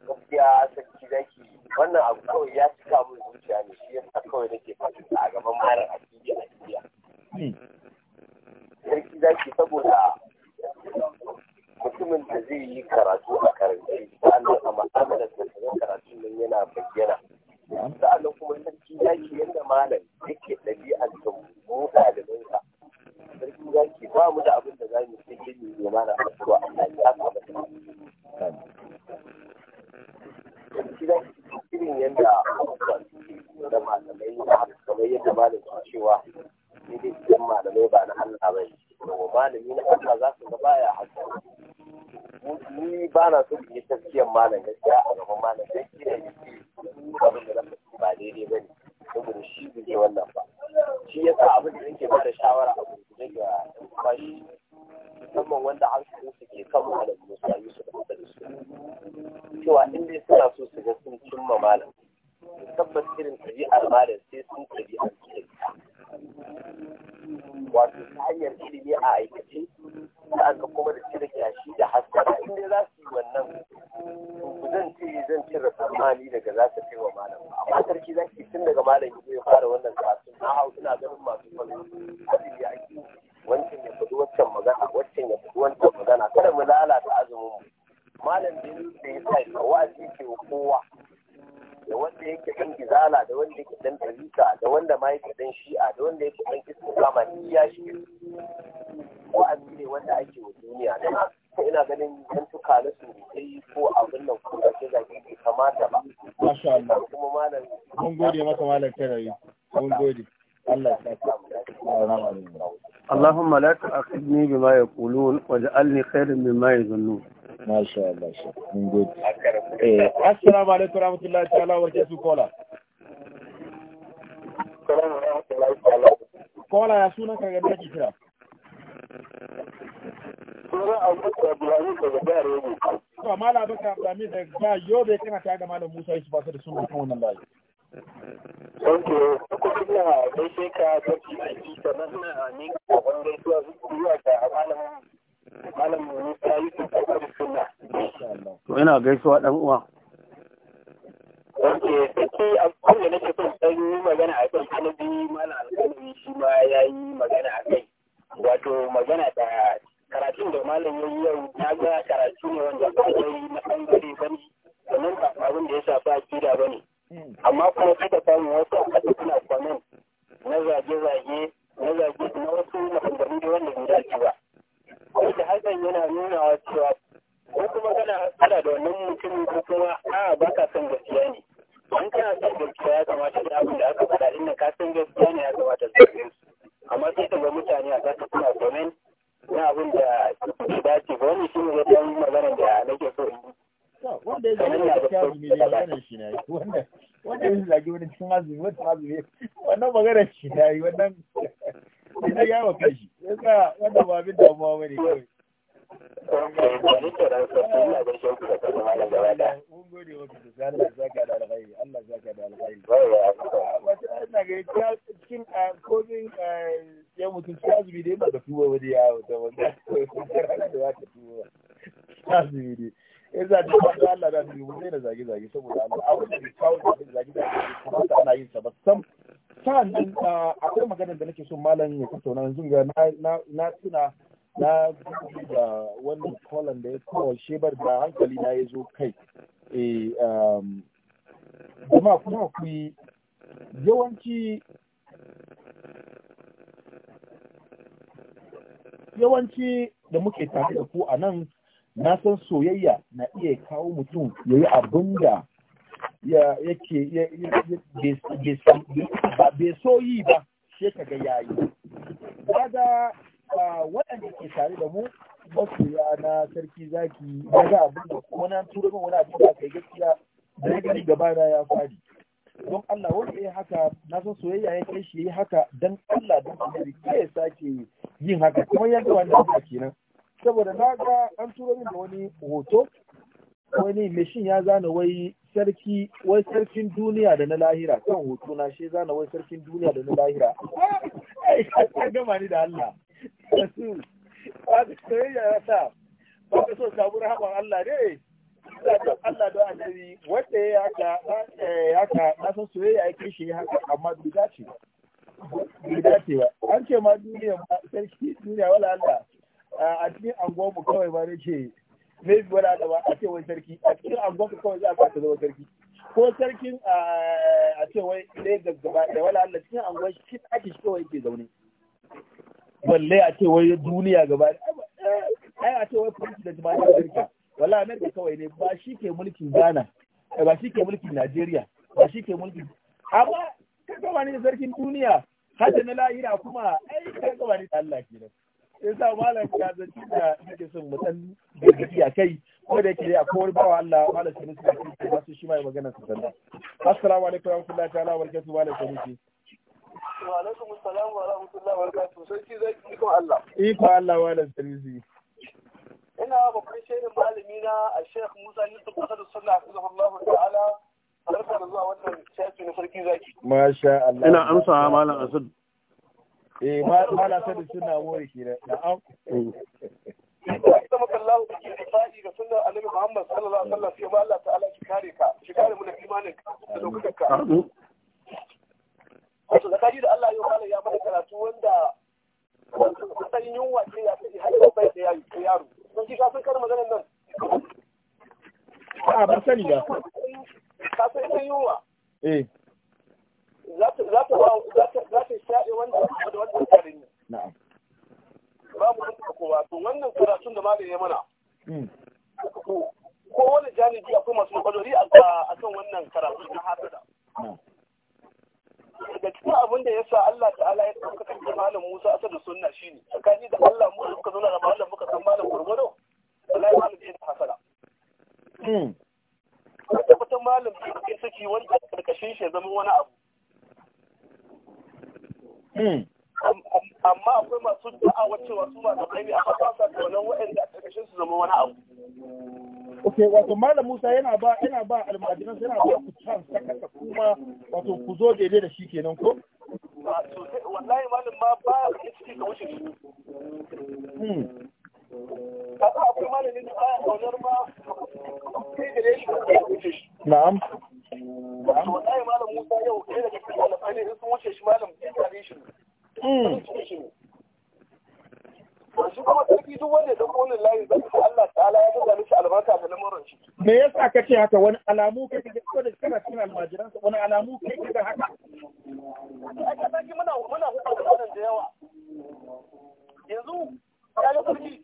gaskiya sarki zaki wannan abu kawai ya cika mun zuciya ne shi yasa kawai nake faɗi a gaban marar asiri a duniya sarki zaki saboda mutumin da zai yi karatu a karance sa'annan a ma'amalar da zai karatu nan yana bayyana sa'annan kuma sarki zaki yadda malam yake ɗabi'ar da mu ɗalibansa sarki zaki ba mu da abin da za mu sai mara mana a Allah ya gidan irin yadda da malamai ba kamar yadda malam ke cewa ni dai idan malamai ba na Allah ba ne malami na Allah za su ga baya haka ni ba na so in yi tafiyar malam gaskiya a gaban malam sai kira ne abin da zaka ba daidai ba ne saboda shi bai wannan ba shi yasa abin da nake ba da shawara a gurguje ga ɗan kwashi musamman wanda an su ke kan malam Musa Yusuf da su cewa in dai suna so su ga sun cimma malam tabbas irin ɗabi'ar malam sai sun ɗabi'ar cikin wato ta hanyar ilimi a aikace ta aka kuma da cire kyashi da haskara in dai za su yi wannan zan ce zan cire tsammani daga za su kai wa malam amma sarki zaki tun daga malam ya fara wannan kasu na hau ina ganin masu kwallo a ake wancan ya faɗi wancan magana wancan ya faɗi wancan magana kada mu lalata azumin mu malam bin da ya sa kawaji ke kowa da wanda yake ɗan gizala da wanda yake ɗan tarika da wanda ma yake ɗan shi'a da wanda yake ɗan istiqama ni ya shi wa'azi ne wanda ake wa duniya da ko ina ganin yan tuka na sai ko abin nan ko zage zage bai kamata ba masha Allah kuma malam mun gode maka malam tarayi mun gode Allah ya sa mu اللهم لا تؤاخذني بما يقولون واجعلني خيرا مما يظنون ما شاء الله شيخ من جد إيه. السلام عليكم ورحمة الله تعالى وبركاته كولا السلام ورحمة الله تعالى كولا يا سونا كان يبقى كتير Kuma mala baka amfani da ba yau bai kana tare da malam Musa Yusuf ba da sunan wannan layi. Wanke, kuma gaishe ka da kiyaki To ina gaisuwa dan uwa. Wanke, saki abin da nake son dan yi magana a kan kanabi malam alkalami shi ma ya yi magana a kai. Wato magana da karatun da malam ya yi yau na ga karatu ne wanda ba yi na ɓangare ba ne, sannan ba abin da ya shafa akida ba ne. amma kuma suka samu wasu a suna kwanan na zage-zage na zage na wasu maganganu da wanda bai dace ba wanda hakan yana nunawa cewa ko kuma kana hasala da wannan mutumin ko kuma a ba ka son gaskiya ne An kana son gaskiya ya kamata da abin da aka azumi watan azumi wannan magana shi ta yi wannan ita ya wa kashi yasa wannan ba abin damuwa bane kawai ne. gaba sam sa'annan ah, akwai maganar da nake son malam ya tattauna yanzu ga na tuna na da wani kolon da ya kawo shebar da hankali na ya zo kai kuma eh, kuma ku yi yawanci yawanci da muke tare da ku a nan na san soyayya na iya kawo mutum ya yi abin da yake bai so yi ba sai ka ga yayi daga waɗanda ke tare da mu masoya na sarki zaki ga abin da wani an turo min wani abin da kai gaskiya da gani gaba na ya fadi don Allah wanda ya haka na san soyayya ya kai shi yi haka Don Allah dan Annabi kai ya sake yin haka kuma yadda wani haka kenan saboda na ga an turo min da wani hoto wani mashin ya zana wai sarki wai sarkin duniya da na lahira kan hoto na shi zana wai sarkin duniya da na lahira ai ka gama ni da Allah rasul ba ka soyayya ya sa ba ka so samu rahaman Allah ne ina son Allah don annabi wanda ya haka eh, ya haka na soyayya ya kishi ya haka amma duk dace ba bai ba an ce ma duniya ba, sarki duniya wala Allah a cikin anguwar mu kawai ba ce. maybe wani adama a ce wai sarki a cikin angon kawai za a ka zama sarki ko sarkin eh, a ce wai Lagos gaba ɗaya wala Allah cikin angon shi ake shi kawai ke zaune balle a ce wai duniya gaba eh, ai a ce wai fulki da jima'a Amerika wala Amerika kawai ne ba shi ke mulkin Ghana eh, ba shi ke mulkin Najeriya ba shi ke mulkin amma ka gaba ne sarkin duniya hada na lahira kuma ai ka gaba ne Allah kenan sa malam ya zanci da nake son mu da gargadi a kai ko da yake a wani bawa Allah malam sanin su ake ba su shi mai magana su sanda. assalamu alaikum wa rahmatullahi ta'ala wa barakatuhu malam sanin wa alaikum assalam wa rahmatullahi wa barakatuhu sarki zaki ko Allah iko Allah malam sanin ina babban shehin malami na a Sheikh Musa Yusuf Asadu Sunna hafizahullahu ta'ala barka da zuwa wannan shafi na sarki zaki masha Allah ina amsa malam Asadu eh ma na sani suna more shi da na'am ita maka Allah ku yi fadi ga sunnar Annabi Muhammad sallallahu alaihi wasallam sai ma Allah ta'ala ki kare ka ki kare mu da imanin ka da lokacin ka wato da kaji da Allah yau malam ya mana karatu wanda kusan yunwa ce ya fi haifar bai da yaro sun ji san kar maganar nan a ba sani ba kasan yunwa eh za ta wanda to wannan malami ya mana hmm. ko wani akwai masu matsaloli a wannan na hasada cikin ya sa Allah ta'ala ya ɗauka kan malam Musa asadu sunna shine tsakani da Allah mu malam hmm. tabbatar malam ke saki wanda karkashin shi ya zama wani abu Hmm. amma akwai masu da'awa cewa su ba da ne amma ba sa kaunan waɗanda a ƙarƙashin su zama wani abu Ok, wato Malam Musa yana ba yana ba almajiran yana ba ku chance ta kasa kuma wato ku zo daidai da shi kenan ko? Wallahi Malam ma ba ya kai ciki ka wuce shi. Hmm. Kasa akwai malamin da ba ya kaunar ma sai da ya shi wuce shi. Na'am. wato wallahi malam Musa yau ɗaya daga cikin malamai ne sun wuce shi malam ya tare hmm. shi ne shi kuma sarki duk wanda ya da kone layi zai ta Allah ta'ala ya ga mishi albarka da lamuran shi me yasa ce haka wani alamu kai kake ko da kana cikin almajiran wani alamu kai kake da haka aka Sarki, muna muna wannan da yawa yanzu ya ga sarki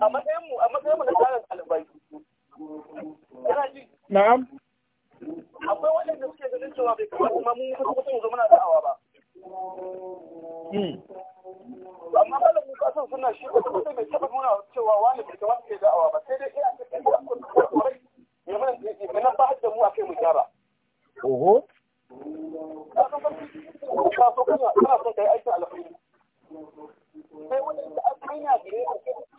a matsayin mu a matsayin mu na tsarin albai kana ji na'am akwai waɗanda suke ganin cewa bai kamata mun kusa kusa mu zama na da'awa ba hmm. amma ba da suna shi ba kuma mai taɓa nuna cewa wani bai kamata da'awa ba sai dai ina cikin da kwarai nan ba da mu a kai mu gyara oho ka so kana kana son kai aikin alfahari sai waɗanda an kanya gare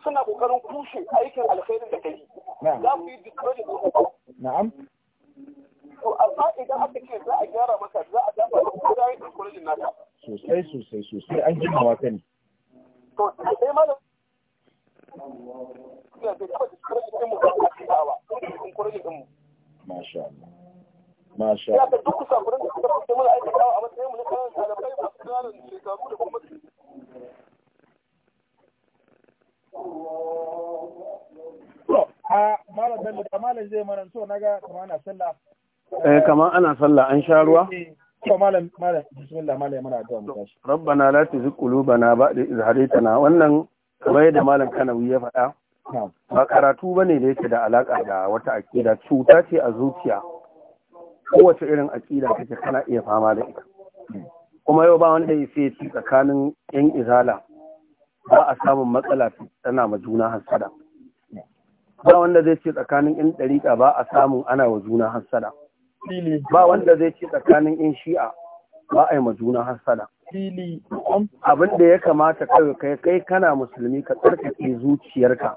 suna kokarin kushe aikin alkhairin da kai za ku yi discourage na'am to amma idan aka ce za a gyara maka za a dafa da kuma yayin discourage naka sosai sosai sosai an jima wa ne to sai ma da mu masha Allah Masha. Ya da aikatawa a mu na kayan ɗalibai masu shekaru da kuma a bello kamalan eh, ana sallah an sha ruwa bismillah malam mana addu'a mu wannan kamar yadda malam kanawi ya faɗa ba karatu bane da yake da alaka da wata akida cuta ce a zuciya kowace irin akida kake kana iya fama da ita hmm. kuma yau ba wanda ya sai tsakanin yan izala ba a samun matsala tana ma juna hassada ba wanda zai ce tsakanin in ɗariƙa ba a samun ana wa juna hassada ba wanda zai ce tsakanin in shi'a ba a yi ma juna hassada abin da ya kamata kawai kai kai kana musulmi ka tsarkake zuciyarka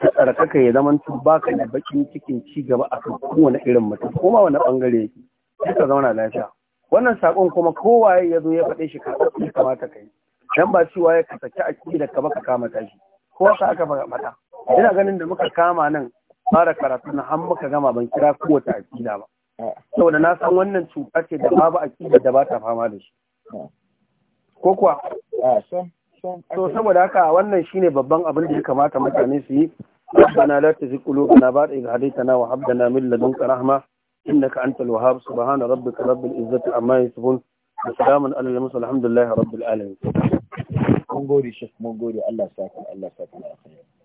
ta tsarkaka ya zama ba ka da bakin cikin ci gaba a kan kowane irin mutum ma wani bangare yake sai ka zauna lafiya wannan saƙon kuma kowaye ya zo ya faɗe shi ka kamata ka yi dan ba cewa ya kasance a ciki da ka baka kama tashi ko ka aka faɗa ina ganin da muka kama nan fara karatu na har muka gama ban kira kowace aƙida ba saboda na san wannan cuta ce da babu aƙida da ba ta fama da shi ko kuwa so saboda haka wannan shine babban abin da ya kamata mutane su yi ربنا لا تزغ قلوبنا بعد إذ هديتنا وهب لنا من لدنك رحمة إنك أنت الوهاب سبحان ربك رب العزة عما يصفون وسلام على المرسلين الحمد لله رب العالمين mun gode shi mun gode Allah sa ku Allah sa ku alkhairi